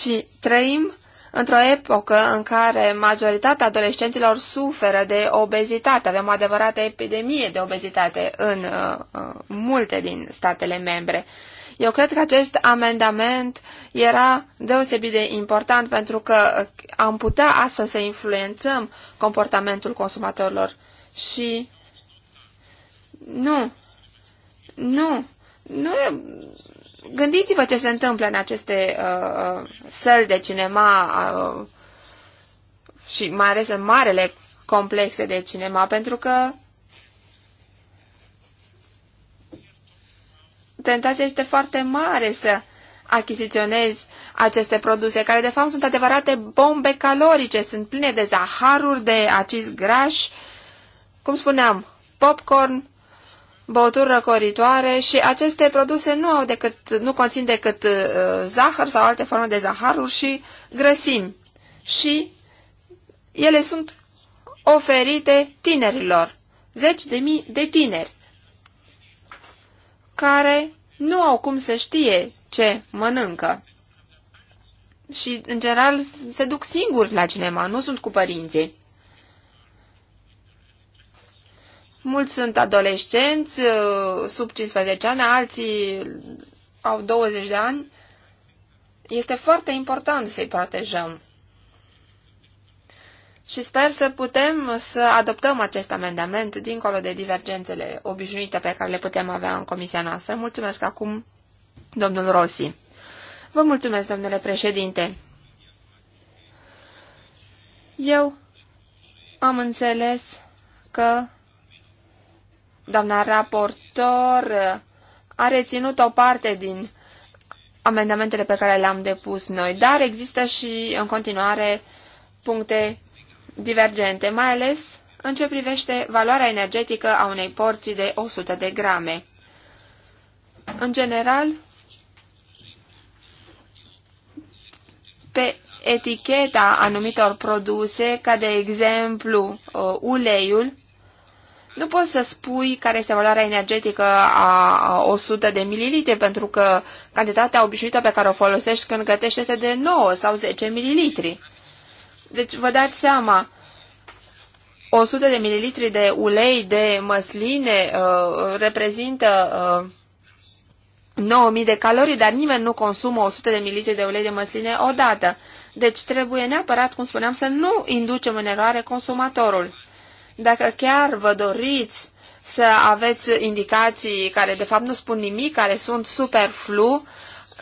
Și trăim într-o epocă în care majoritatea adolescenților suferă de obezitate. Avem o adevărată epidemie de obezitate în uh, uh multe din statele membre. Eu cred că acest amendament era deosebit de important pentru că uh, am putea astfel să influențăm comportamentul consumatorilor și nu, nu, nu e Gândiți-vă ce se întâmplă în aceste uh, uh, săli de cinema uh, și mai ales în marele complexe de cinema, pentru că tentația este foarte mare să achiziționezi aceste produse, care de fapt sunt adevărate bombe calorice, sunt pline de zaharuri, de acizi grași, cum spuneam, popcorn, băuturi răcoritoare și aceste produse nu, au decât, nu conțin decât uh, zahăr sau alte forme de zaharuri și grăsimi. Și ele sunt oferite tinerilor, zeci de mii de tineri, care nu au cum să știe ce mănâncă. Și, în general, se duc singuri la cinema, nu sunt cu părinții. Mulți sunt adolescenți uh, sub 15 ani, alții au 20 de ani. Este foarte important să-i protejăm. Și sper să putem să adoptăm acest amendament dincolo de divergențele obișnuite pe care le putem avea în comisia noastră. Mulțumesc acum, domnul Rossi. Vă mulțumesc, domnule președinte. Eu am înțeles că doamna raportor a reținut o parte din amendamentele pe care le-am depus noi, dar există și în continuare puncte divergente, mai ales în ce privește valoarea energetică a unei porții de 100 de grame. În general, pe eticheta anumitor produse, ca de exemplu uh, uleiul, nu poți să spui care este valoarea energetică a 100 de mililitri, pentru că cantitatea obișnuită pe care o folosești când gătești este de 9 sau 10 mililitri. Deci vă dați seama, 100 de mililitri de ulei de măsline uh, reprezintă uh, 9000 de calorii, dar nimeni nu consumă 100 de mililitri de ulei de măsline odată. Deci trebuie neapărat, cum spuneam, să nu inducem în eroare consumatorul. Dacă chiar vă doriți să aveți indicații care de fapt nu spun nimic, care sunt superflu,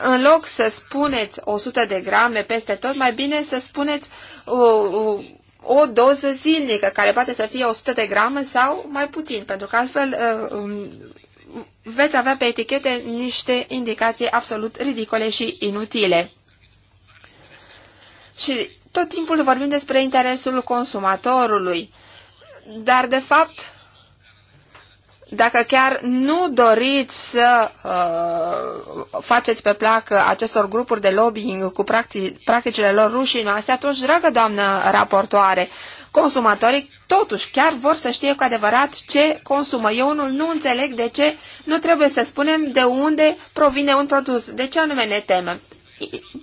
în loc să spuneți 100 de grame peste tot, mai bine să spuneți o, uh, uh, o doză zilnică, care poate să fie 100 de grame sau mai puțin, pentru că altfel uh, um, veți avea pe etichete niște indicații absolut ridicole și inutile. Și tot timpul vorbim despre interesul consumatorului. Dar, de fapt, dacă chiar nu doriți să uh, faceți pe placă acestor grupuri de lobbying cu practic, practicile lor rușinoase, atunci, dragă doamnă raportoare, consumatorii totuși chiar vor să știe cu adevărat ce consumă. Eu unul nu înțeleg de ce nu trebuie să spunem de unde provine un produs, de ce anume ne temem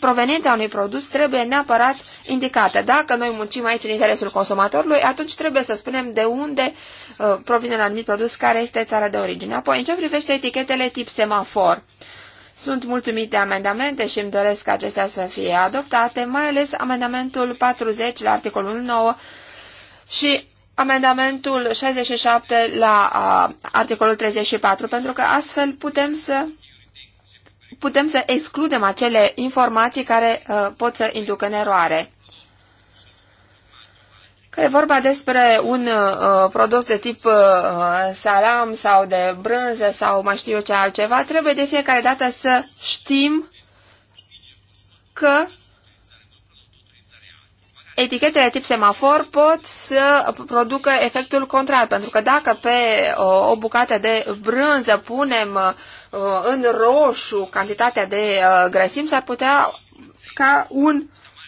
proveniența unui produs trebuie neapărat indicată. Dacă noi muncim aici în interesul consumatorului, atunci trebuie să spunem de unde uh, provine un anumit produs, care este țara de origine. Apoi, în ce privește etichetele tip semafor, sunt mulțumit de amendamente și îmi doresc ca acestea să fie adoptate, mai ales amendamentul 40 la articolul 9 și amendamentul 67 la uh, articolul 34, pentru că astfel putem să putem să excludem acele informații care uh, pot să inducă în eroare. Că e vorba despre un uh, produs de tip uh, salam sau de brânză sau mai știu eu ce altceva, trebuie de fiecare dată să știm că etichetele de tip semafor pot să producă efectul contrar, pentru că dacă pe o, o bucată de brânză punem uh, în roșu cantitatea de uh, grăsimi, s-ar putea ca un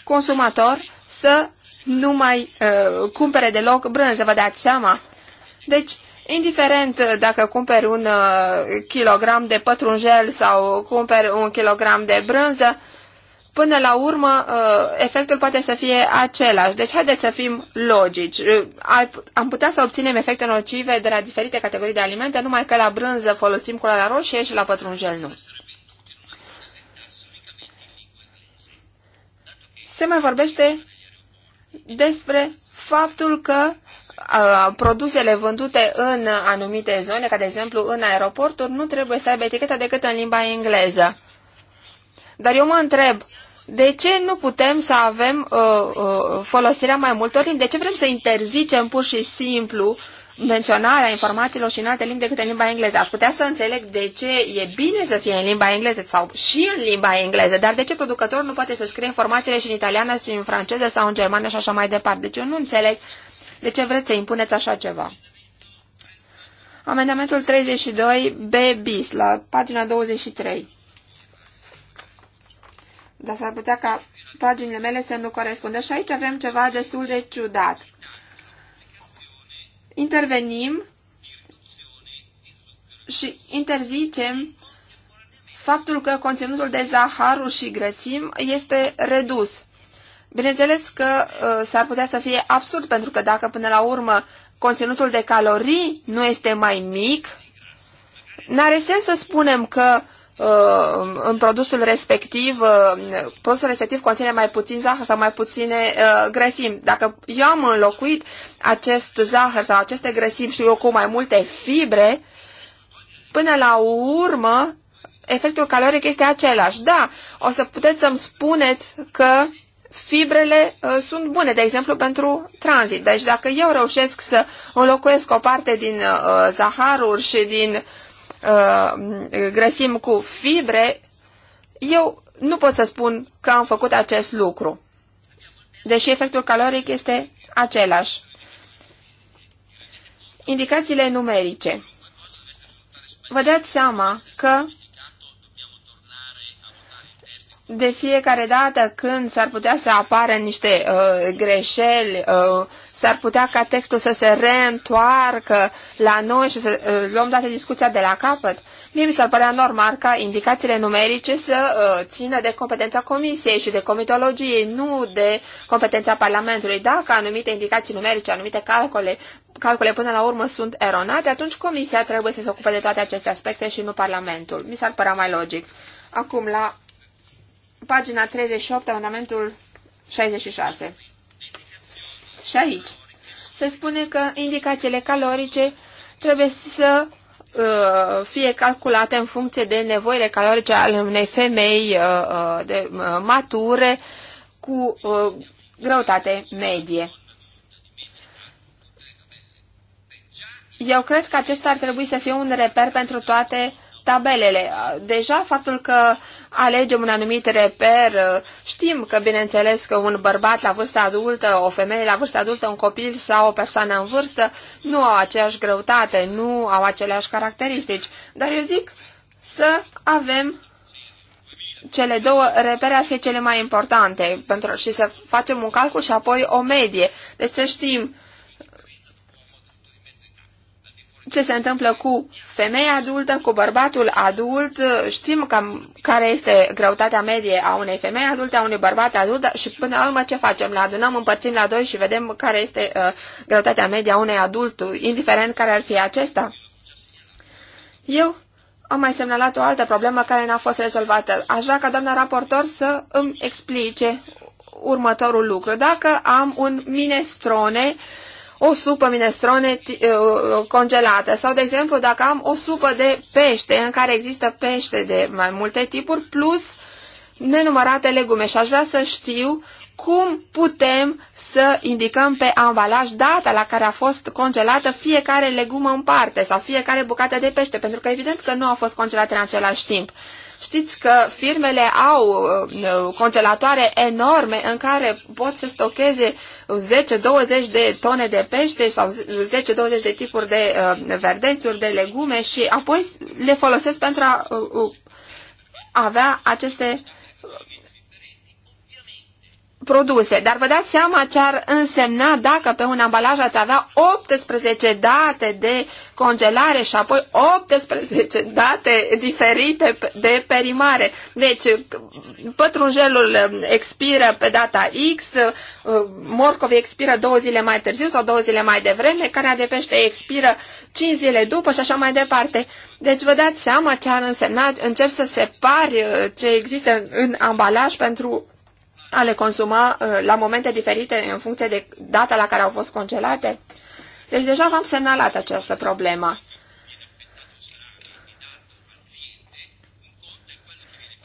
consumator să nu mai uh, cumpere deloc brânză, vă dați seama? Deci, indiferent dacă cumperi un uh, kilogram de pătrunjel sau cumperi un kilogram de brânză, uh, până la urmă uh, efectul poate să fie același. Deci haideți să fim logici. Uh, am putea să obținem efecte nocive de la diferite categorii de alimente, numai că la brânză folosim culoarea roșie și la pătrunjel nu. Se mai vorbește despre faptul că uh, produsele vândute în anumite zone, ca de exemplu în aeroporturi, nu trebuie să aibă eticheta decât în limba engleză. Dar eu mă întreb, de ce nu putem să avem uh, uh, folosirea mai multor limbi? De ce vrem să interzicem pur și simplu menționarea informațiilor și în alte limbi decât în limba engleză? Aș putea să înțeleg de ce e bine să fie în limba engleză sau și în limba engleză, dar de ce producătorul nu poate să scrie informațiile și în italiană și în franceză sau în germană și așa mai departe? Deci eu nu înțeleg de ce vreți să impuneți așa ceva. Amendamentul 32 B bis la pagina 23. Dar s-ar putea ca paginile mele să nu corespundă. Și aici avem ceva destul de ciudat. Intervenim și interzicem faptul că conținutul de zahar și grăsim este redus. Bineînțeles că uh, s-ar putea să fie absurd, pentru că dacă până la urmă conținutul de calorii nu este mai mic, n-are sens să spunem că uh, Uh, în produsul respectiv, uh, produsul respectiv conține mai puțin zahăr sau mai puține uh, grăsimi. Dacă eu am înlocuit acest zahăr sau aceste grăsimi și eu cu mai multe fibre, până la urmă, efectul caloric este același. Da, o să puteți să-mi spuneți că fibrele uh, sunt bune, de exemplu, pentru tranzit. Deci dacă eu reușesc să înlocuiesc o parte din uh, zaharuri și din uh, Uh, grăsim cu fibre, eu nu pot să spun că am făcut acest lucru. Deși efectul caloric este același. Indicațiile numerice. Vă dați seama că de fiecare dată când s-ar putea să apară niște uh, greșeli, uh, s-ar putea ca textul să se reîntoarcă la noi și să uh, luăm toată discuția de la capăt. Mie mi s-ar părea normal ca indicațiile numerice să uh, țină de competența comisiei și de comitologie, nu de competența Parlamentului. Dacă anumite indicații numerice, anumite calcule, calcule până la urmă sunt eronate, atunci comisia trebuie să se ocupe de toate aceste aspecte și nu Parlamentul. Mi s-ar părea mai logic. Acum, la pagina 38, amendamentul 66. Și aici se spune că indicațiile calorice trebuie să uh, fie calculate în funcție de nevoile calorice ale unei femei uh, uh, de, mature cu greutate medie. Eu cred că acesta ar trebui să fie un reper pentru toate tabelele. Deja faptul că alegem un anumit reper, știm că, bineînțeles, că un bărbat la vârstă adultă, o femeie la vârstă adultă, un copil sau o persoană în vârstă nu au aceeași greutate, nu au aceleași caracteristici. Dar eu zic să avem cele două repere ar fi cele mai importante pentru, și să facem un calcul și apoi o medie. Deci să știm uh, ce se întâmplă cu femeia adultă, cu bărbatul adult, știm cam care este greutatea medie a unei femei adulte, a unui bărbat adult și până la urmă ce facem? Le adunăm, împărțim la doi și vedem care este uh, greutatea medie a unei adult, indiferent care ar fi acesta. Eu am mai semnalat o altă problemă care n-a fost rezolvată. Aș vrea ca doamna raportor să îmi explice următorul lucru. Dacă am un minestrone uh, o supă minestrone uh, uh, congelată sau, de exemplu, dacă am o supă de pește în care există pește de mai multe tipuri plus nenumărate legume și aș vrea să știu cum putem să indicăm pe ambalaj data la care a fost congelată fiecare legumă în parte sau fiecare bucată de pește, pentru că evident că nu a fost congelată în același timp. Știți că firmele au uh, congelatoare enorme în care pot să stocheze 10-20 de tone de pește sau 10-20 de tipuri de uh, verdețuri, de legume și apoi le folosesc pentru a uh, avea aceste uh, produse, dar vă dați seama ce ar însemna dacă pe un ambalaj ați avea 18 date de congelare și apoi 18 date diferite de perimare. Deci, pătrunjelul um, expiră pe data X, uh, morcovii expiră două zile mai târziu sau două zile mai devreme, care de pește expiră 5 zile după și așa mai departe. Deci vă dați seama ce ar însemna, încep să separi uh, ce există în ambalaj pentru a le consuma uh, la momente diferite în funcție de data la care au fost congelate? Deci deja v-am semnalat această problemă.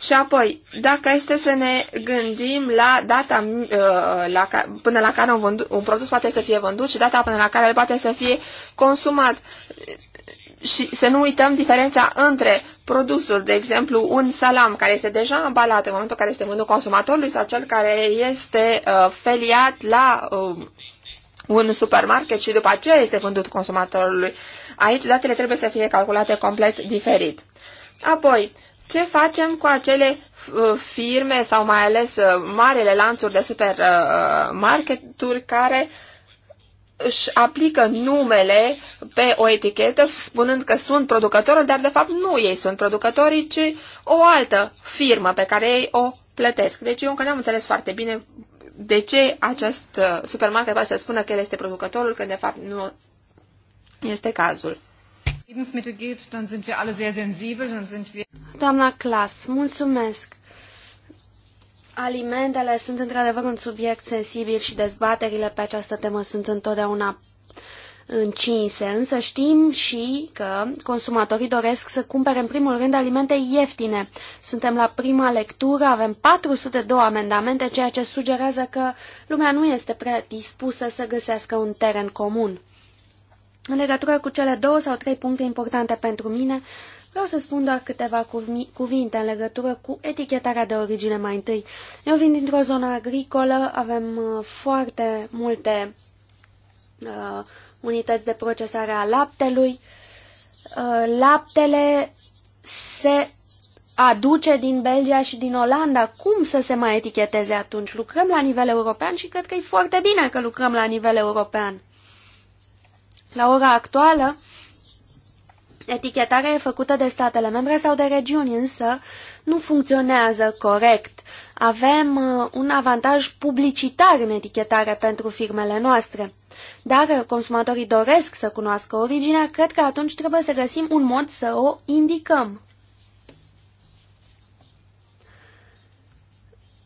Și apoi, dacă este să ne gândim la data uh, la, până la care un, vândut, un produs poate să fie vândut și data până la care el poate să fie consumat, și să nu uităm diferența între produsul, de exemplu, un salam care este deja ambalat în momentul în care este vândut consumatorului sau cel care este uh, feliat la uh, un supermarket și după aceea este vândut consumatorului. Aici datele trebuie să fie calculate complet diferit. Apoi, ce facem cu acele uh, firme sau mai ales uh, marele lanțuri de supermarketuri care își aplică numele pe o etichetă spunând că sunt producătorul, dar de fapt nu ei sunt producătorii, ci o altă firmă pe care ei o plătesc. Deci eu încă n-am înțeles foarte bine de ce acest uh, supermarket poate să spună că el este producătorul, când de fapt nu este cazul. Doamna Clas, mulțumesc. Alimentele sunt într-adevăr un subiect sensibil și dezbaterile pe această temă sunt întotdeauna încinse, însă știm și că consumatorii doresc să cumpere în primul rând alimente ieftine. Suntem la prima lectură, avem 402 amendamente, ceea ce sugerează că lumea nu este prea dispusă să găsească un teren comun. În legătură cu cele două sau trei puncte importante pentru mine, Vreau să spun doar câteva cuvinte în legătură cu etichetarea de origine mai întâi. Eu vin dintr-o zonă agricolă, avem uh, foarte multe uh, unități de procesare a laptelui. Uh, laptele se aduce din Belgia și din Olanda, cum să se mai eticheteze atunci? Lucrăm la nivel european și cred că e foarte bine că lucrăm la nivel european. La ora actuală, uh, Etichetarea e făcută de statele membre sau de regiuni, însă nu funcționează corect. Avem uh, un avantaj publicitar în etichetare pentru firmele noastre. Dacă consumatorii doresc să cunoască originea, cred că atunci trebuie să găsim un mod să o indicăm.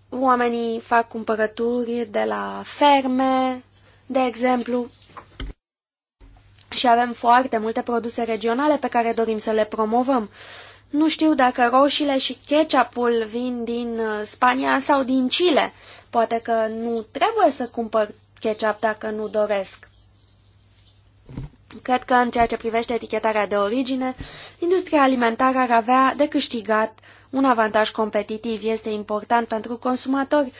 Oamenii fac cumpărături de la ferme, de exemplu, și avem foarte multe produse regionale pe care dorim să le promovăm. Nu știu dacă roșiile și ketchupul vin din uh, Spania sau din Chile. Poate că nu trebuie să cumpăr ketchup dacă nu doresc. Cred că în ceea ce privește etichetarea de origine, industria alimentară ar avea de câștigat un avantaj competitiv. Este important pentru consumatori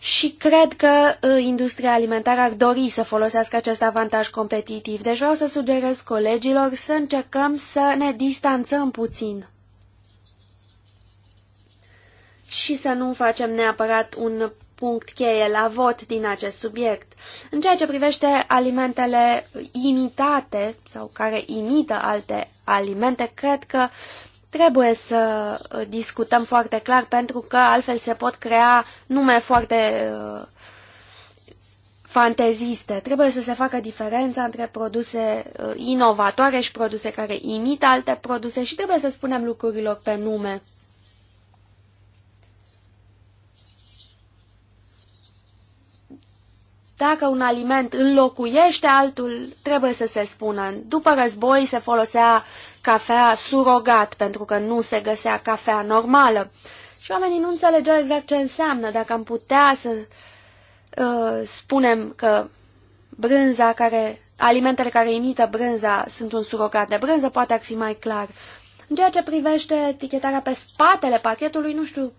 și cred că uh, industria alimentară ar dori să folosească acest avantaj competitiv. Deci vreau să sugerez colegilor să încercăm să ne distanțăm puțin și să nu facem neapărat un punct cheie la vot din acest subiect. În ceea ce privește alimentele imitate sau care imită alte alimente, cred că Trebuie să uh, discutăm foarte clar pentru că altfel se pot crea nume foarte uh, fanteziste. Trebuie să se facă diferența între produse uh, inovatoare și produse care imită alte produse și trebuie să spunem lucrurilor pe nume. Dacă un aliment înlocuiește altul, trebuie să se spună. După război se folosea cafea surogat, pentru că nu se găsea cafea normală. Și oamenii nu înțelegeau exact ce înseamnă. Dacă am putea să uh, spunem că brânza care, alimentele care imită brânza sunt un surogat de brânză, poate ar fi mai clar. În ceea ce privește etichetarea pe spatele pachetului, nu știu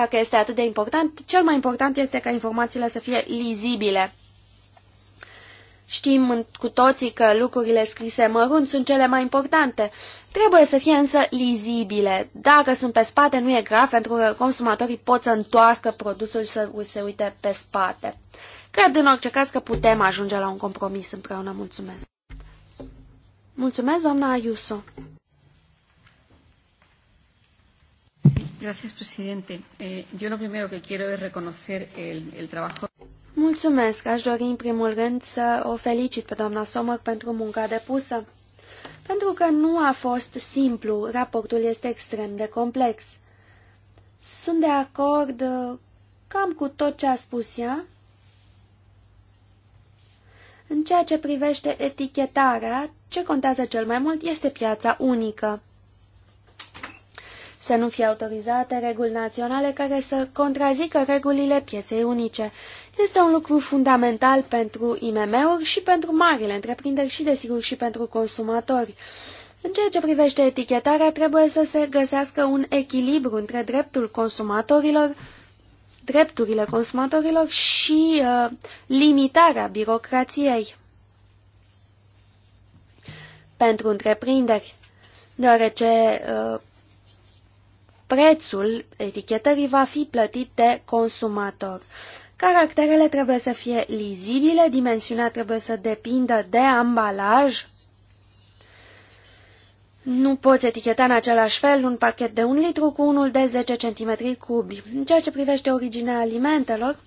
dacă este atât de important, cel mai important este ca informațiile să fie lizibile. Știm cu toții că lucrurile scrise mărunt sunt cele mai importante. Trebuie să fie însă lizibile. Dacă sunt pe spate, nu e grav, pentru că consumatorii pot să întoarcă produsul și să se uite pe spate. Cred în orice caz că putem ajunge la un compromis împreună. Mulțumesc! Mulțumesc, doamna Ayuso! Gracias, presidente. Eh, yo lo primero que quiero es reconocer el, el trabajo. Mulțumesc. Aș dori în primul rând să o felicit pe doamna Sommer pentru munca depusă. Pentru că nu a fost simplu, raportul este extrem de complex. Sunt de acord uh, cam cu tot ce a spus ea. În ceea ce privește etichetarea, ce contează cel mai mult este piața unică să nu fie autorizate reguli naționale care să contrazică regulile pieței unice. Este un lucru fundamental pentru IMM-uri și pentru marile întreprinderi și, desigur, și pentru consumatori. În ceea ce privește etichetarea, trebuie să se găsească un echilibru între dreptul consumatorilor, drepturile consumatorilor și uh, limitarea birocrației pentru întreprinderi, deoarece uh, prețul etichetării va fi plătit de consumator. Caracterele trebuie să fie lizibile, dimensiunea trebuie să depindă de ambalaj. Nu poți eticheta în același fel un pachet de 1 litru cu unul de 10 cm cubi. În ceea ce privește originea alimentelor,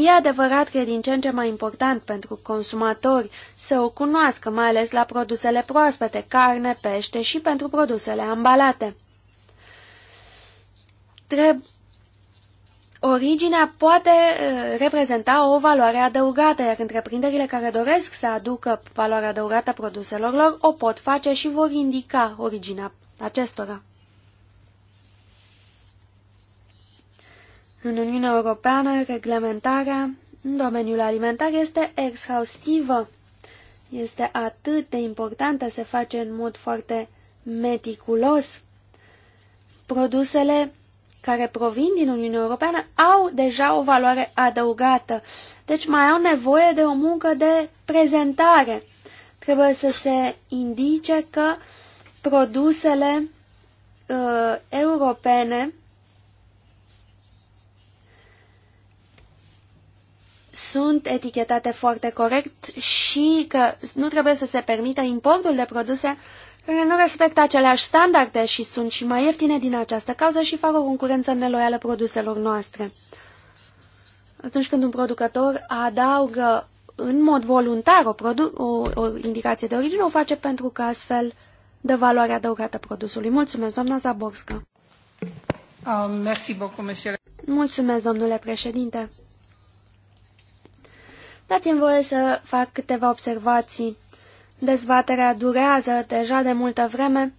E adevărat că e din ce în ce mai important pentru consumatori să o cunoască, mai ales la produsele proaspete, carne, pește și pentru produsele ambalate întreb, originea poate uh, reprezenta o valoare adăugată, iar întreprinderile care doresc să aducă valoarea adăugată a produselor lor o pot face și vor indica originea acestora. În Uniunea Europeană, reglementarea în domeniul alimentar este exhaustivă. Este atât de importantă, se face în mod foarte meticulos. Produsele care provin din Uniunea Europeană au deja o valoare adăugată. Deci mai au nevoie de o muncă de prezentare. Trebuie să se indice că produsele uh, europene sunt etichetate foarte corect și că nu trebuie să se permită importul de produse uh, nu respectă aceleași standarde și sunt și mai ieftine din această cauză și fac o concurență neloială produselor noastre. Atunci când un producător adaugă în mod voluntar o, o, o indicație de origine, o face pentru că astfel dă valoare adăugată produsului. Mulțumesc, doamna Zaborska. Ah, Mulțumesc, domnule președinte. Dați-mi voie să fac câteva observații Dezbaterea durează deja de multă vreme,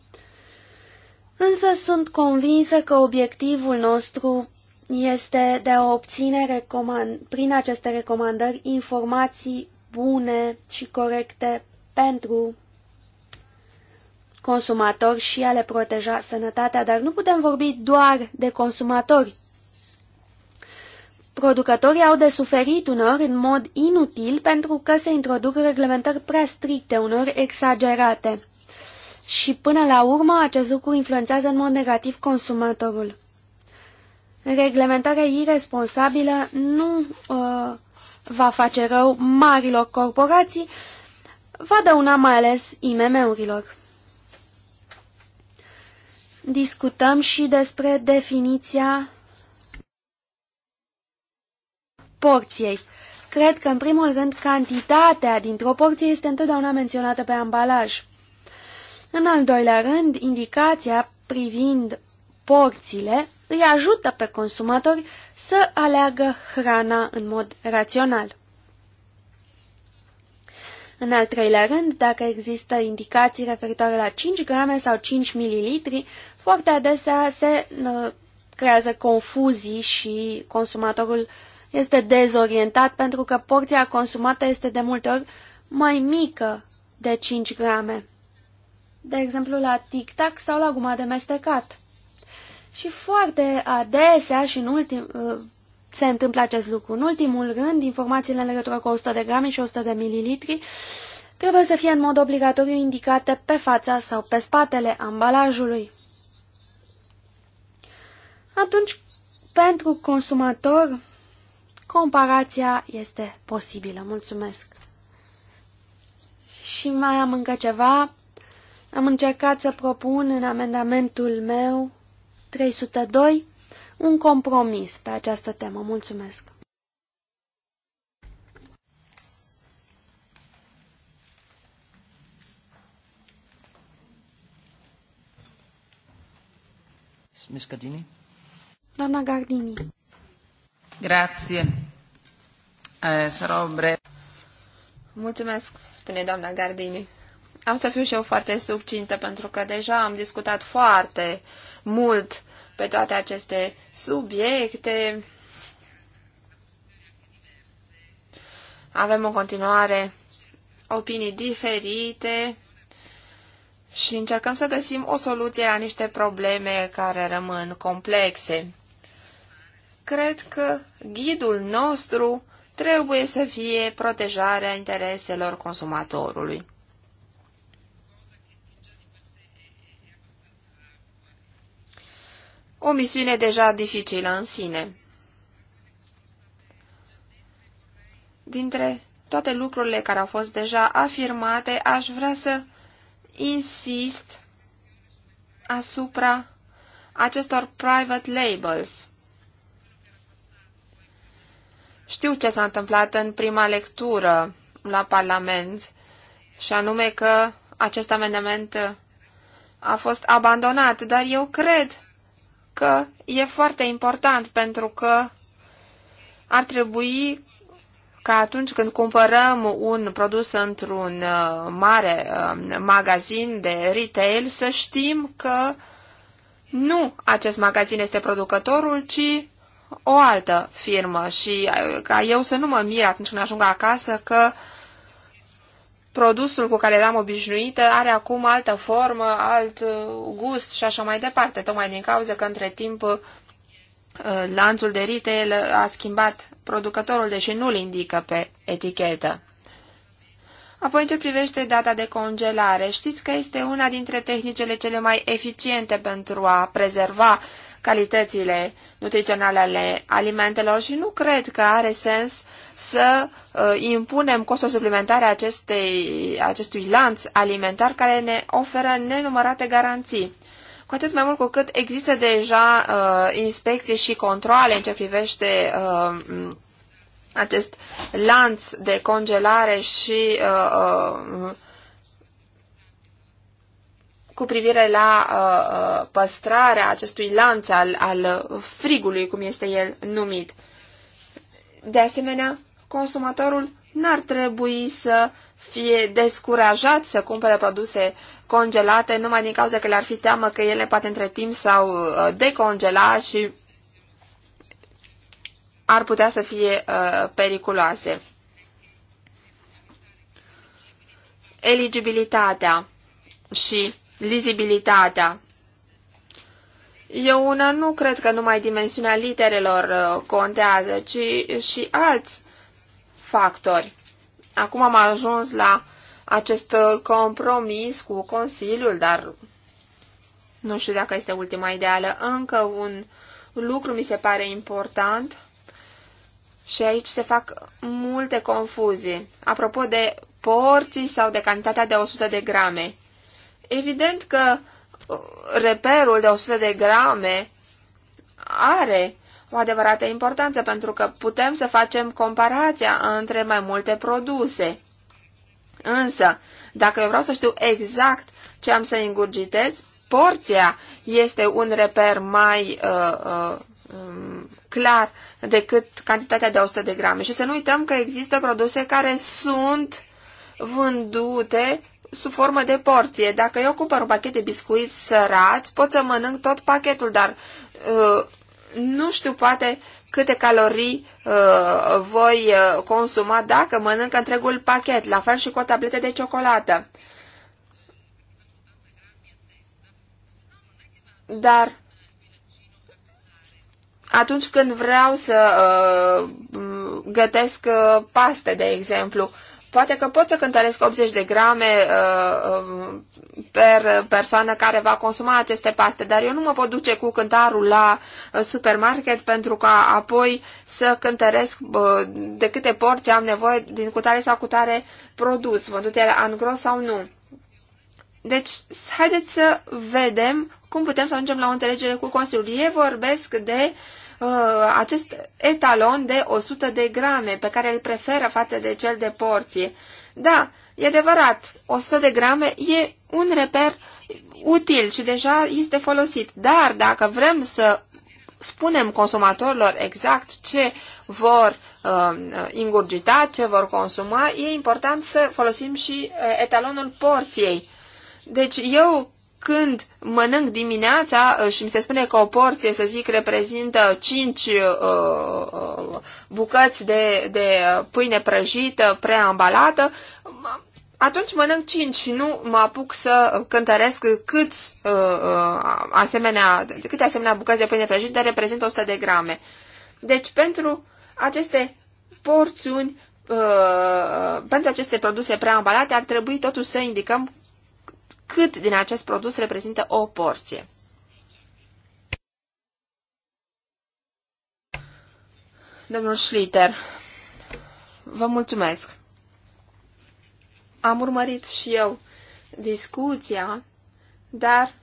însă sunt convinsă că obiectivul nostru este de a obține prin aceste recomandări informații bune și corecte pentru consumatori și a le proteja sănătatea, dar nu putem vorbi doar de consumatori. Producătorii au de suferit uneori în mod inutil pentru că se introduc reglementări prea stricte, uneori exagerate. Și până la urmă acest lucru influențează în mod negativ consumatorul. Reglementarea irresponsabilă nu uh, va face rău marilor corporații, va dăuna mai ales IMM-urilor. Discutăm și despre definiția porției. Cred că, în primul rând, cantitatea dintr-o porție este întotdeauna menționată pe ambalaj. În al doilea rând, indicația privind porțile îi ajută pe consumatori să aleagă hrana în mod rațional. În al treilea rând, dacă există indicații referitoare la 5 grame sau 5 mililitri, foarte adesea se uh, creează confuzii și consumatorul uh, este dezorientat pentru că porția consumată este de multe ori mai mică de 5 grame. De exemplu, la tic-tac sau la guma de mestecat. Și foarte adesea și în ultim, uh, se întâmplă acest lucru. În ultimul rând, informațiile în legătură cu 100 de grame și 100 de mililitri trebuie să fie în mod obligatoriu indicate pe fața sau pe spatele ambalajului. Atunci, pentru consumator, comparația este posibilă. Mulțumesc! Și mai am încă ceva. Am încercat să propun în amendamentul meu 302 un compromis pe această temă. Mulțumesc! Miss Gardini? Doamna Gardini. Grazie. Eh, Mulțumesc, spune doamna Gardini. Am să fiu și eu foarte succintă pentru că deja am discutat foarte mult pe toate aceste subiecte. Avem în continuare opinii diferite și încercăm să găsim o soluție la niște probleme care rămân complexe cred că ghidul nostru trebuie să fie protejarea intereselor consumatorului. O misiune deja dificilă în sine. Dintre toate lucrurile care au fost deja afirmate, aș vrea să insist asupra acestor private labels – știu ce s-a întâmplat în prima lectură la Parlament și anume că acest amendament a fost abandonat, dar eu cred că e foarte important pentru că ar trebui ca atunci când cumpărăm un produs într-un uh, mare uh, magazin de retail să știm că nu acest magazin este producătorul, ci o altă firmă și uh, ca eu să nu mă mir atunci când ajung acasă că produsul cu care eram obișnuită are acum altă formă, alt uh, gust și așa mai departe, tocmai din cauza că între timp uh, lanțul de retail a schimbat producătorul, deși nu îl indică pe etichetă. Apoi, ce privește data de congelare, știți că este una dintre tehnicele cele mai eficiente pentru a prezerva calitățile nutriționale ale alimentelor și nu cred că are sens să uh, impunem costuri suplimentare acestei, acestui lanț alimentar care ne oferă nenumărate garanții. Cu atât mai mult cu cât există deja uh, inspecții și controle în ce privește uh, acest lanț de congelare și uh, uh, cu privire la uh, uh, păstrarea acestui lanț al, al frigului, cum este el numit. De asemenea, consumatorul n-ar trebui să fie descurajat să cumpere produse congelate numai din cauza că le-ar fi teamă că ele poate între timp s-au uh, decongelat și ar putea să fie uh, periculoase. Eligibilitatea și lizibilitatea. Eu una nu cred că numai dimensiunea literelor uh, contează, ci și alți factori. Acum am ajuns la acest uh, compromis cu Consiliul, dar nu știu dacă este ultima ideală. Încă un lucru mi se pare important și aici se fac multe confuzii. Apropo de porții sau de cantitatea de 100 de grame. Evident că uh, reperul de 100 de grame are o adevărată importanță pentru că putem să facem comparația între mai multe produse. Însă, dacă eu vreau să știu exact ce am să ingurgitez, porția este un reper mai uh, uh, um, clar decât cantitatea de 100 de grame. Și să nu uităm că există produse care sunt vândute sub formă de porție. Dacă eu cumpăr un pachet de biscuiți sărați, pot să mănânc tot pachetul, dar uh, nu știu poate câte calorii uh, voi uh, consuma dacă mănânc întregul pachet, la fel și cu o tabletă de ciocolată. Dar atunci când vreau să uh, gătesc uh, paste, de exemplu, Poate că pot să cântăresc 80 de grame uh, uh, per persoană care va consuma aceste paste, dar eu nu mă pot duce cu cântarul la uh, supermarket pentru ca apoi să cântăresc uh, de câte porți am nevoie din cutare sau cutare produs, vândute în gros sau nu. Deci, haideți să vedem cum putem să ajungem la o înțelegere cu Consiliul. Ei vorbesc de uh, Uh, acest etalon de 100 de grame pe care îl preferă față de cel de porție. Da, e adevărat, 100 de grame e un reper util și deja este folosit, dar dacă vrem să spunem consumatorilor exact ce vor uh, ingurgita, ce vor consuma, e important să folosim și uh, etalonul porției. Deci eu când mănânc dimineața uh, și mi se spune că o porție, să zic, reprezintă 5 uh, uh, bucăți de, de uh, pâine prăjită, preambalată, atunci mănânc 5 și nu mă apuc să cântăresc câți, uh, asemenea, câte asemenea bucăți de pâine prăjită reprezintă 100 de grame. Deci, pentru aceste porțiuni, uh, pentru aceste produse preambalate, ar trebui totuși să indicăm cât din acest produs reprezintă o porție. Domnul Schlitter, vă mulțumesc. Am urmărit și eu discuția, dar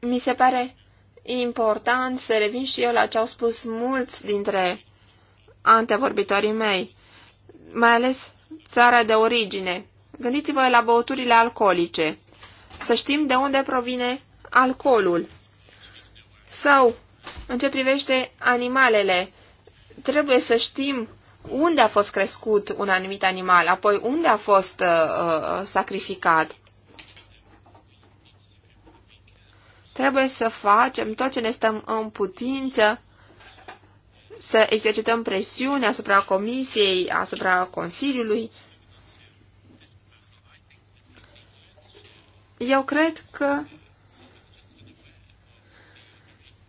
mi se pare important să revin și eu la ce au spus mulți dintre antevorbitorii mei, mai ales țara de origine. Gândiți-vă la băuturile alcoolice. Să știm de unde provine alcoolul. Sau, în ce privește animalele, trebuie să știm unde a fost crescut un anumit animal, apoi unde a fost uh, uh sacrificat. Trebuie să facem tot ce ne stăm în putință să exercităm presiune asupra Comisiei, asupra Consiliului. Eu cred că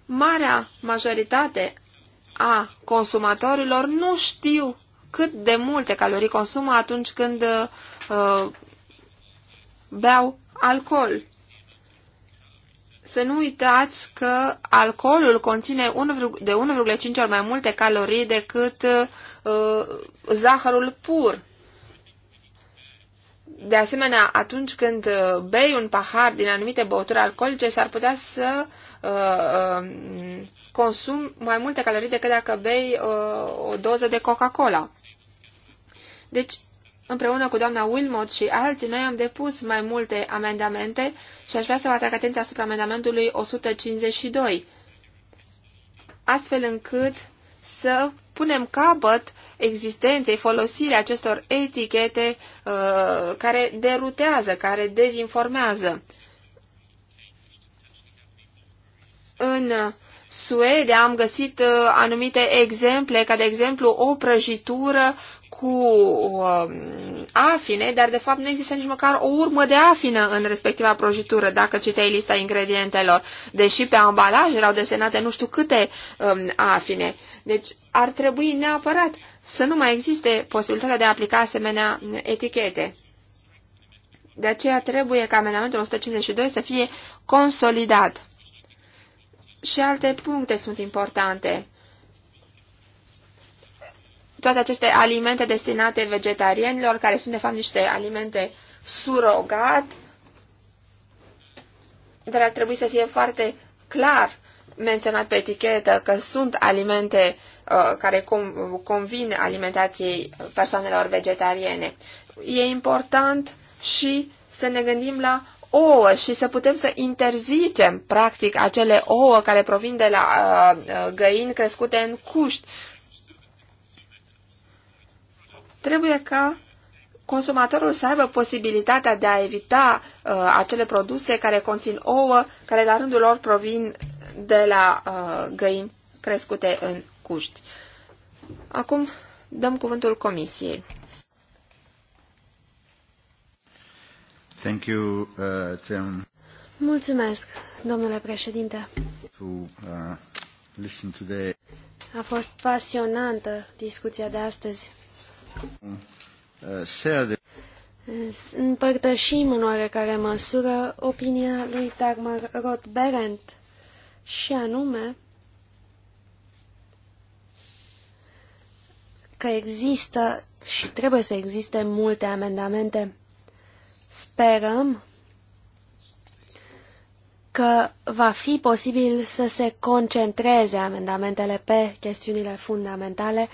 marea majoritate a consumatorilor nu știu cât de multe calorii consumă atunci când uh, beau alcool. Să nu uitați că alcoolul conține de 1,5 ori mai multe calorii decât uh, zahărul pur. De asemenea, atunci când uh, bei un pahar din anumite băuturi alcoolice, s-ar putea să uh, uh, consumi mai multe calorii decât dacă bei uh, o doză de Coca-Cola. Deci, Împreună cu doamna Wilmot și alții, noi am depus mai multe amendamente și aș vrea să vă atrag atenția asupra amendamentului 152, astfel încât să punem capăt existenței, folosirii acestor etichete uh, care derutează, care dezinformează. În Suedia am găsit uh, anumite exemple, ca de exemplu o prăjitură cu uh, afine, dar de fapt nu există nici măcar o urmă de afină în respectiva prăjitură, dacă citeai lista ingredientelor, deși pe ambalaj erau desenate nu știu câte um, afine. Deci ar trebui neapărat să nu mai existe posibilitatea de a aplica asemenea etichete. De aceea trebuie ca amendamentul 152 să fie consolidat. Și alte puncte sunt importante toate aceste alimente destinate vegetarienilor, care sunt de fapt niște alimente surogat, dar ar trebui să fie foarte clar menționat pe etichetă că sunt alimente uh, care com- convin alimentației persoanelor vegetariene. E important și să ne gândim la ouă și să putem să interzicem practic acele ouă care provin de la uh, uh găini crescute în cuști Trebuie ca consumatorul să aibă posibilitatea de a evita uh, acele produse care conțin ouă, care la rândul lor provin de la uh, găini crescute în cuști. Acum dăm cuvântul comisiei. Thank you, uh, Mulțumesc, domnule președinte. To, uh, listen today. A fost pasionantă discuția de astăzi. Împărtășim în oarecare măsură opinia lui Dagmar Roth-Berendt și anume că există și trebuie să existe multe amendamente. Sperăm că va fi posibil să se concentreze amendamentele pe chestiunile fundamentale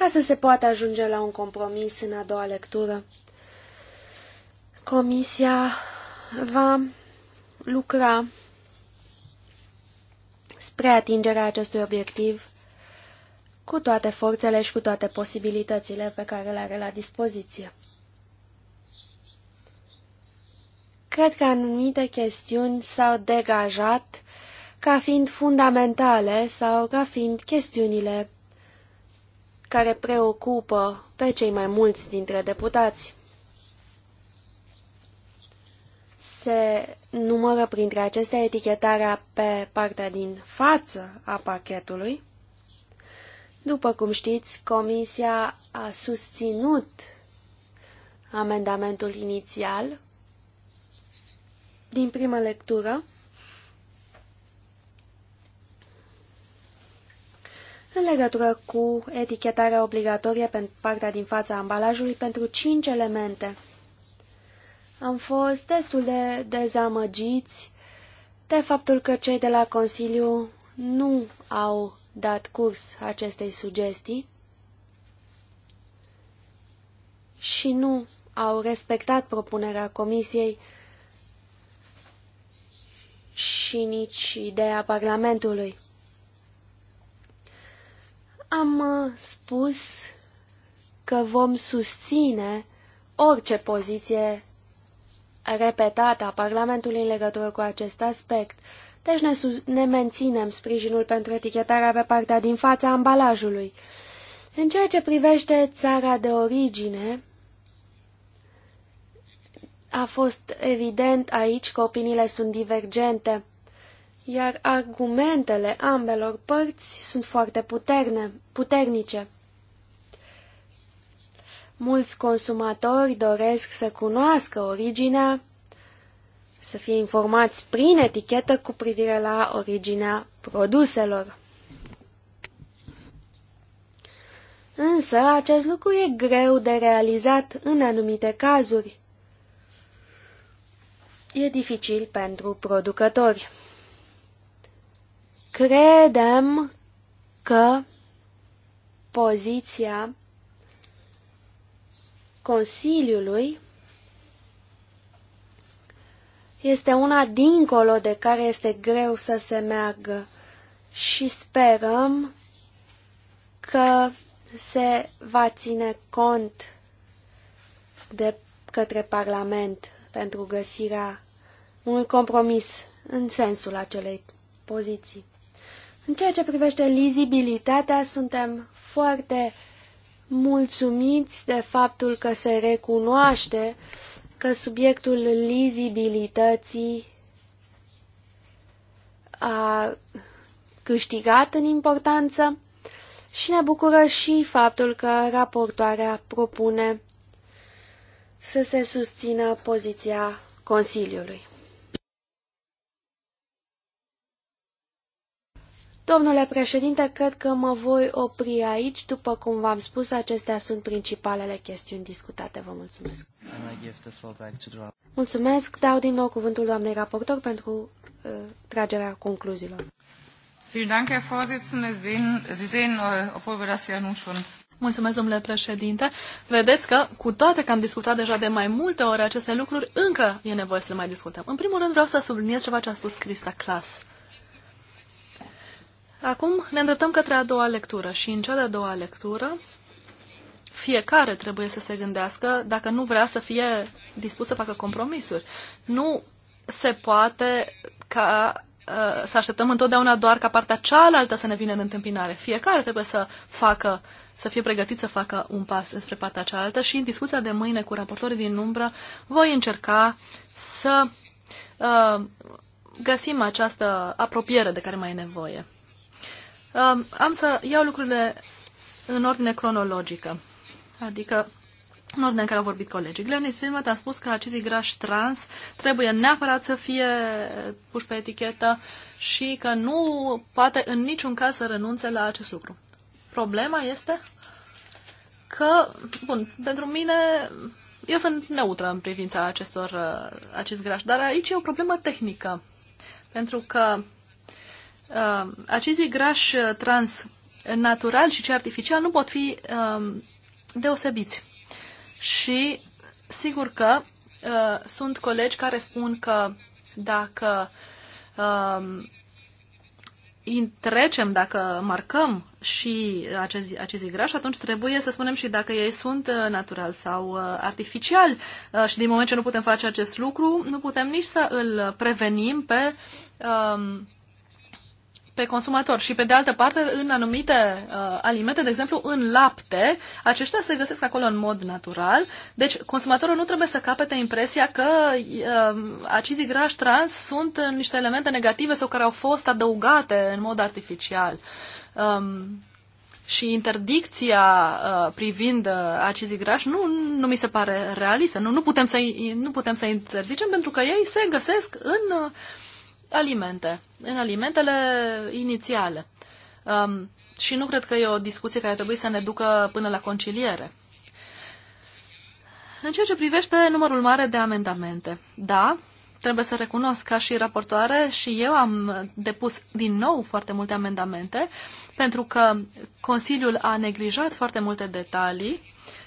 ca să se poată ajunge la un compromis în a doua lectură. Comisia va lucra spre atingerea acestui obiectiv cu toate forțele și cu toate posibilitățile pe care le are la dispoziție. Cred că anumite chestiuni s-au degajat ca fiind fundamentale sau ca fiind chestiunile care preocupă pe cei mai mulți dintre deputați. Se numără printre acestea etichetarea pe partea din față a pachetului. După cum știți, Comisia a susținut amendamentul inițial din prima lectură în legătură cu etichetarea obligatorie pentru partea din fața ambalajului pentru cinci elemente. Am fost destul de dezamăgiți de faptul că cei de la Consiliu nu au dat curs acestei sugestii și nu au respectat propunerea Comisiei și nici ideea Parlamentului. Am uh, spus că vom susține orice poziție repetată a Parlamentului în legătură cu acest aspect, deci ne, ne menținem sprijinul pentru etichetarea pe partea din fața ambalajului. În ceea ce privește țara de origine, a fost evident aici că opiniile sunt divergente iar argumentele ambelor părți sunt foarte puterne, puternice. Mulți consumatori doresc să cunoască originea, să fie informați prin etichetă cu privire la originea produselor. Însă, acest lucru e greu de realizat în anumite cazuri. E dificil pentru producători. Credem că poziția Consiliului este una dincolo de care este greu să se meargă și sperăm că se va ține cont de către Parlament pentru găsirea unui compromis în sensul acelei poziții. În ceea ce privește lizibilitatea, suntem foarte mulțumiți de faptul că se recunoaște că subiectul lizibilității a câștigat în importanță și ne bucură și faptul că raportoarea propune să se susțină poziția Consiliului. Domnule președinte, cred că mă voi opri aici. După cum v-am spus, acestea sunt principalele chestiuni discutate. Vă mulțumesc. Mulțumesc. Dau din nou cuvântul doamnei raportor pentru uh, tragerea concluziilor. Äh, mulțumesc, domnule președinte. Vedeți că, cu toate că am discutat deja de mai multe ori aceste lucruri, încă e nevoie să le mai discutăm. În primul rând vreau să subliniez ceva ce a spus Crista Clas Acum ne îndreptăm către a doua lectură și în cea de-a doua lectură fiecare trebuie să se gândească dacă nu vrea să fie dispus să facă compromisuri. Nu se poate ca uh, să așteptăm întotdeauna doar ca partea cealaltă să ne vină în întâmpinare. Fiecare trebuie să facă, să fie pregătit să facă un pas spre partea cealaltă și în discuția de mâine cu raportorii din umbră voi încerca să uh, găsim această apropiere de care mai e nevoie. Um, am să iau lucrurile în ordine cronologică, adică în ordine în care au vorbit colegii. Glenis Filmet a spus că acizi grași trans trebuie neapărat să fie puși pe etichetă și că nu poate în niciun caz să renunțe la acest lucru. Problema este că, bun, pentru mine, eu sunt neutră în privința acestor, uh, acest graș, dar aici e o problemă tehnică. Pentru că uh, acizii grași uh, trans natural și cei artificial nu pot fi uh, deosebiți. Și sigur că uh, sunt colegi care spun că dacă uh, um, trecem, dacă marcăm și acest, acest igraș, atunci trebuie să spunem și dacă ei sunt uh, natural sau uh, artificial. Și din moment ce nu putem face acest lucru, nu putem nici să îl prevenim pe uh, pe consumator. Și pe de altă parte, în anumite uh, alimente, de exemplu în lapte, aceștia se găsesc acolo în mod natural. Deci consumatorul nu trebuie să capete impresia că uh, acizii grași trans sunt niște elemente negative sau care au fost adăugate în mod artificial. Um, și interdicția uh, privind uh, acizii grași nu, nu mi se pare realistă. Nu, nu, putem să, nu putem să interzicem pentru că ei se găsesc în uh, alimente, în alimentele inițiale. Um, și nu cred că e o discuție care trebuie să ne ducă până la conciliere. În ceea ce privește numărul mare de amendamente, da, trebuie să recunosc ca și raportoare și eu am depus din nou foarte multe amendamente pentru că Consiliul a neglijat foarte multe detalii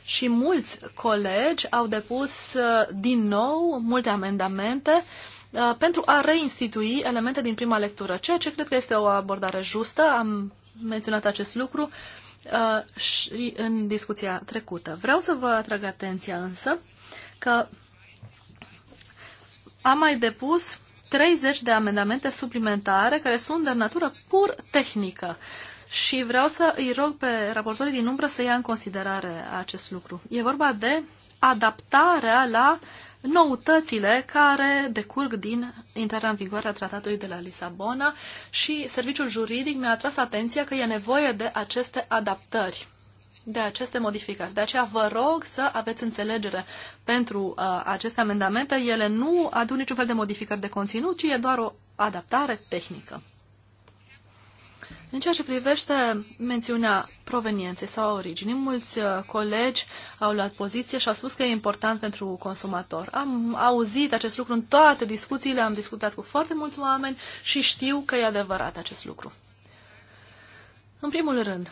și mulți colegi au depus uh, din nou multe amendamente Uh, pentru a reinstitui elemente din prima lectură, ceea ce cred că este o abordare justă, am menționat acest lucru uh, și în discuția trecută. Vreau să vă atrag atenția însă că am mai depus 30 de amendamente suplimentare care sunt de natură pur tehnică și vreau să îi rog pe raportorii din umbră să ia în considerare acest lucru. E vorba de adaptarea la uh, noutățile care decurg din intrarea în vigoare a tratatului de la Lisabona și serviciul juridic mi-a atras atenția că e nevoie de aceste adaptări, de aceste modificări. De aceea vă rog să aveți înțelegere pentru uh, aceste amendamente. Ele nu aduc niciun fel de modificări de conținut, ci e doar o adaptare tehnică. În ceea ce privește mențiunea provenienței sau originii, mulți uh, colegi au luat poziție și au spus că e important pentru consumator. Am auzit acest lucru în toate discuțiile, am discutat cu foarte mulți oameni și știu că e adevărat acest lucru. În primul rând,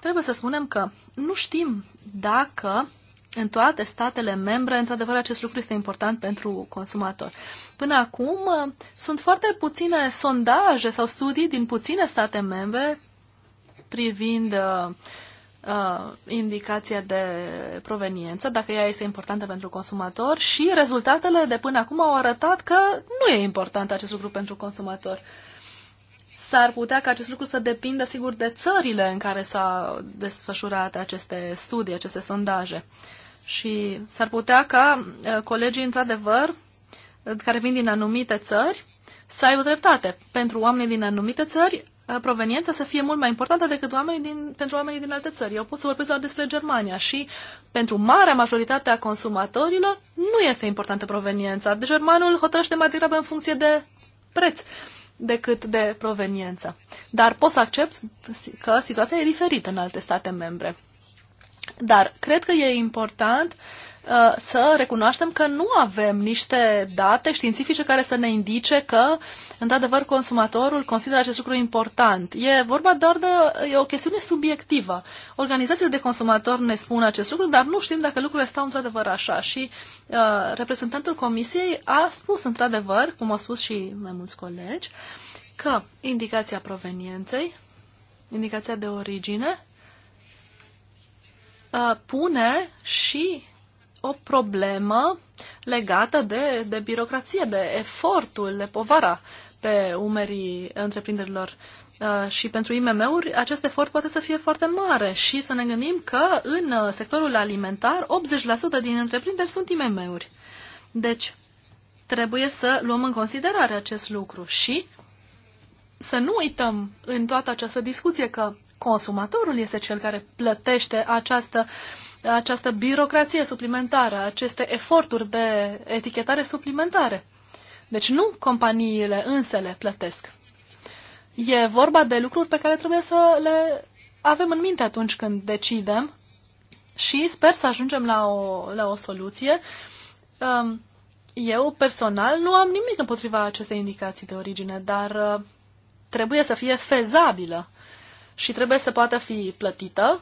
trebuie să spunem că nu știm dacă în toate statele membre, într-adevăr, acest lucru este important pentru consumator. Până acum, uh, sunt foarte puține sondaje sau studii din puține state membre privind uh, uh, indicația de proveniență, dacă ea este importantă pentru consumator și rezultatele de până acum au arătat că nu e important acest lucru pentru consumator. S-ar putea ca acest lucru să depindă, sigur, de țările în care s-au desfășurat aceste studii, aceste sondaje. Uh, și s-ar putea ca uh, colegii, într-adevăr, uh, care vin din anumite țări, să aibă dreptate. Pentru oamenii din anumite țări, uh, proveniența să fie mult mai importantă decât oamenii din, pentru oamenii din alte țări. Eu pot să vorbesc doar despre Germania și pentru marea majoritate a consumatorilor nu este importantă proveniența. De deci germanul hotărăște mai degrabă în funcție de preț decât de proveniență. Dar pot să accept că situația e diferită în alte state membre. Dar cred că e important uh, să recunoaștem că nu avem niște date științifice care să ne indice că, într-adevăr, consumatorul consideră acest lucru important. E vorba doar de e o chestiune subiectivă. Organizațiile de consumatori ne spun acest lucru, dar nu știm dacă lucrurile stau într-adevăr așa. Și uh, reprezentantul comisiei a spus, într-adevăr, cum au spus și mai mulți colegi, că indicația provenienței, indicația de origine, Uh, pune și o problemă legată de, de birocrație, de efortul, de povara pe umerii întreprinderilor. Uh, și pentru IMM-uri acest efort poate să fie foarte mare și să ne gândim că în uh, sectorul alimentar 80% din întreprinderi sunt IMM-uri. Deci trebuie să luăm în considerare acest lucru și să nu uităm în toată această discuție că consumatorul este cel care plătește această, această birocrație suplimentară, aceste eforturi de etichetare suplimentare. Deci nu companiile însele plătesc. E vorba de lucruri pe care trebuie să le avem în minte atunci când decidem și sper să ajungem la o, la o soluție. Um, eu personal nu am nimic împotriva acestei indicații de origine, dar uh, trebuie să fie fezabilă și trebuie să poată fi plătită.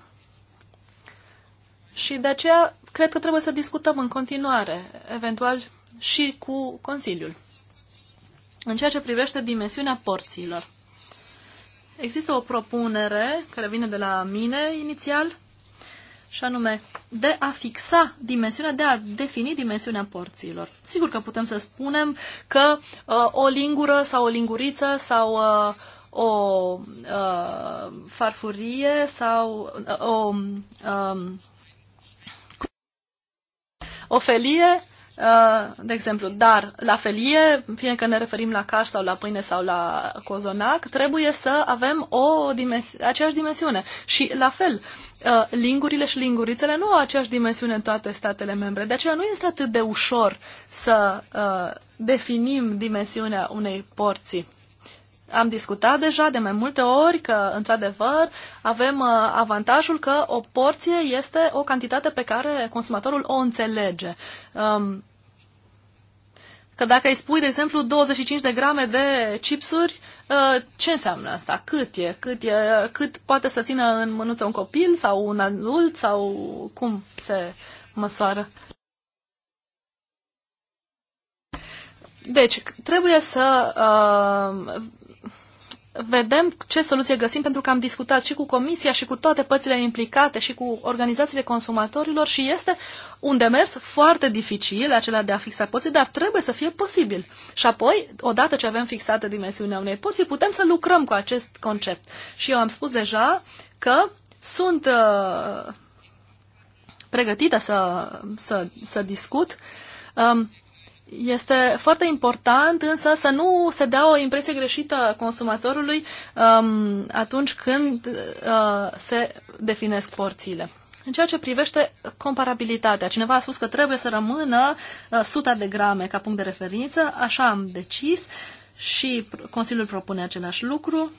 Și de aceea cred că trebuie să discutăm în continuare, eventual și cu Consiliul. În ceea ce privește dimensiunea porților. Există o propunere care vine de la mine inițial, și anume de a fixa dimensiunea, de a defini dimensiunea porților. Sigur că putem să spunem că uh, o lingură sau o linguriță sau uh, o uh, farfurie sau uh, o, um, o felie, uh, de exemplu, dar la felie, fie că ne referim la caș sau la pâine sau la cozonac, trebuie să avem o dimensi- aceeași dimensiune. Și la fel, uh, lingurile și lingurițele nu au aceeași dimensiune în toate statele membre. De aceea nu este atât de ușor să uh, definim dimensiunea unei porții. Am discutat deja de mai multe ori că, într-adevăr, avem uh, avantajul că o porție este o cantitate pe care consumatorul o înțelege. Um, că dacă îi spui, de exemplu, 25 de grame de chipsuri, uh, ce înseamnă asta? Cât e? Cât, e? Uh, cât poate să țină în mânuță un copil sau un adult sau cum se măsoară? Deci, trebuie să uh, vedem ce soluție găsim, pentru că am discutat și cu Comisia și cu toate părțile implicate și cu organizațiile consumatorilor și este un demers foarte dificil acela de a fixa porții, dar trebuie să fie posibil. Și apoi, odată ce avem fixată dimensiunea unei porții, putem să lucrăm cu acest concept. Și eu am spus deja că sunt uh, pregătită să, să, să discut. Um, este foarte important însă să nu se dea o impresie greșită consumatorului um, atunci când uh, se definesc porțiile. În ceea ce privește comparabilitatea, cineva a spus că trebuie să rămână uh, 100 de grame ca punct de referință, așa am decis și Consiliul propune același lucru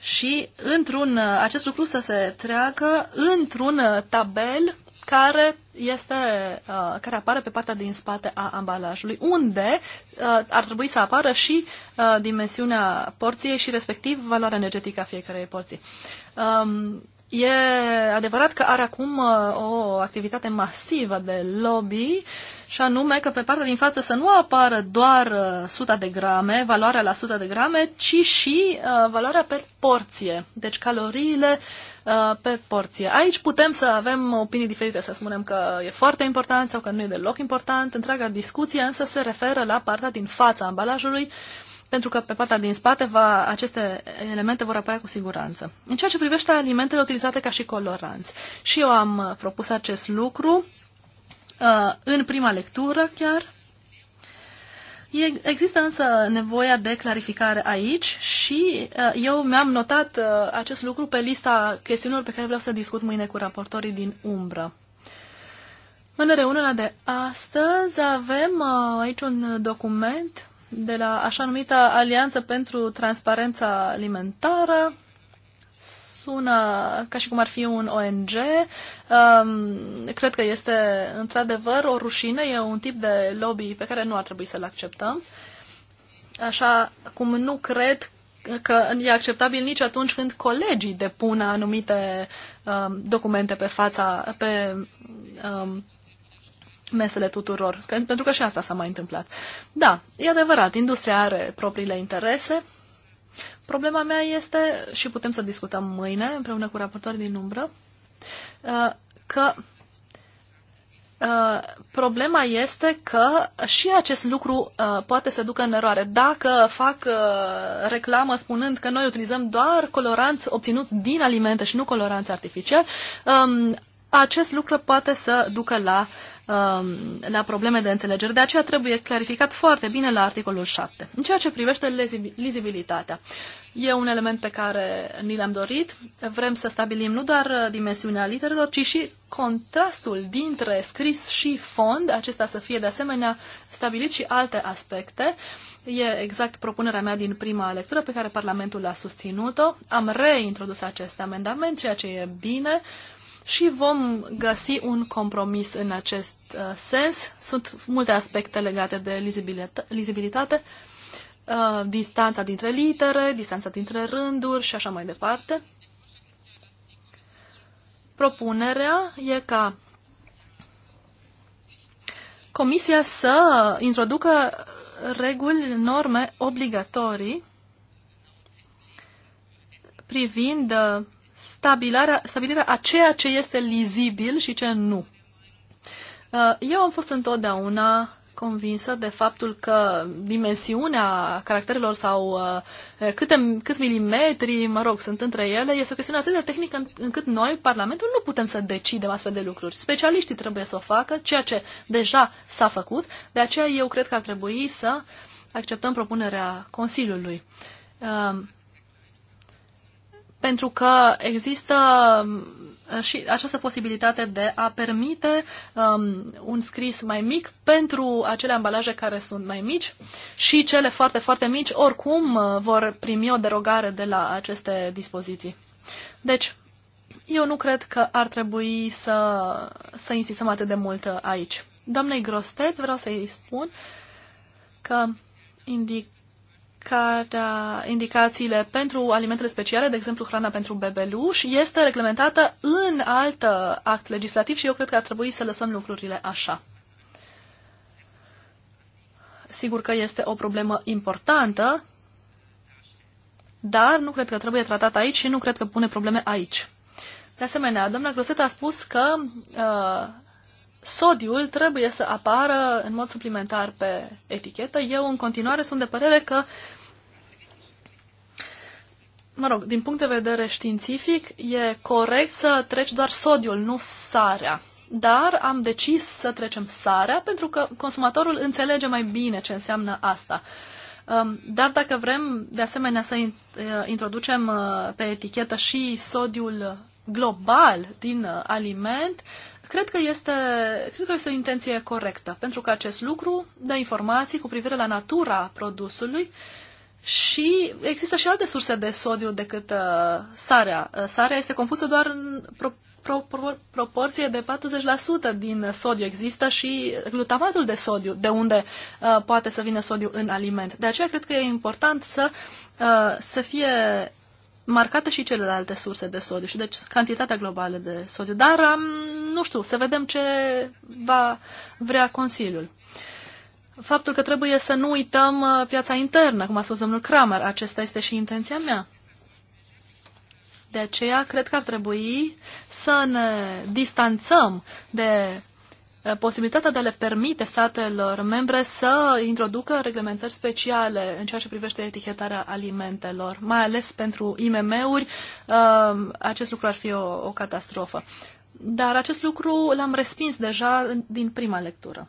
și într-un, uh, acest lucru să se treacă într-un uh, tabel care, este, uh, care apare pe partea din spate a ambalajului, unde uh, ar trebui să apară și uh, dimensiunea porției și respectiv valoarea energetică a fiecarei porții. Um, E adevărat că are acum uh, o activitate masivă de lobby și anume că pe partea din față să nu apară doar 100 uh, de grame, valoarea la 100 de grame, ci și uh, valoarea per porție. Deci caloriile Uh, pe porție. Aici putem să avem opinii diferite, să spunem că e foarte important sau că nu e deloc important. Întreaga discuție însă se referă la partea din fața ambalajului, pentru că pe partea din spate va, aceste elemente vor apărea cu siguranță. În ceea ce privește alimentele utilizate ca și coloranți, și eu am uh, propus acest lucru uh, în prima lectură chiar, Există însă nevoia de clarificare aici și uh, eu mi-am notat uh, acest lucru pe lista chestiunilor pe care vreau să discut mâine cu raportorii din umbră. În reuniunea de astăzi avem uh, aici un document de la așa numită Alianță pentru Transparența Alimentară, sună ca și cum ar fi un ONG. Um, cred că este într-adevăr o rușine, e un tip de lobby pe care nu ar trebui să-l acceptăm. Așa cum nu cred că e acceptabil nici atunci când colegii depun anumite um, documente pe fața, pe um, mesele tuturor, pentru că și asta s-a mai întâmplat. Da, e adevărat, industria are propriile interese, Problema mea este, și putem să discutăm mâine împreună cu raportorii din umbră, uh, că uh, problema este că și acest lucru uh, poate să ducă în eroare. Dacă fac reclamă spunând că noi utilizăm doar coloranți obținuți din alimente și nu coloranți artificiali, um, acest lucru poate să ducă la uh, Um, la probleme de înțelegere. De aceea trebuie clarificat foarte bine la articolul 7. În ceea ce privește lizibilitatea, e un element pe care ni l-am dorit. Vrem să stabilim nu doar uh, dimensiunea literelor, ci și contrastul dintre scris și fond, acesta să fie de asemenea stabilit și alte aspecte. E exact propunerea mea din prima lectură pe care Parlamentul a susținut-o. Am reintrodus acest amendament, ceea ce e bine. Uh, și vom găsi un compromis în acest uh, sens. Sunt multe aspecte legate de lizibilitate, lizibilitate uh, distanța dintre litere, distanța dintre rânduri și așa mai departe. Propunerea e ca Comisia să introducă reguli, norme obligatorii privind uh, stabilirea a ceea ce este lizibil și ce nu. Uh, eu am fost întotdeauna convinsă de faptul că dimensiunea caracterelor sau uh, câte, câți milimetri, mă rog, sunt între ele, este o chestiune atât de tehnică încât noi, Parlamentul, nu putem să decidem astfel de lucruri. Specialiștii trebuie să o facă, ceea ce deja s-a făcut, de aceea eu cred că ar trebui să acceptăm propunerea Consiliului. Uh, pentru că există um, și această posibilitate de a permite um, un scris mai mic pentru acele ambalaje care sunt mai mici și cele foarte, foarte mici oricum uh, vor primi o derogare de la aceste dispoziții. Deci, eu nu cred că ar trebui să, să insistăm atât de mult aici. Doamnei Grostet vreau să-i spun că indic care indicațiile pentru alimentele speciale, de exemplu hrana pentru bebeluș, este reglementată în alt uh, act legislativ și eu cred că ar trebui să lăsăm lucrurile așa. Sigur că este o problemă importantă, dar nu cred că trebuie tratat aici și nu cred că pune probleme aici. De asemenea, doamna Groset a spus că uh, sodiul trebuie să apară în mod suplimentar pe etichetă. Eu în continuare sunt de părere că mă rog, din punct de vedere științific, e corect să treci doar sodiul, nu sarea. Dar am decis să trecem sarea pentru că consumatorul înțelege mai bine ce înseamnă asta. Um, dar dacă vrem, de asemenea, să uh, introducem uh, pe etichetă și sodiul global din uh, aliment, Cred că, este, cred că este o intenție corectă, pentru că acest lucru dă informații cu privire la natura produsului și există și alte surse de sodiu decât uh, sarea. Uh, sarea este compusă doar în pro, pro, pro, proporție de 40% din sodiu. Există și glutamatul de sodiu, de unde uh, poate să vină sodiu în aliment. De aceea cred că e important să, uh, să fie marcate și celelalte surse de sodiu și deci cantitatea globală de sodiu. Dar um, nu știu, să vedem ce va vrea Consiliul. Faptul că trebuie să nu uităm uh, piața internă, cum a spus domnul Kramer, acesta este și intenția mea. De aceea, cred că ar trebui să ne distanțăm de Eh, posibilitatea de a le permite statelor membre să introducă reglementări speciale în ceea ce privește etichetarea alimentelor, mai ales pentru IMM-uri, eh, acest lucru ar fi o, o catastrofă. Dar acest lucru l-am respins deja din prima lectură.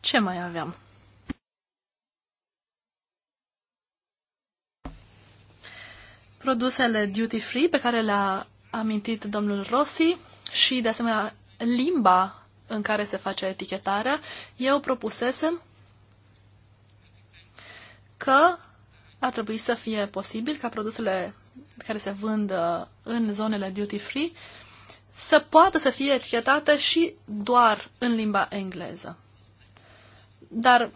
Ce mai aveam? Produsele duty-free pe care le-a amintit domnul Rossi și, de asemenea, limba în care se face etichetarea, eu propusesem că ar trebui să fie posibil ca produsele care se vând uh, în zonele duty-free să poată să fie etichetate și doar în limba engleză. Dar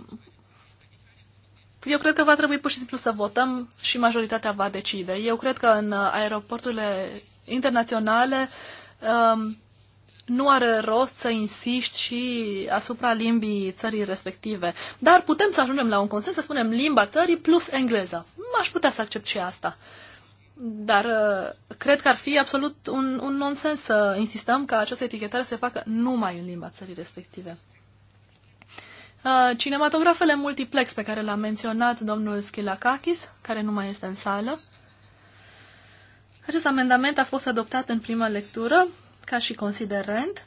eu cred că va trebui pur și simplu să votăm și majoritatea va decide. Eu cred că în uh, aeroporturile internaționale um, nu are rost să insiști și asupra limbii țării respective. Dar putem să ajungem la un consens, să spunem limba țării plus engleza. Aș putea să accept și asta. Dar uh, cred că ar fi absolut un, un nonsens să insistăm ca această etichetare să se facă numai în limba țării respective. Uh, cinematografele multiplex pe care l-a menționat domnul Schilakakis, care nu mai este în sală, acest amendament a fost adoptat în prima lectură ca și considerent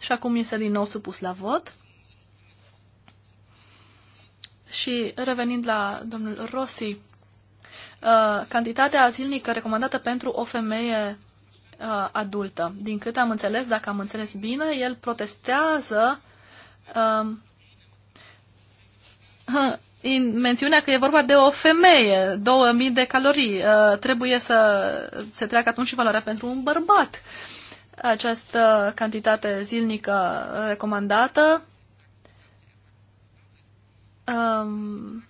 și acum este din nou supus la vot. Și revenind la domnul Rossi, uh, cantitatea zilnică recomandată pentru o femeie uh, adultă. Din câte am înțeles, dacă am înțeles bine, el protestează um, mențiunea că e vorba de o femeie, 2000 de calorii, uh, trebuie să se treacă atunci și valoarea pentru un bărbat. Această cantitate zilnică recomandată um,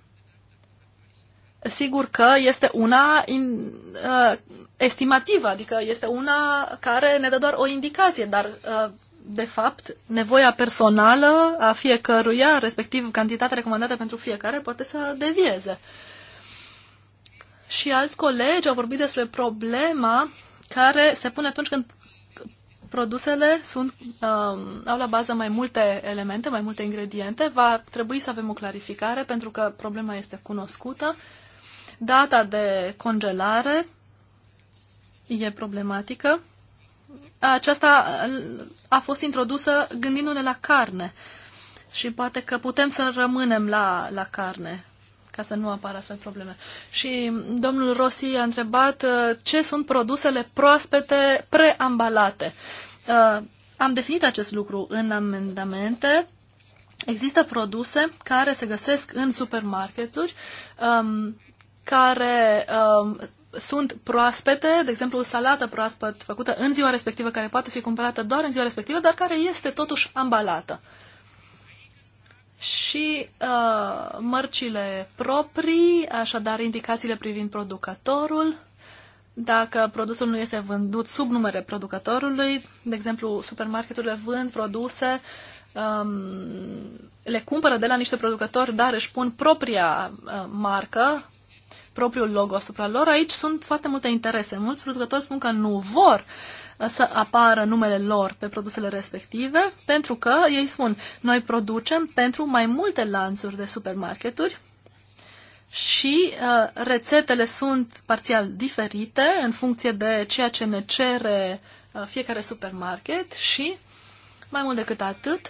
sigur că este una in, uh, estimativă, adică este una care ne dă doar o indicație, dar uh, de fapt, nevoia personală a fiecăruia, respectiv cantitatea recomandată pentru fiecare, poate să devieze. Și alți colegi au vorbit despre problema care se pune atunci când produsele sunt, uh, au la bază mai multe elemente, mai multe ingrediente. Va trebui să avem o clarificare pentru că problema este cunoscută. Data de congelare e problematică aceasta uh, a fost introdusă gândindu-ne la carne. Și poate că putem să rămânem la, la carne, ca să nu apară astfel probleme. Și domnul Rossi a întrebat uh, ce sunt produsele proaspete preambalate. Uh, am definit acest lucru în amendamente. Există produse care se găsesc în supermarketuri, um, care um, sunt proaspete, de exemplu o salată proaspăt făcută în ziua respectivă, care poate fi cumpărată doar în ziua respectivă, dar care este totuși ambalată. Și uh, mărcile proprii, așadar indicațiile privind producătorul, dacă produsul nu este vândut sub numele producătorului, de exemplu, supermarketurile vând produse, um, le cumpără de la niște producători, dar își pun propria uh, marcă propriul logo asupra lor. Aici sunt foarte multe interese. Mulți producători spun că nu vor uh, să apară numele lor pe produsele respective, pentru că ei spun, noi producem pentru mai multe lanțuri de supermarketuri și uh, rețetele sunt parțial diferite în funcție de ceea ce ne cere uh, fiecare supermarket și, mai mult decât atât,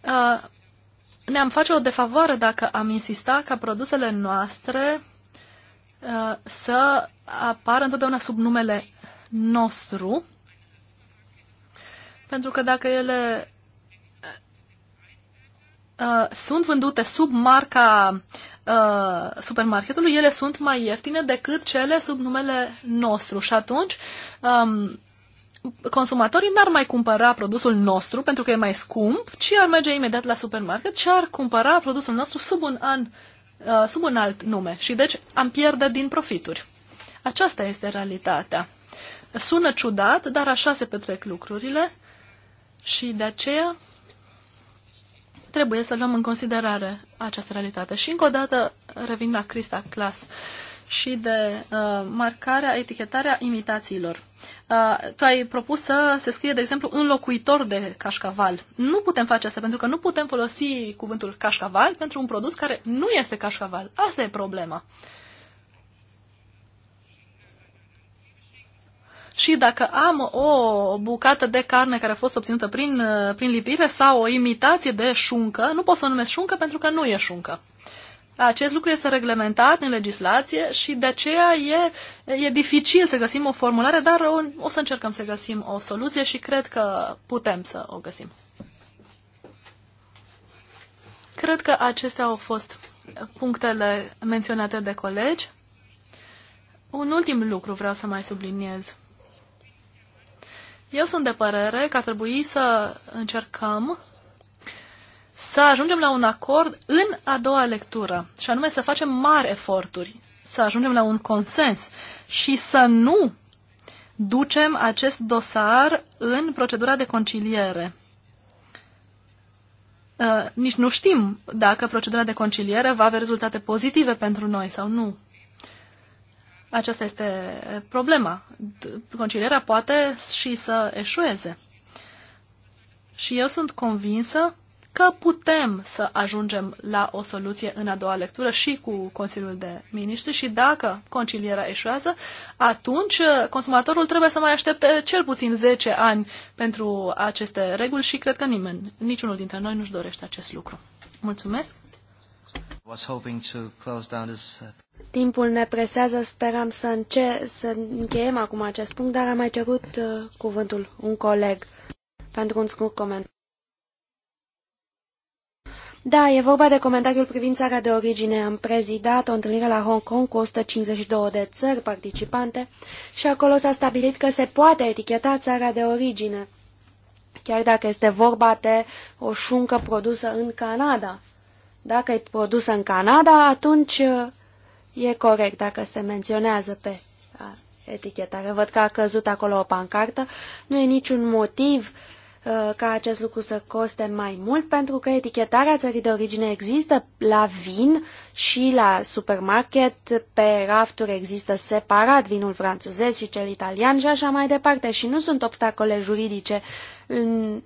uh, ne-am face o defavoare dacă am insista ca produsele noastre Uh, să apară întotdeauna sub numele nostru, pentru că dacă ele uh, sunt vândute sub marca uh, supermarketului, ele sunt mai ieftine decât cele sub numele nostru. Și atunci um, consumatorii n-ar mai cumpăra produsul nostru pentru că e mai scump, ci ar merge imediat la supermarket și ar cumpăra produsul nostru sub un an Uh, sub un alt nume și deci am pierde din profituri. Aceasta este realitatea. Sună ciudat, dar așa se petrec lucrurile și de aceea trebuie să luăm în considerare această realitate. Și încă o dată revin la Crista Clas. Uh, și de uh, marcarea, etichetarea imitațiilor. Uh, tu ai propus să se scrie, de exemplu, înlocuitor de cașcaval. Nu putem face asta pentru că nu putem folosi cuvântul cașcaval pentru un produs care nu este cașcaval. Asta e problema. Și dacă am o bucată de carne care a fost obținută prin, uh, prin lipire sau o imitație de șuncă, nu pot să o numesc șuncă pentru că nu e șuncă. Acest lucru este reglementat în legislație și de aceea e, e dificil să găsim o formulare, dar o, o să încercăm să găsim o soluție și cred că putem să o găsim. Cred că acestea au fost punctele menționate de colegi. Un ultim lucru vreau să mai subliniez. Eu sunt de părere că ar trebui să încercăm să ajungem la un acord în a doua lectură și anume să facem mari eforturi, să ajungem la un consens și să nu ducem acest dosar în procedura de conciliere. Uh, nici nu știm dacă procedura de conciliere va avea rezultate pozitive pentru noi sau nu. Aceasta este problema. Concilierea poate și să eșueze. Și eu sunt convinsă că putem să ajungem la o soluție în a doua lectură și cu Consiliul de Ministri și dacă concilierea eșuează, atunci uh, consumatorul trebuie să mai aștepte cel puțin 10 ani pentru aceste reguli și cred că nimeni, niciunul dintre noi nu-și dorește acest lucru. Mulțumesc! Uh, Timpul ne presează, speram să, înce să încheiem acum acest punct, dar am mai cerut uh, cuvântul un coleg pentru un scurt comentariu. Da, e vorba de comentariul privind țara de origine. Am prezidat o întâlnire la Hong Kong cu 152 de țări participante și acolo s-a stabilit că se poate eticheta țara de origine, chiar dacă este vorba de o șuncă produsă în Canada. Dacă e produsă în Canada, atunci uh, e corect dacă se menționează pe uh, etichetare. Văd că a căzut acolo o pancartă. Nu e niciun motiv uh, Uh, ca acest lucru să coste mai mult, pentru că etichetarea țării de origine există la vin și la supermarket, pe rafturi există separat vinul francez și cel italian și așa mai departe și nu sunt obstacole juridice în,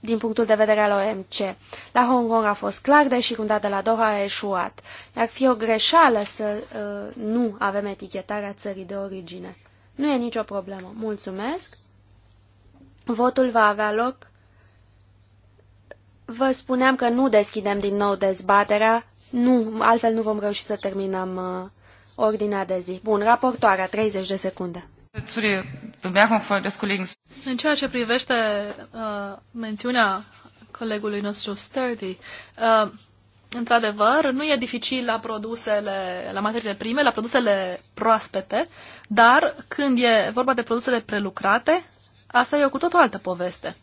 din punctul de vedere al OMC. La Hong Kong a fost clar, deși cum dată la Doha a eșuat. Ar fi o greșeală să uh, nu avem etichetarea țării de origine. Nu e nicio problemă. Mulțumesc! Votul va avea loc. Vă spuneam că nu deschidem din nou dezbaterea, nu, altfel nu vom reuși să terminăm uh, ordinea de zi. Bun, raportoarea, 30 de secunde. În ceea ce privește uh, mențiunea colegului nostru Sturdy, uh, într-adevăr, nu e dificil la produsele, la materiile prime, la produsele proaspete, dar când e vorba de produsele prelucrate, asta e o cu tot o altă poveste.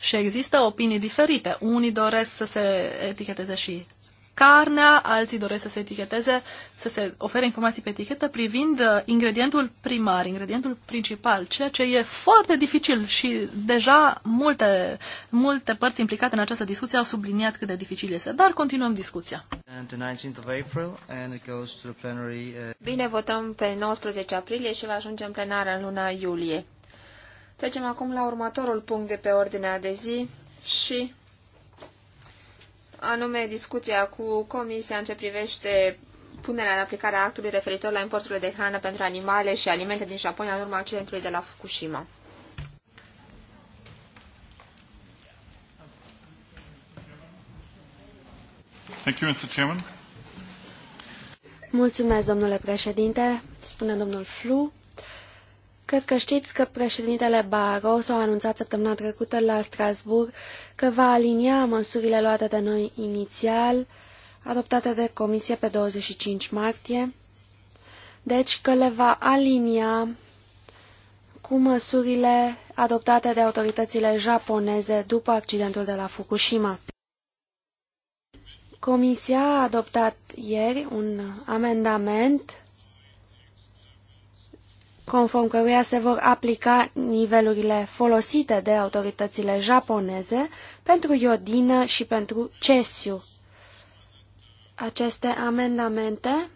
Și există opinii diferite. Unii doresc să se eticheteze și carnea, alții doresc să se eticheteze, să se ofere informații pe etichetă privind uh, ingredientul primar, ingredientul principal, ceea ce e foarte dificil și deja multe, multe părți implicate în această discuție au subliniat cât de dificil este, dar continuăm discuția. Uh, Bine, votăm pe 19 aprilie și va ajunge în plenară în luna iulie. Trecem acum la următorul punct de pe ordinea de zi și anume discuția cu Comisia în ce privește punerea în aplicare a actului referitor la importurile de hrană pentru animale și alimente din Japonia în urma accidentului de la Fukushima. Thank you, Mr. Chairman. Mulțumesc, domnule președinte, spune domnul Flu. Cred că știți că președintele Barroso a anunțat săptămâna trecută la Strasburg că va alinia măsurile luate de noi inițial, adoptate de Comisie pe 25 martie, deci că le va alinia cu măsurile adoptate de autoritățile japoneze după accidentul de la Fukushima. Comisia a adoptat ieri un amendament conform căruia se vor aplica nivelurile folosite de autoritățile japoneze pentru iodină și pentru cesiu. Aceste amendamente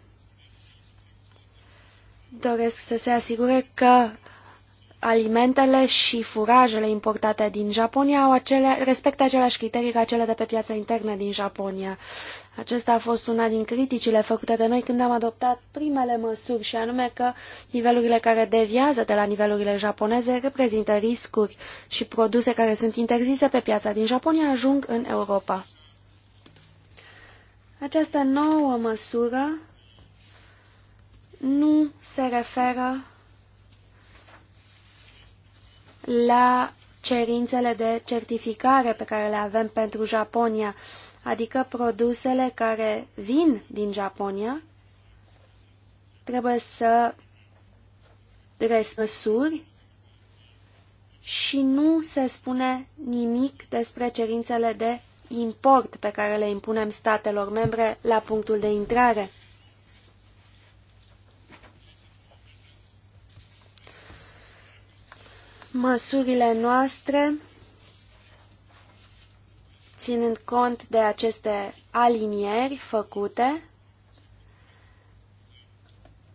doresc să se asigure că alimentele și furajele importate din Japonia au acele, respectă aceleași criterii ca cele de pe piața internă din Japonia. Acesta a fost una din criticile făcute de noi când am adoptat primele măsuri și anume că nivelurile care deviază de la nivelurile japoneze reprezintă riscuri și produse care sunt interzise pe piața din Japonia ajung în Europa. Această nouă măsură nu se referă la cerințele de certificare pe care le avem pentru Japonia, adică produsele care vin din Japonia, trebuie să măsuri și nu se spune nimic despre cerințele de import pe care le impunem statelor membre la punctul de intrare. Măsurile noastre ținând cont de aceste alinieri făcute,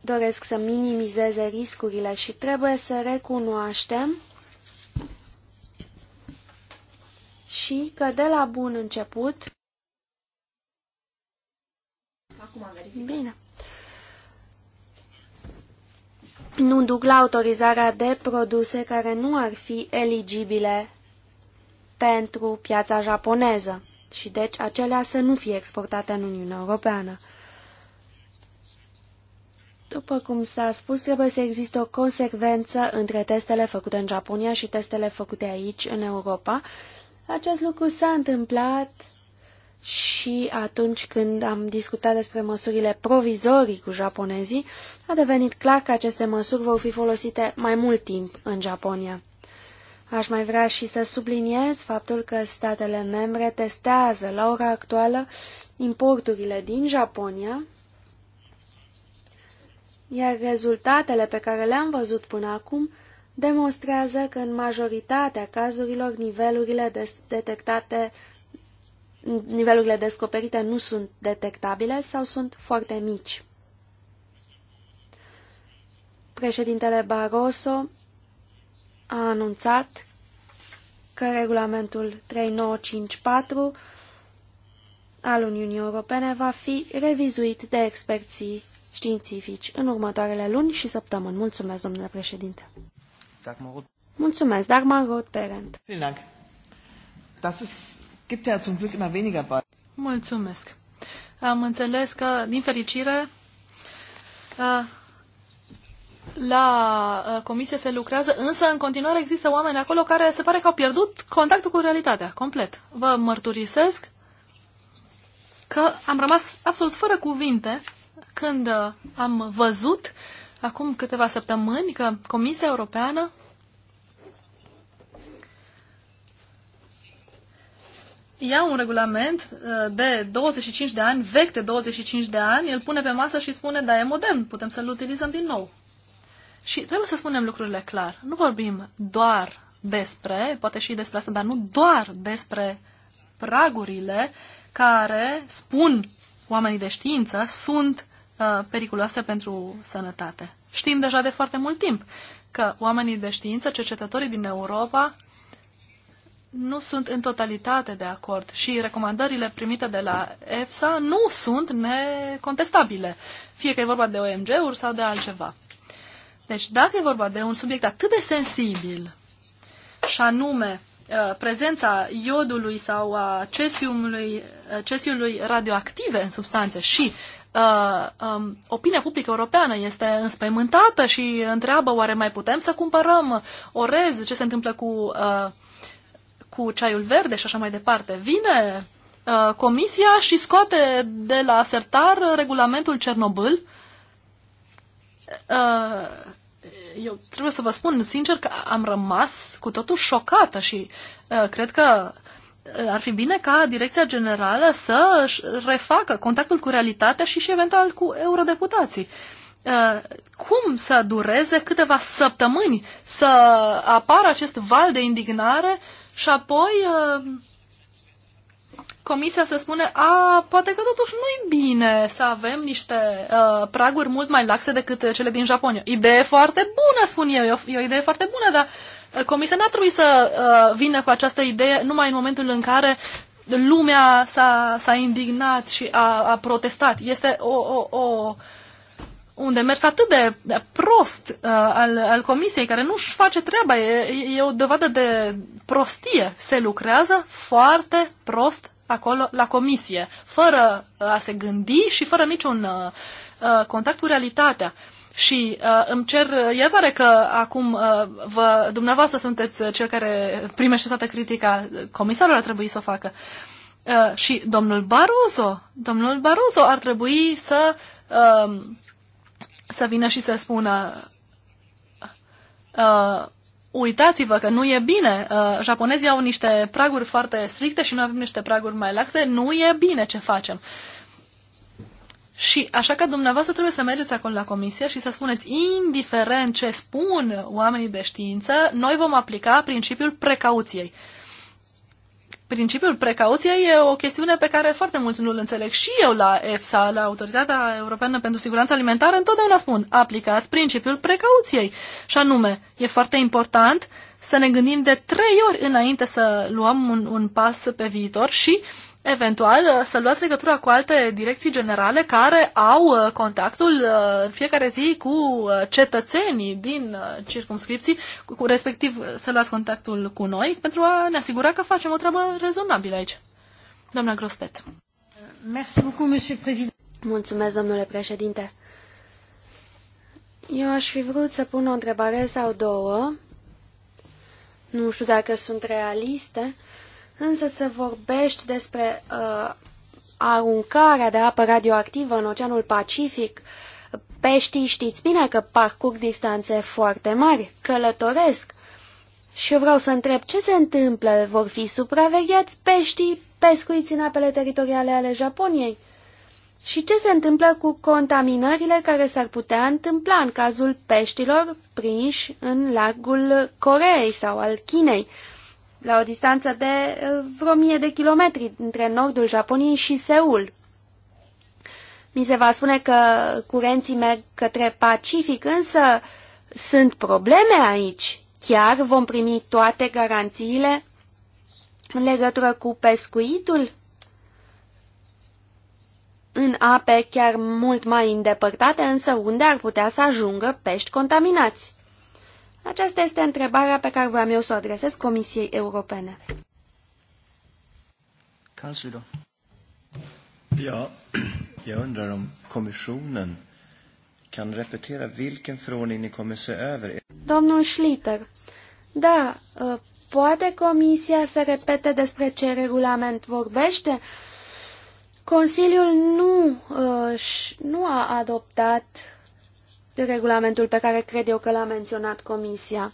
doresc să minimizeze riscurile și trebuie să recunoaștem și că de la bun început Acum Bine. Nu duc la autorizarea de produse care nu ar fi eligibile pentru piața japoneză și deci acelea să nu fie exportate în Uniunea Europeană. După cum s-a spus, trebuie să existe o consecvență între testele făcute în Japonia și testele făcute aici, în Europa. Acest lucru s-a întâmplat și atunci când am discutat despre măsurile provizorii cu japonezii, a devenit clar că aceste măsuri vor fi folosite mai mult timp în Japonia. Aș mai vrea și să subliniez faptul că statele membre testează la ora actuală importurile din Japonia, iar rezultatele pe care le-am văzut până acum demonstrează că în majoritatea cazurilor nivelurile detectate nivelurile descoperite nu sunt detectabile sau sunt foarte mici. Președintele Barroso a anunțat că regulamentul 3954 al Uniunii Europene va fi revizuit de experții științifici în următoarele luni și săptămâni. Mulțumesc, domnule președinte. Mulțumesc, Dagmar Roth Perent. Mulțumesc. Am înțeles că, din fericire, la uh, comisie se lucrează, însă în continuare există oameni acolo care se pare că au pierdut contactul cu realitatea, complet. Vă mărturisesc că am rămas absolut fără cuvinte când uh, am văzut acum câteva săptămâni că Comisia Europeană ia un regulament uh, de 25 de ani, vechi de 25 de ani, îl pune pe masă și spune, da, e modern, putem să-l utilizăm din nou. Și trebuie să spunem lucrurile clar. Nu vorbim doar despre, poate și despre asta, dar nu doar despre pragurile care spun oamenii de știință sunt uh, periculoase pentru sănătate. Știm deja de foarte mult timp că oamenii de știință, cercetătorii din Europa, nu sunt în totalitate de acord și recomandările primite de la EFSA nu sunt necontestabile, fie că e vorba de OMG-uri sau de altceva. Deci dacă e vorba de un subiect atât de sensibil, și anume uh, prezența iodului sau a cesiumului, uh, cesiului radioactive în substanțe și uh, um, opinia publică europeană este înspăimântată și întreabă oare mai putem să cumpărăm orez, ce se întâmplă cu, uh, cu ceaiul verde și așa mai departe. Vine uh, comisia și scoate de la sertar regulamentul Cernobâl uh, Uh, eu trebuie să vă spun sincer că am rămas cu totul șocată și uh, cred că uh, ar fi bine ca Direcția Generală să refacă contactul cu realitatea și și eventual cu eurodeputații. Cum să dureze câteva săptămâni să apară acest val de indignare și apoi Comisia să spună, a, poate că totuși nu e bine să avem niște uh, praguri mult mai laxe decât cele din Japonia. Idee foarte bună, spun eu, e o, e o idee foarte bună, dar uh, Comisia n-a trebui să uh, vină cu această idee numai în momentul în care lumea s-a, s-a indignat și a, a protestat. Este o, o, o, un demers atât de prost uh, al, al Comisiei, care nu-și face treaba, e, e o dovadă de prostie. Se lucrează foarte prost acolo la comisie, fără uh, a se gândi și fără niciun uh, uh, contact cu realitatea. Și uh, îmi cer iertare că acum uh, vă, dumneavoastră sunteți cel care primește toată critica, comisarul ar trebui să o facă. Uh, și domnul Barozo, domnul Barozo ar trebui să, uh, să vină și să spună uh, uitați-vă că nu e bine. Uh, japonezii au niște praguri foarte stricte și noi avem niște praguri mai laxe. Nu e bine ce facem. Și așa că dumneavoastră trebuie să mergeți acolo la comisie și să spuneți, indiferent ce spun oamenii de știință, noi vom aplica principiul precauției principiul precauției e o chestiune pe care foarte mulți nu-l înțeleg. Și eu la EFSA, la Autoritatea Europeană pentru Siguranță Alimentară, întotdeauna spun, aplicați principiul precauției. Și anume, e foarte important să ne gândim de trei ori înainte să luăm un, un pas pe viitor și eventual uh, să luați legătura cu alte direcții generale care au uh, contactul uh, în fiecare zi cu cetățenii din circumscripții, cu, respectiv să luați contactul cu noi pentru a ne asigura că facem o treabă rezonabilă aici. Doamna Grostet. Merci beaucoup, monsieur président. Mulțumesc, domnule președinte. Eu aș fi vrut să pun o întrebare sau două. Nu știu dacă sunt realiste. Uh, însă se vorbește despre uh, aruncarea de apă radioactivă în Oceanul Pacific. Peștii știți bine că parcurg distanțe foarte mari, călătoresc. Și eu vreau să întreb ce se întâmplă, vor fi supravegheați peștii pescuiți în apele teritoriale ale Japoniei? Și ce se întâmplă cu contaminările care s-ar putea întâmpla în cazul peștilor prinși în lagul Coreei sau al Chinei? la o distanță de eh, vreo mie de kilometri între nordul Japoniei și Seul. Mi se va spune că curenții merg către Pacific, însă sunt probleme aici. Chiar vom primi toate garanțiile în legătură cu pescuitul? În ape chiar mult mai îndepărtate, însă unde ar putea să ajungă pești contaminați? Aceasta este întrebarea pe care vreau eu să o adresez Comisiei Europene. Kansler. Ja, jag undrar om kommissionen kan repetera vilken förordning ni kommer se över. Domnul Schlitter, da, ă, poate comisia să repete despre ce regulament vorbește? Consiliul nu, ă, nu a adoptat de regulamentul pe care cred eu că l-a menționat Comisia.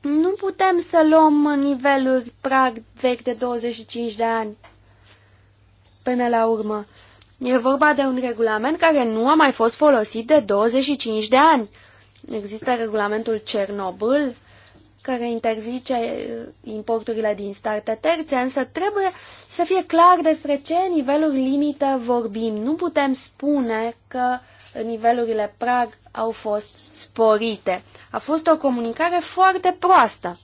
Nu putem să luăm niveluri prag vechi de 25 de ani până la urmă. E vorba de un regulament care nu a mai fost folosit de 25 de ani. Există regulamentul Cernobâl, care interzice eh, importurile din state terțe, însă trebuie să fie clar despre ce niveluri limită vorbim. Nu putem spune că nivelurile prag au fost sporite. A fost o comunicare foarte proastă.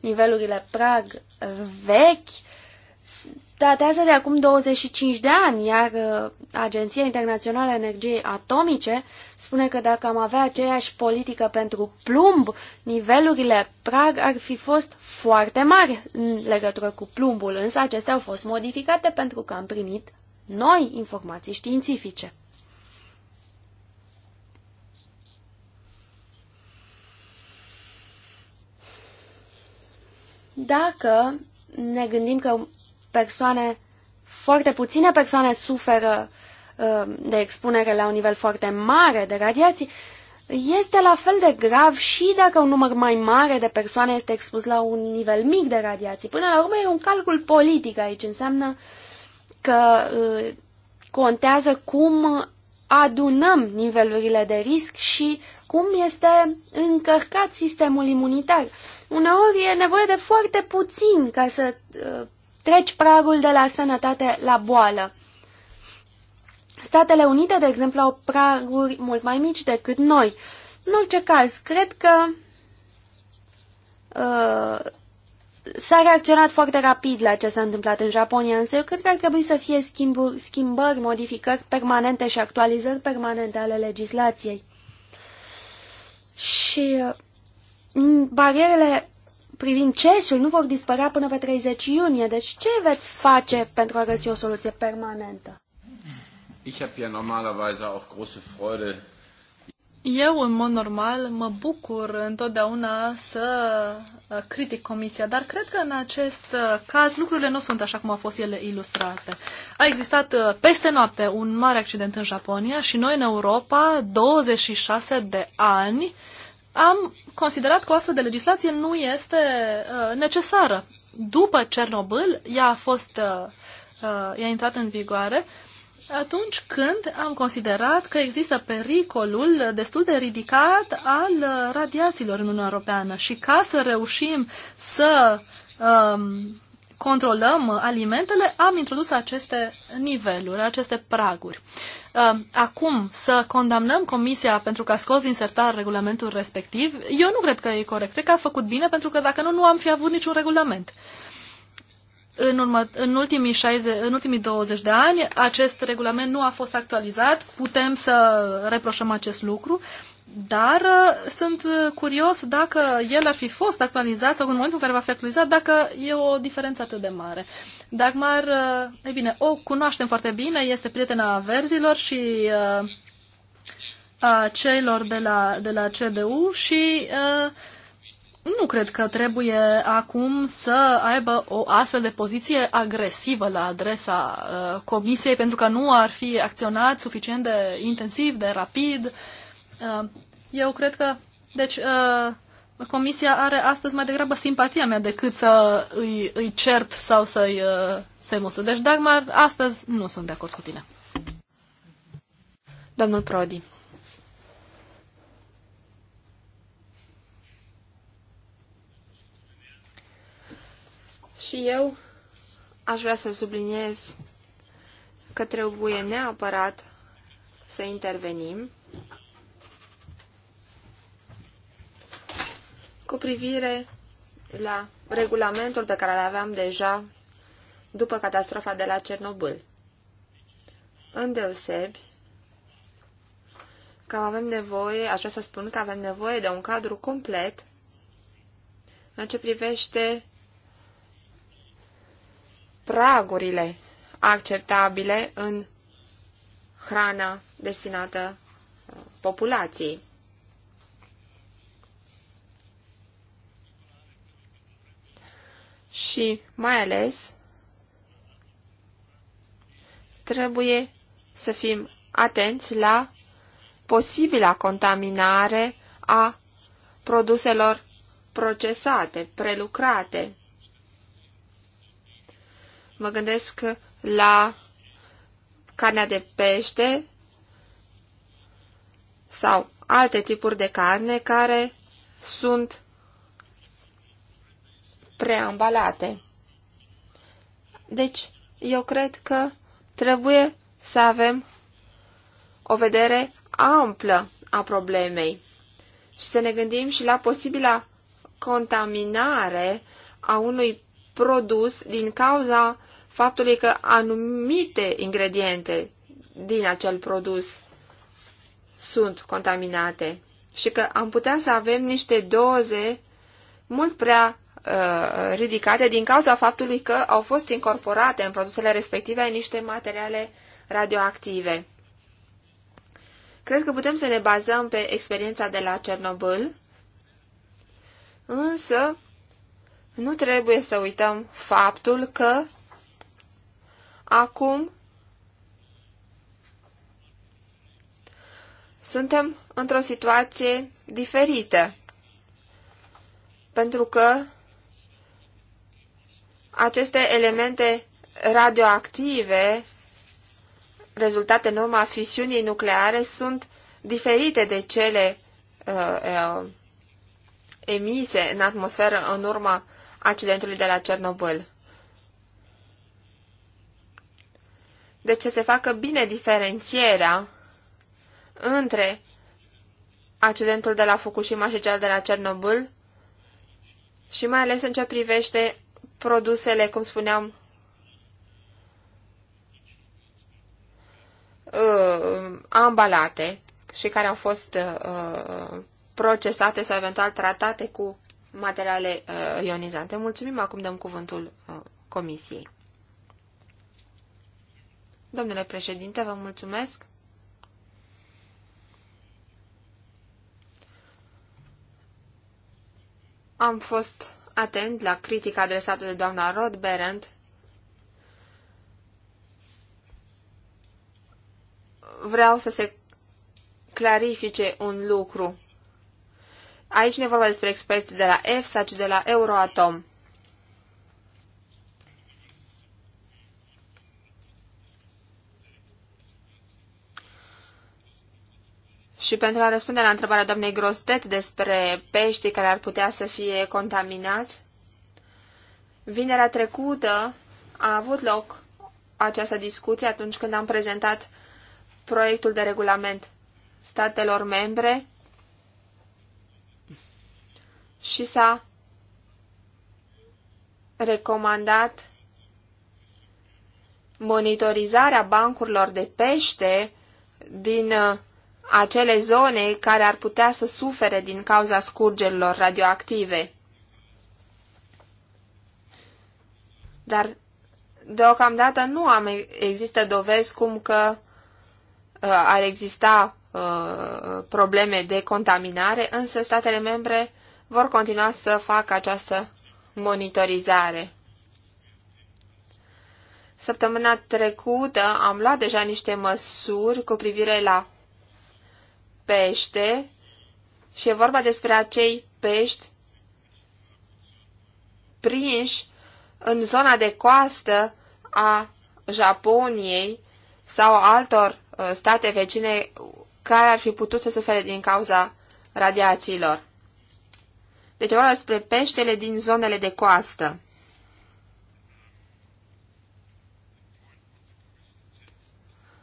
Nivelurile prag eh, vechi datează de acum 25 de ani, iar uh, Agenția Internațională a Energiei Atomice spune că dacă am avea aceeași politică pentru plumb, nivelurile prag ar fi fost foarte mari în legătură cu plumbul, însă acestea au fost modificate pentru că am primit noi informații științifice. Dacă ne gândim că persoane, foarte puține persoane suferă uh, de expunere la un nivel foarte mare de radiații, este la fel de grav și dacă un număr mai mare de persoane este expus la un nivel mic de radiații. Până la urmă e un calcul politic aici, înseamnă că uh, contează cum adunăm nivelurile de risc și cum este încărcat sistemul imunitar. Uneori e nevoie de foarte puțin ca să uh, treci pragul de la sănătate la boală. Statele Unite, de exemplu, au praguri mult mai mici decât noi. În orice caz, cred că uh, s-a reacționat foarte rapid la ce s-a întâmplat în Japonia, însă eu cred că ar trebui să fie schimburi, schimbări, modificări permanente și actualizări permanente ale legislației. Și uh, barierele privind cesul nu vor dispărea până pe 30 iunie. Deci ce veți face pentru a găsi o soluție permanentă? Ich habe ja normalerweise auch große Freude. Eu, în mod normal, mă bucur întotdeauna să uh, critic comisia, dar cred că în acest uh, caz lucrurile nu sunt așa cum au fost ele ilustrate. A existat uh, peste noapte un mare accident în Japonia și noi în Europa, 26 de ani, uh, am considerat că o astfel de legislație nu este uh, necesară. După Cernobâl, ea a fost, uh, uh, ea a intrat în vigoare atunci când am considerat că există pericolul destul de ridicat al uh, radiațiilor în Uniunea Europeană și ca să reușim să um, controlăm alimentele, am introdus aceste niveluri, aceste praguri. Uh, uh, acum să condamnăm Comisia pentru că a scos din sertar regulamentul respectiv, eu nu cred că e corect. Cred că a făcut bine pentru că dacă nu, nu am fi avut niciun regulament. În, urmă, în, ultimii 60, în ultimii 20 de ani acest regulament nu a fost actualizat, putem să reproșăm acest lucru, dar uh, sunt uh, curios dacă el ar fi fost actualizat sau în momentul în care va fi actualizat, dacă e o diferență atât de mare. Dagmar, uh, e bine, o cunoaștem foarte bine, este prietena verzilor și a celor de la, de la CDU și nu cred că trebuie acum să aibă o astfel de poziție agresivă la adresa comisiei, pentru că nu ar fi acționat suficient de intensiv, de rapid Uh, eu cred că, deci, uh, Comisia are astăzi mai degrabă simpatia mea decât să îi, îi cert sau să-i uh, să mustru. Deci, Dagmar, astăzi nu sunt de acord cu tine. Domnul Prodi. Și eu aș vrea să subliniez că trebuie neapărat să intervenim cu privire la regulamentul pe care îl aveam deja după catastrofa de la Cernobâl. Îndeosebi că avem nevoie, aș vrea să spun că avem nevoie de un cadru complet în ce privește pragurile acceptabile în hrana destinată uh, populației. și mai ales trebuie să fim atenți la posibila contaminare a produselor procesate, prelucrate. Mă gândesc la carnea de pește sau alte tipuri de carne care sunt preambalate. Deci, eu cred că trebuie să avem o vedere amplă a problemei și să ne gândim și la posibila contaminare a unui produs din cauza faptului că anumite ingrediente din acel produs sunt contaminate și că am putea să avem niște doze mult prea Uh, ridicate din cauza faptului că au fost incorporate în produsele respective niște materiale radioactive. Cred că putem să ne bazăm pe experiența de la Cernobâl, însă nu trebuie să uităm faptul că acum suntem într-o situație diferită, pentru că aceste elemente radioactive rezultate în urma fisiunii nucleare sunt diferite de cele uh, uh, emise în atmosferă în urma accidentului de la Cernobâl. Deci să se facă bine diferențierea între accidentul de la Fukushima și cel de la Cernobâl și mai ales în ce privește produsele, cum spuneam, uh, ambalate și care au fost uh, uh, procesate sau eventual tratate cu materiale uh, ionizante. Mulțumim, acum dăm cuvântul uh, Comisiei. Domnule președinte, vă mulțumesc. Am fost atent la critica adresată de doamna Rod Berend. Vreau să se clarifice un lucru. Aici nu e vorba despre experți de la EFSA, ci de la Euroatom. Și pentru a răspunde la întrebarea doamnei Grostet despre peștii care ar putea să fie contaminați, vinerea trecută a avut loc această discuție atunci când am prezentat proiectul de regulament statelor membre și s-a recomandat monitorizarea bancurilor de pește din uh, acele zone care ar putea să sufere din cauza scurgerilor radioactive. Dar deocamdată nu am, există dovezi cum că uh, ar exista uh, probleme de contaminare, însă statele membre vor continua să facă această monitorizare. Săptămâna trecută am luat deja niște măsuri cu privire la pește și e vorba despre acei pești prinși în zona de coastă a Japoniei sau altor uh, state vecine care ar fi putut să sufere din cauza radiațiilor. Deci vorba despre peștele din zonele de coastă.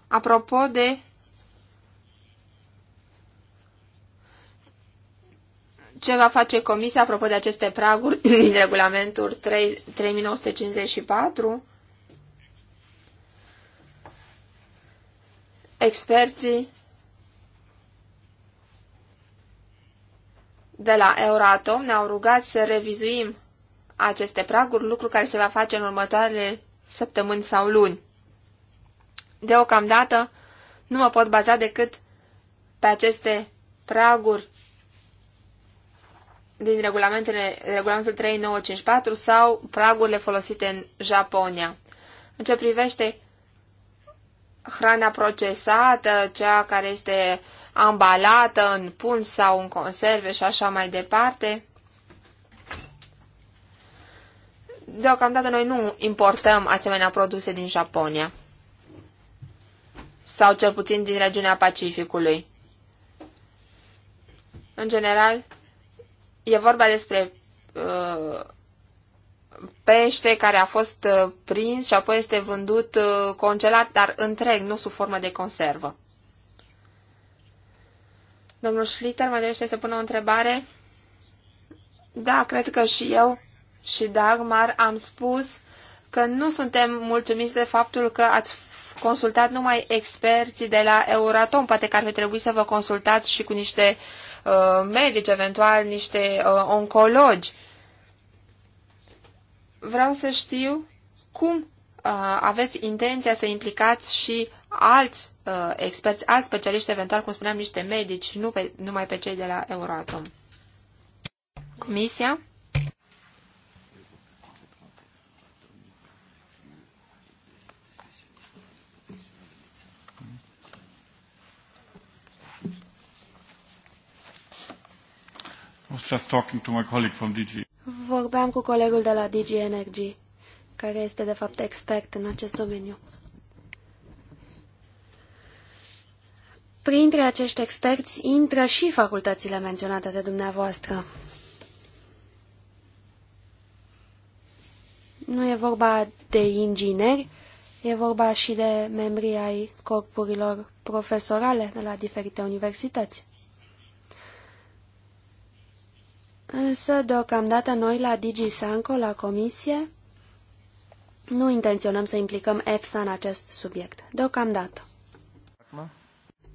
Apropo de ce va face Comisia apropo de aceste praguri din regulamentul 3, 3954? Experții de la Euratom ne-au rugat să revizuim aceste praguri, lucru care se va face în următoarele săptămâni sau luni. Deocamdată nu mă pot baza decât pe aceste praguri din regulamentele, regulamentul 3954 sau pragurile folosite în Japonia. În ce privește hrana procesată, cea care este ambalată în pun sau în conserve și așa mai departe, deocamdată noi nu importăm asemenea produse din Japonia sau cel puțin din regiunea Pacificului. În general, E vorba despre uh, pește care a fost uh, prins și apoi este vândut uh, congelat, dar întreg, nu sub formă de conservă. Domnul Schlitter mai dorește să pună o întrebare? Da, cred că și eu și Dagmar am spus că nu suntem mulțumiți de faptul că ați consultat numai experții de la Euratom. Poate că ar fi trebuit să vă consultați și cu niște uh, Uh, medici, eventual niște uh, oncologi. Vreau să știu cum uh, aveți intenția să implicați și alți uh, experți, alți specialiști, eventual, cum spuneam, niște medici, nu pe, numai pe cei de la Euroatom. Comisia? just talking to my colleague from DG. Vorbeam cu colegul de la DG Energy, care este de fapt expert în acest domeniu. Printre acești experți intră și facultățile menționate de dumneavoastră. Nu e vorba de ingineri, e vorba și de membrii ai corpurilor profesorale de la diferite universități. Însă, deocamdată, noi la Digi Sanco, la comisie, nu intenționăm să implicăm EFSA în acest subiect. Deocamdată.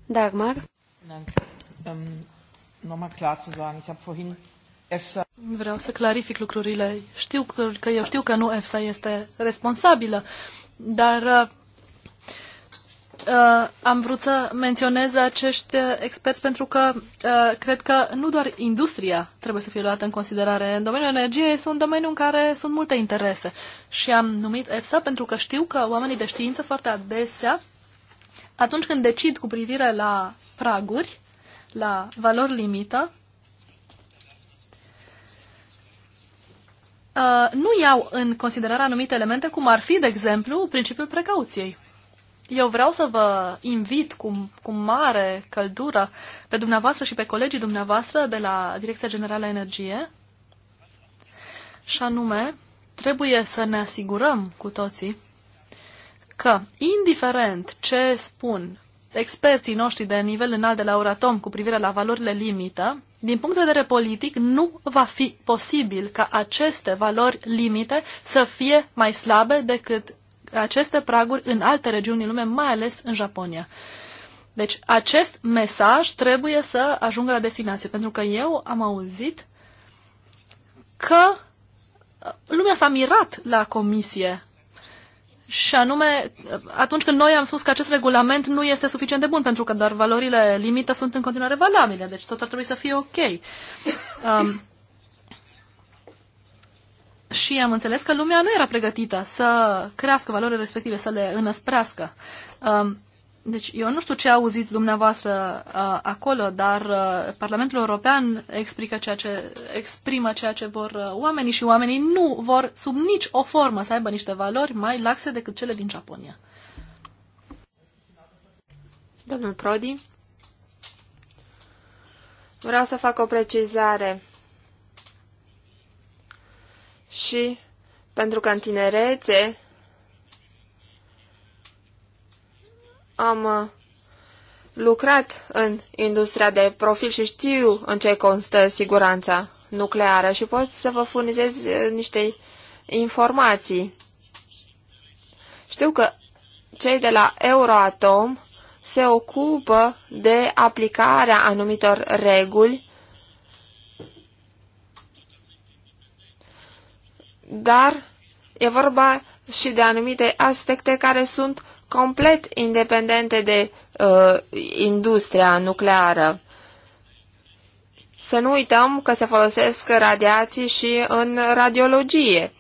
Dagmar? Dagmar? Ähm, Vreau să clarific lucrurile. Știu că, că eu știu că nu EFSA este responsabilă, dar uh, am vrut să menționez acești uh, experți pentru că uh, cred că nu doar industria trebuie să fie luată în considerare. În domeniul energiei este un domeniu în care sunt multe interese și am numit EFSA pentru că știu că oamenii de știință foarte adesea, atunci când decid cu privire la praguri, la valori limită, uh, nu iau în considerare anumite elemente, cum ar fi, de exemplu, principiul precauției eu vreau să vă invit cu, cu mare căldură pe dumneavoastră și pe colegii dumneavoastră de la Direcția Generală Energie. Și anume, trebuie să ne asigurăm cu toții că, indiferent ce spun experții noștri de nivel înalt de la Euratom cu privire la valorile limită, din punct de vedere politic, nu va fi posibil ca aceste valori limite să fie mai slabe decât aceste praguri în alte regiuni din lume, mai ales în Japonia. Deci acest mesaj trebuie să ajungă la destinație, pentru că eu am auzit că uh, lumea s-a mirat la comisie și anume, uh, atunci când noi am spus că acest regulament nu este suficient de bun, pentru că doar valorile limită sunt în continuare valabile, deci tot ar trebui să fie ok. Um, și am înțeles că lumea nu era pregătită să crească valorile respective, să le înăsprească. Um, deci eu nu știu ce auziți dumneavoastră uh, acolo, dar uh, Parlamentul European explică ceea ce, exprimă ceea ce vor uh, oamenii și oamenii nu vor sub nici o formă să aibă niște valori mai laxe decât cele din Japonia. Domnul Prodi, vreau să fac o precizare și pentru că în tinerețe am uh, lucrat în industria de profil și știu în ce constă siguranța nucleară și pot să vă furnizez uh, niște informații. Știu că cei de la Euroatom se ocupă de aplicarea anumitor reguli dar e vorba și de anumite aspecte care sunt complet independente de uh, industria nucleară. Să nu uităm că se folosesc radiații și în radiologie.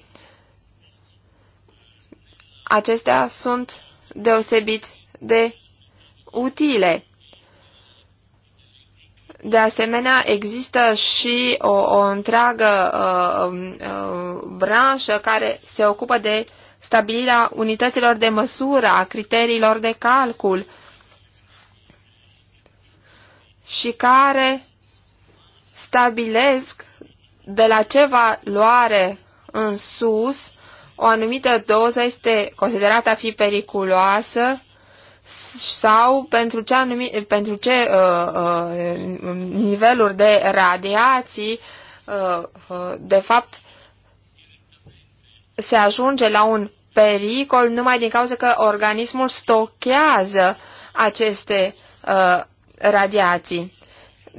Acestea sunt deosebit de utile. De asemenea, există și o, o întreagă uh, uh, branșă care se ocupă de stabilirea unităților de măsură, a criteriilor de calcul și care stabilesc de la ce valoare în sus o anumită doză este considerată a fi periculoasă sau pentru ce, anumi, pentru ce uh, uh, niveluri de radiații uh, uh, de fapt se ajunge la un pericol numai din cauza că organismul stochează aceste uh, radiații.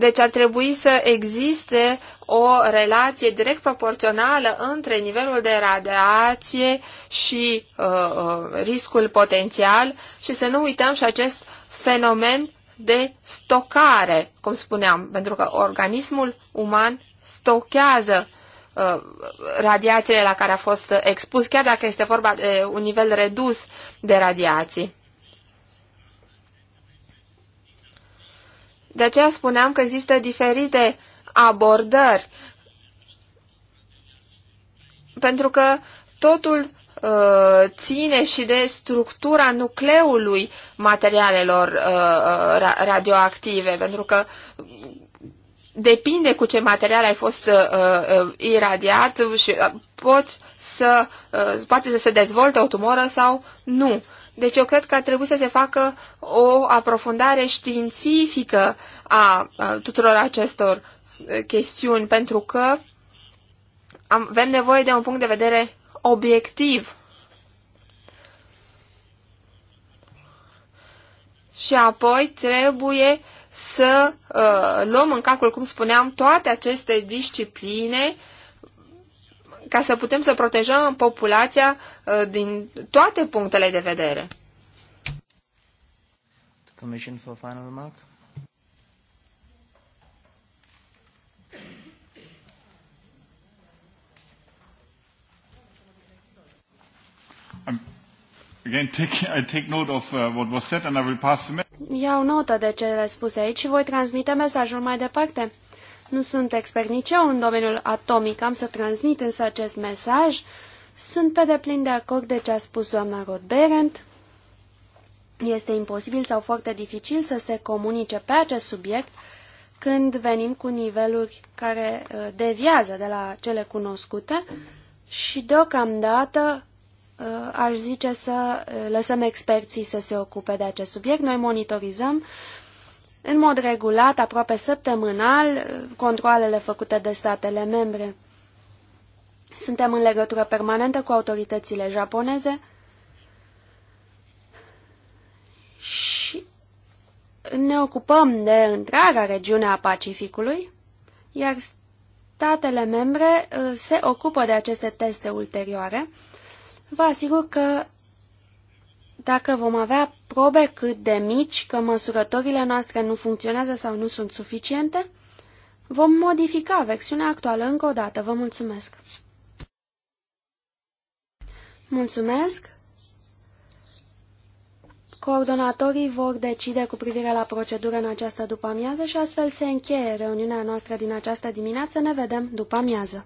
Deci ar trebui să existe o relație direct proporțională între nivelul de radiație și uh, uh, riscul potențial și să nu uităm și acest fenomen de stocare, cum spuneam, pentru că organismul uman stochează uh, radiațiile la care a fost expus, chiar dacă este vorba de un nivel redus de radiații. De aceea spuneam că există diferite abordări, pentru că totul uh, ține și de structura nucleului materialelor uh, uh radioactive, pentru că depinde cu ce material ai fost uh, uh, iradiat și uh, poți să, uh, poate să se dezvolte o tumoră sau nu. Deci eu cred că ar trebui să se facă o aprofundare științifică a tuturor acestor chestiuni, pentru că avem nevoie de un punct de vedere obiectiv. Și apoi trebuie să uh, luăm în calcul, cum spuneam, toate aceste discipline uh, ca să putem să protejăm populația uh, din toate punctele de vedere. Commission for final remark. Again, take, I take note of uh, what was said and I will pass the Iau notă de cele spuse aici și voi transmite mesajul mai departe. Nu sunt expert nici eu în domeniul atomic, am să transmit însă acest mesaj. Sunt pe deplin de acord de ce a spus doamna Rodberent. Este imposibil sau foarte dificil să se comunice pe acest subiect când venim cu niveluri care uh, deviază de la cele cunoscute și deocamdată uh, aș zice să uh, lăsăm experții să se ocupe de acest subiect. Noi monitorizăm în mod regulat, aproape săptămânal, controlele făcute de statele membre. Suntem în legătură permanentă cu autoritățile japoneze și ne ocupăm de întreaga regiune a Pacificului, iar statele membre uh, se ocupă de aceste teste ulterioare. Vă asigur că dacă vom avea probe cât de mici că măsurătorile noastre nu funcționează sau nu sunt suficiente, vom modifica versiunea actuală încă o dată. Vă mulțumesc! Mulțumesc! Coordonatorii vor decide cu privire la procedură în această după-amiază și astfel se încheie reuniunea noastră din această dimineață. Ne vedem după-amiază!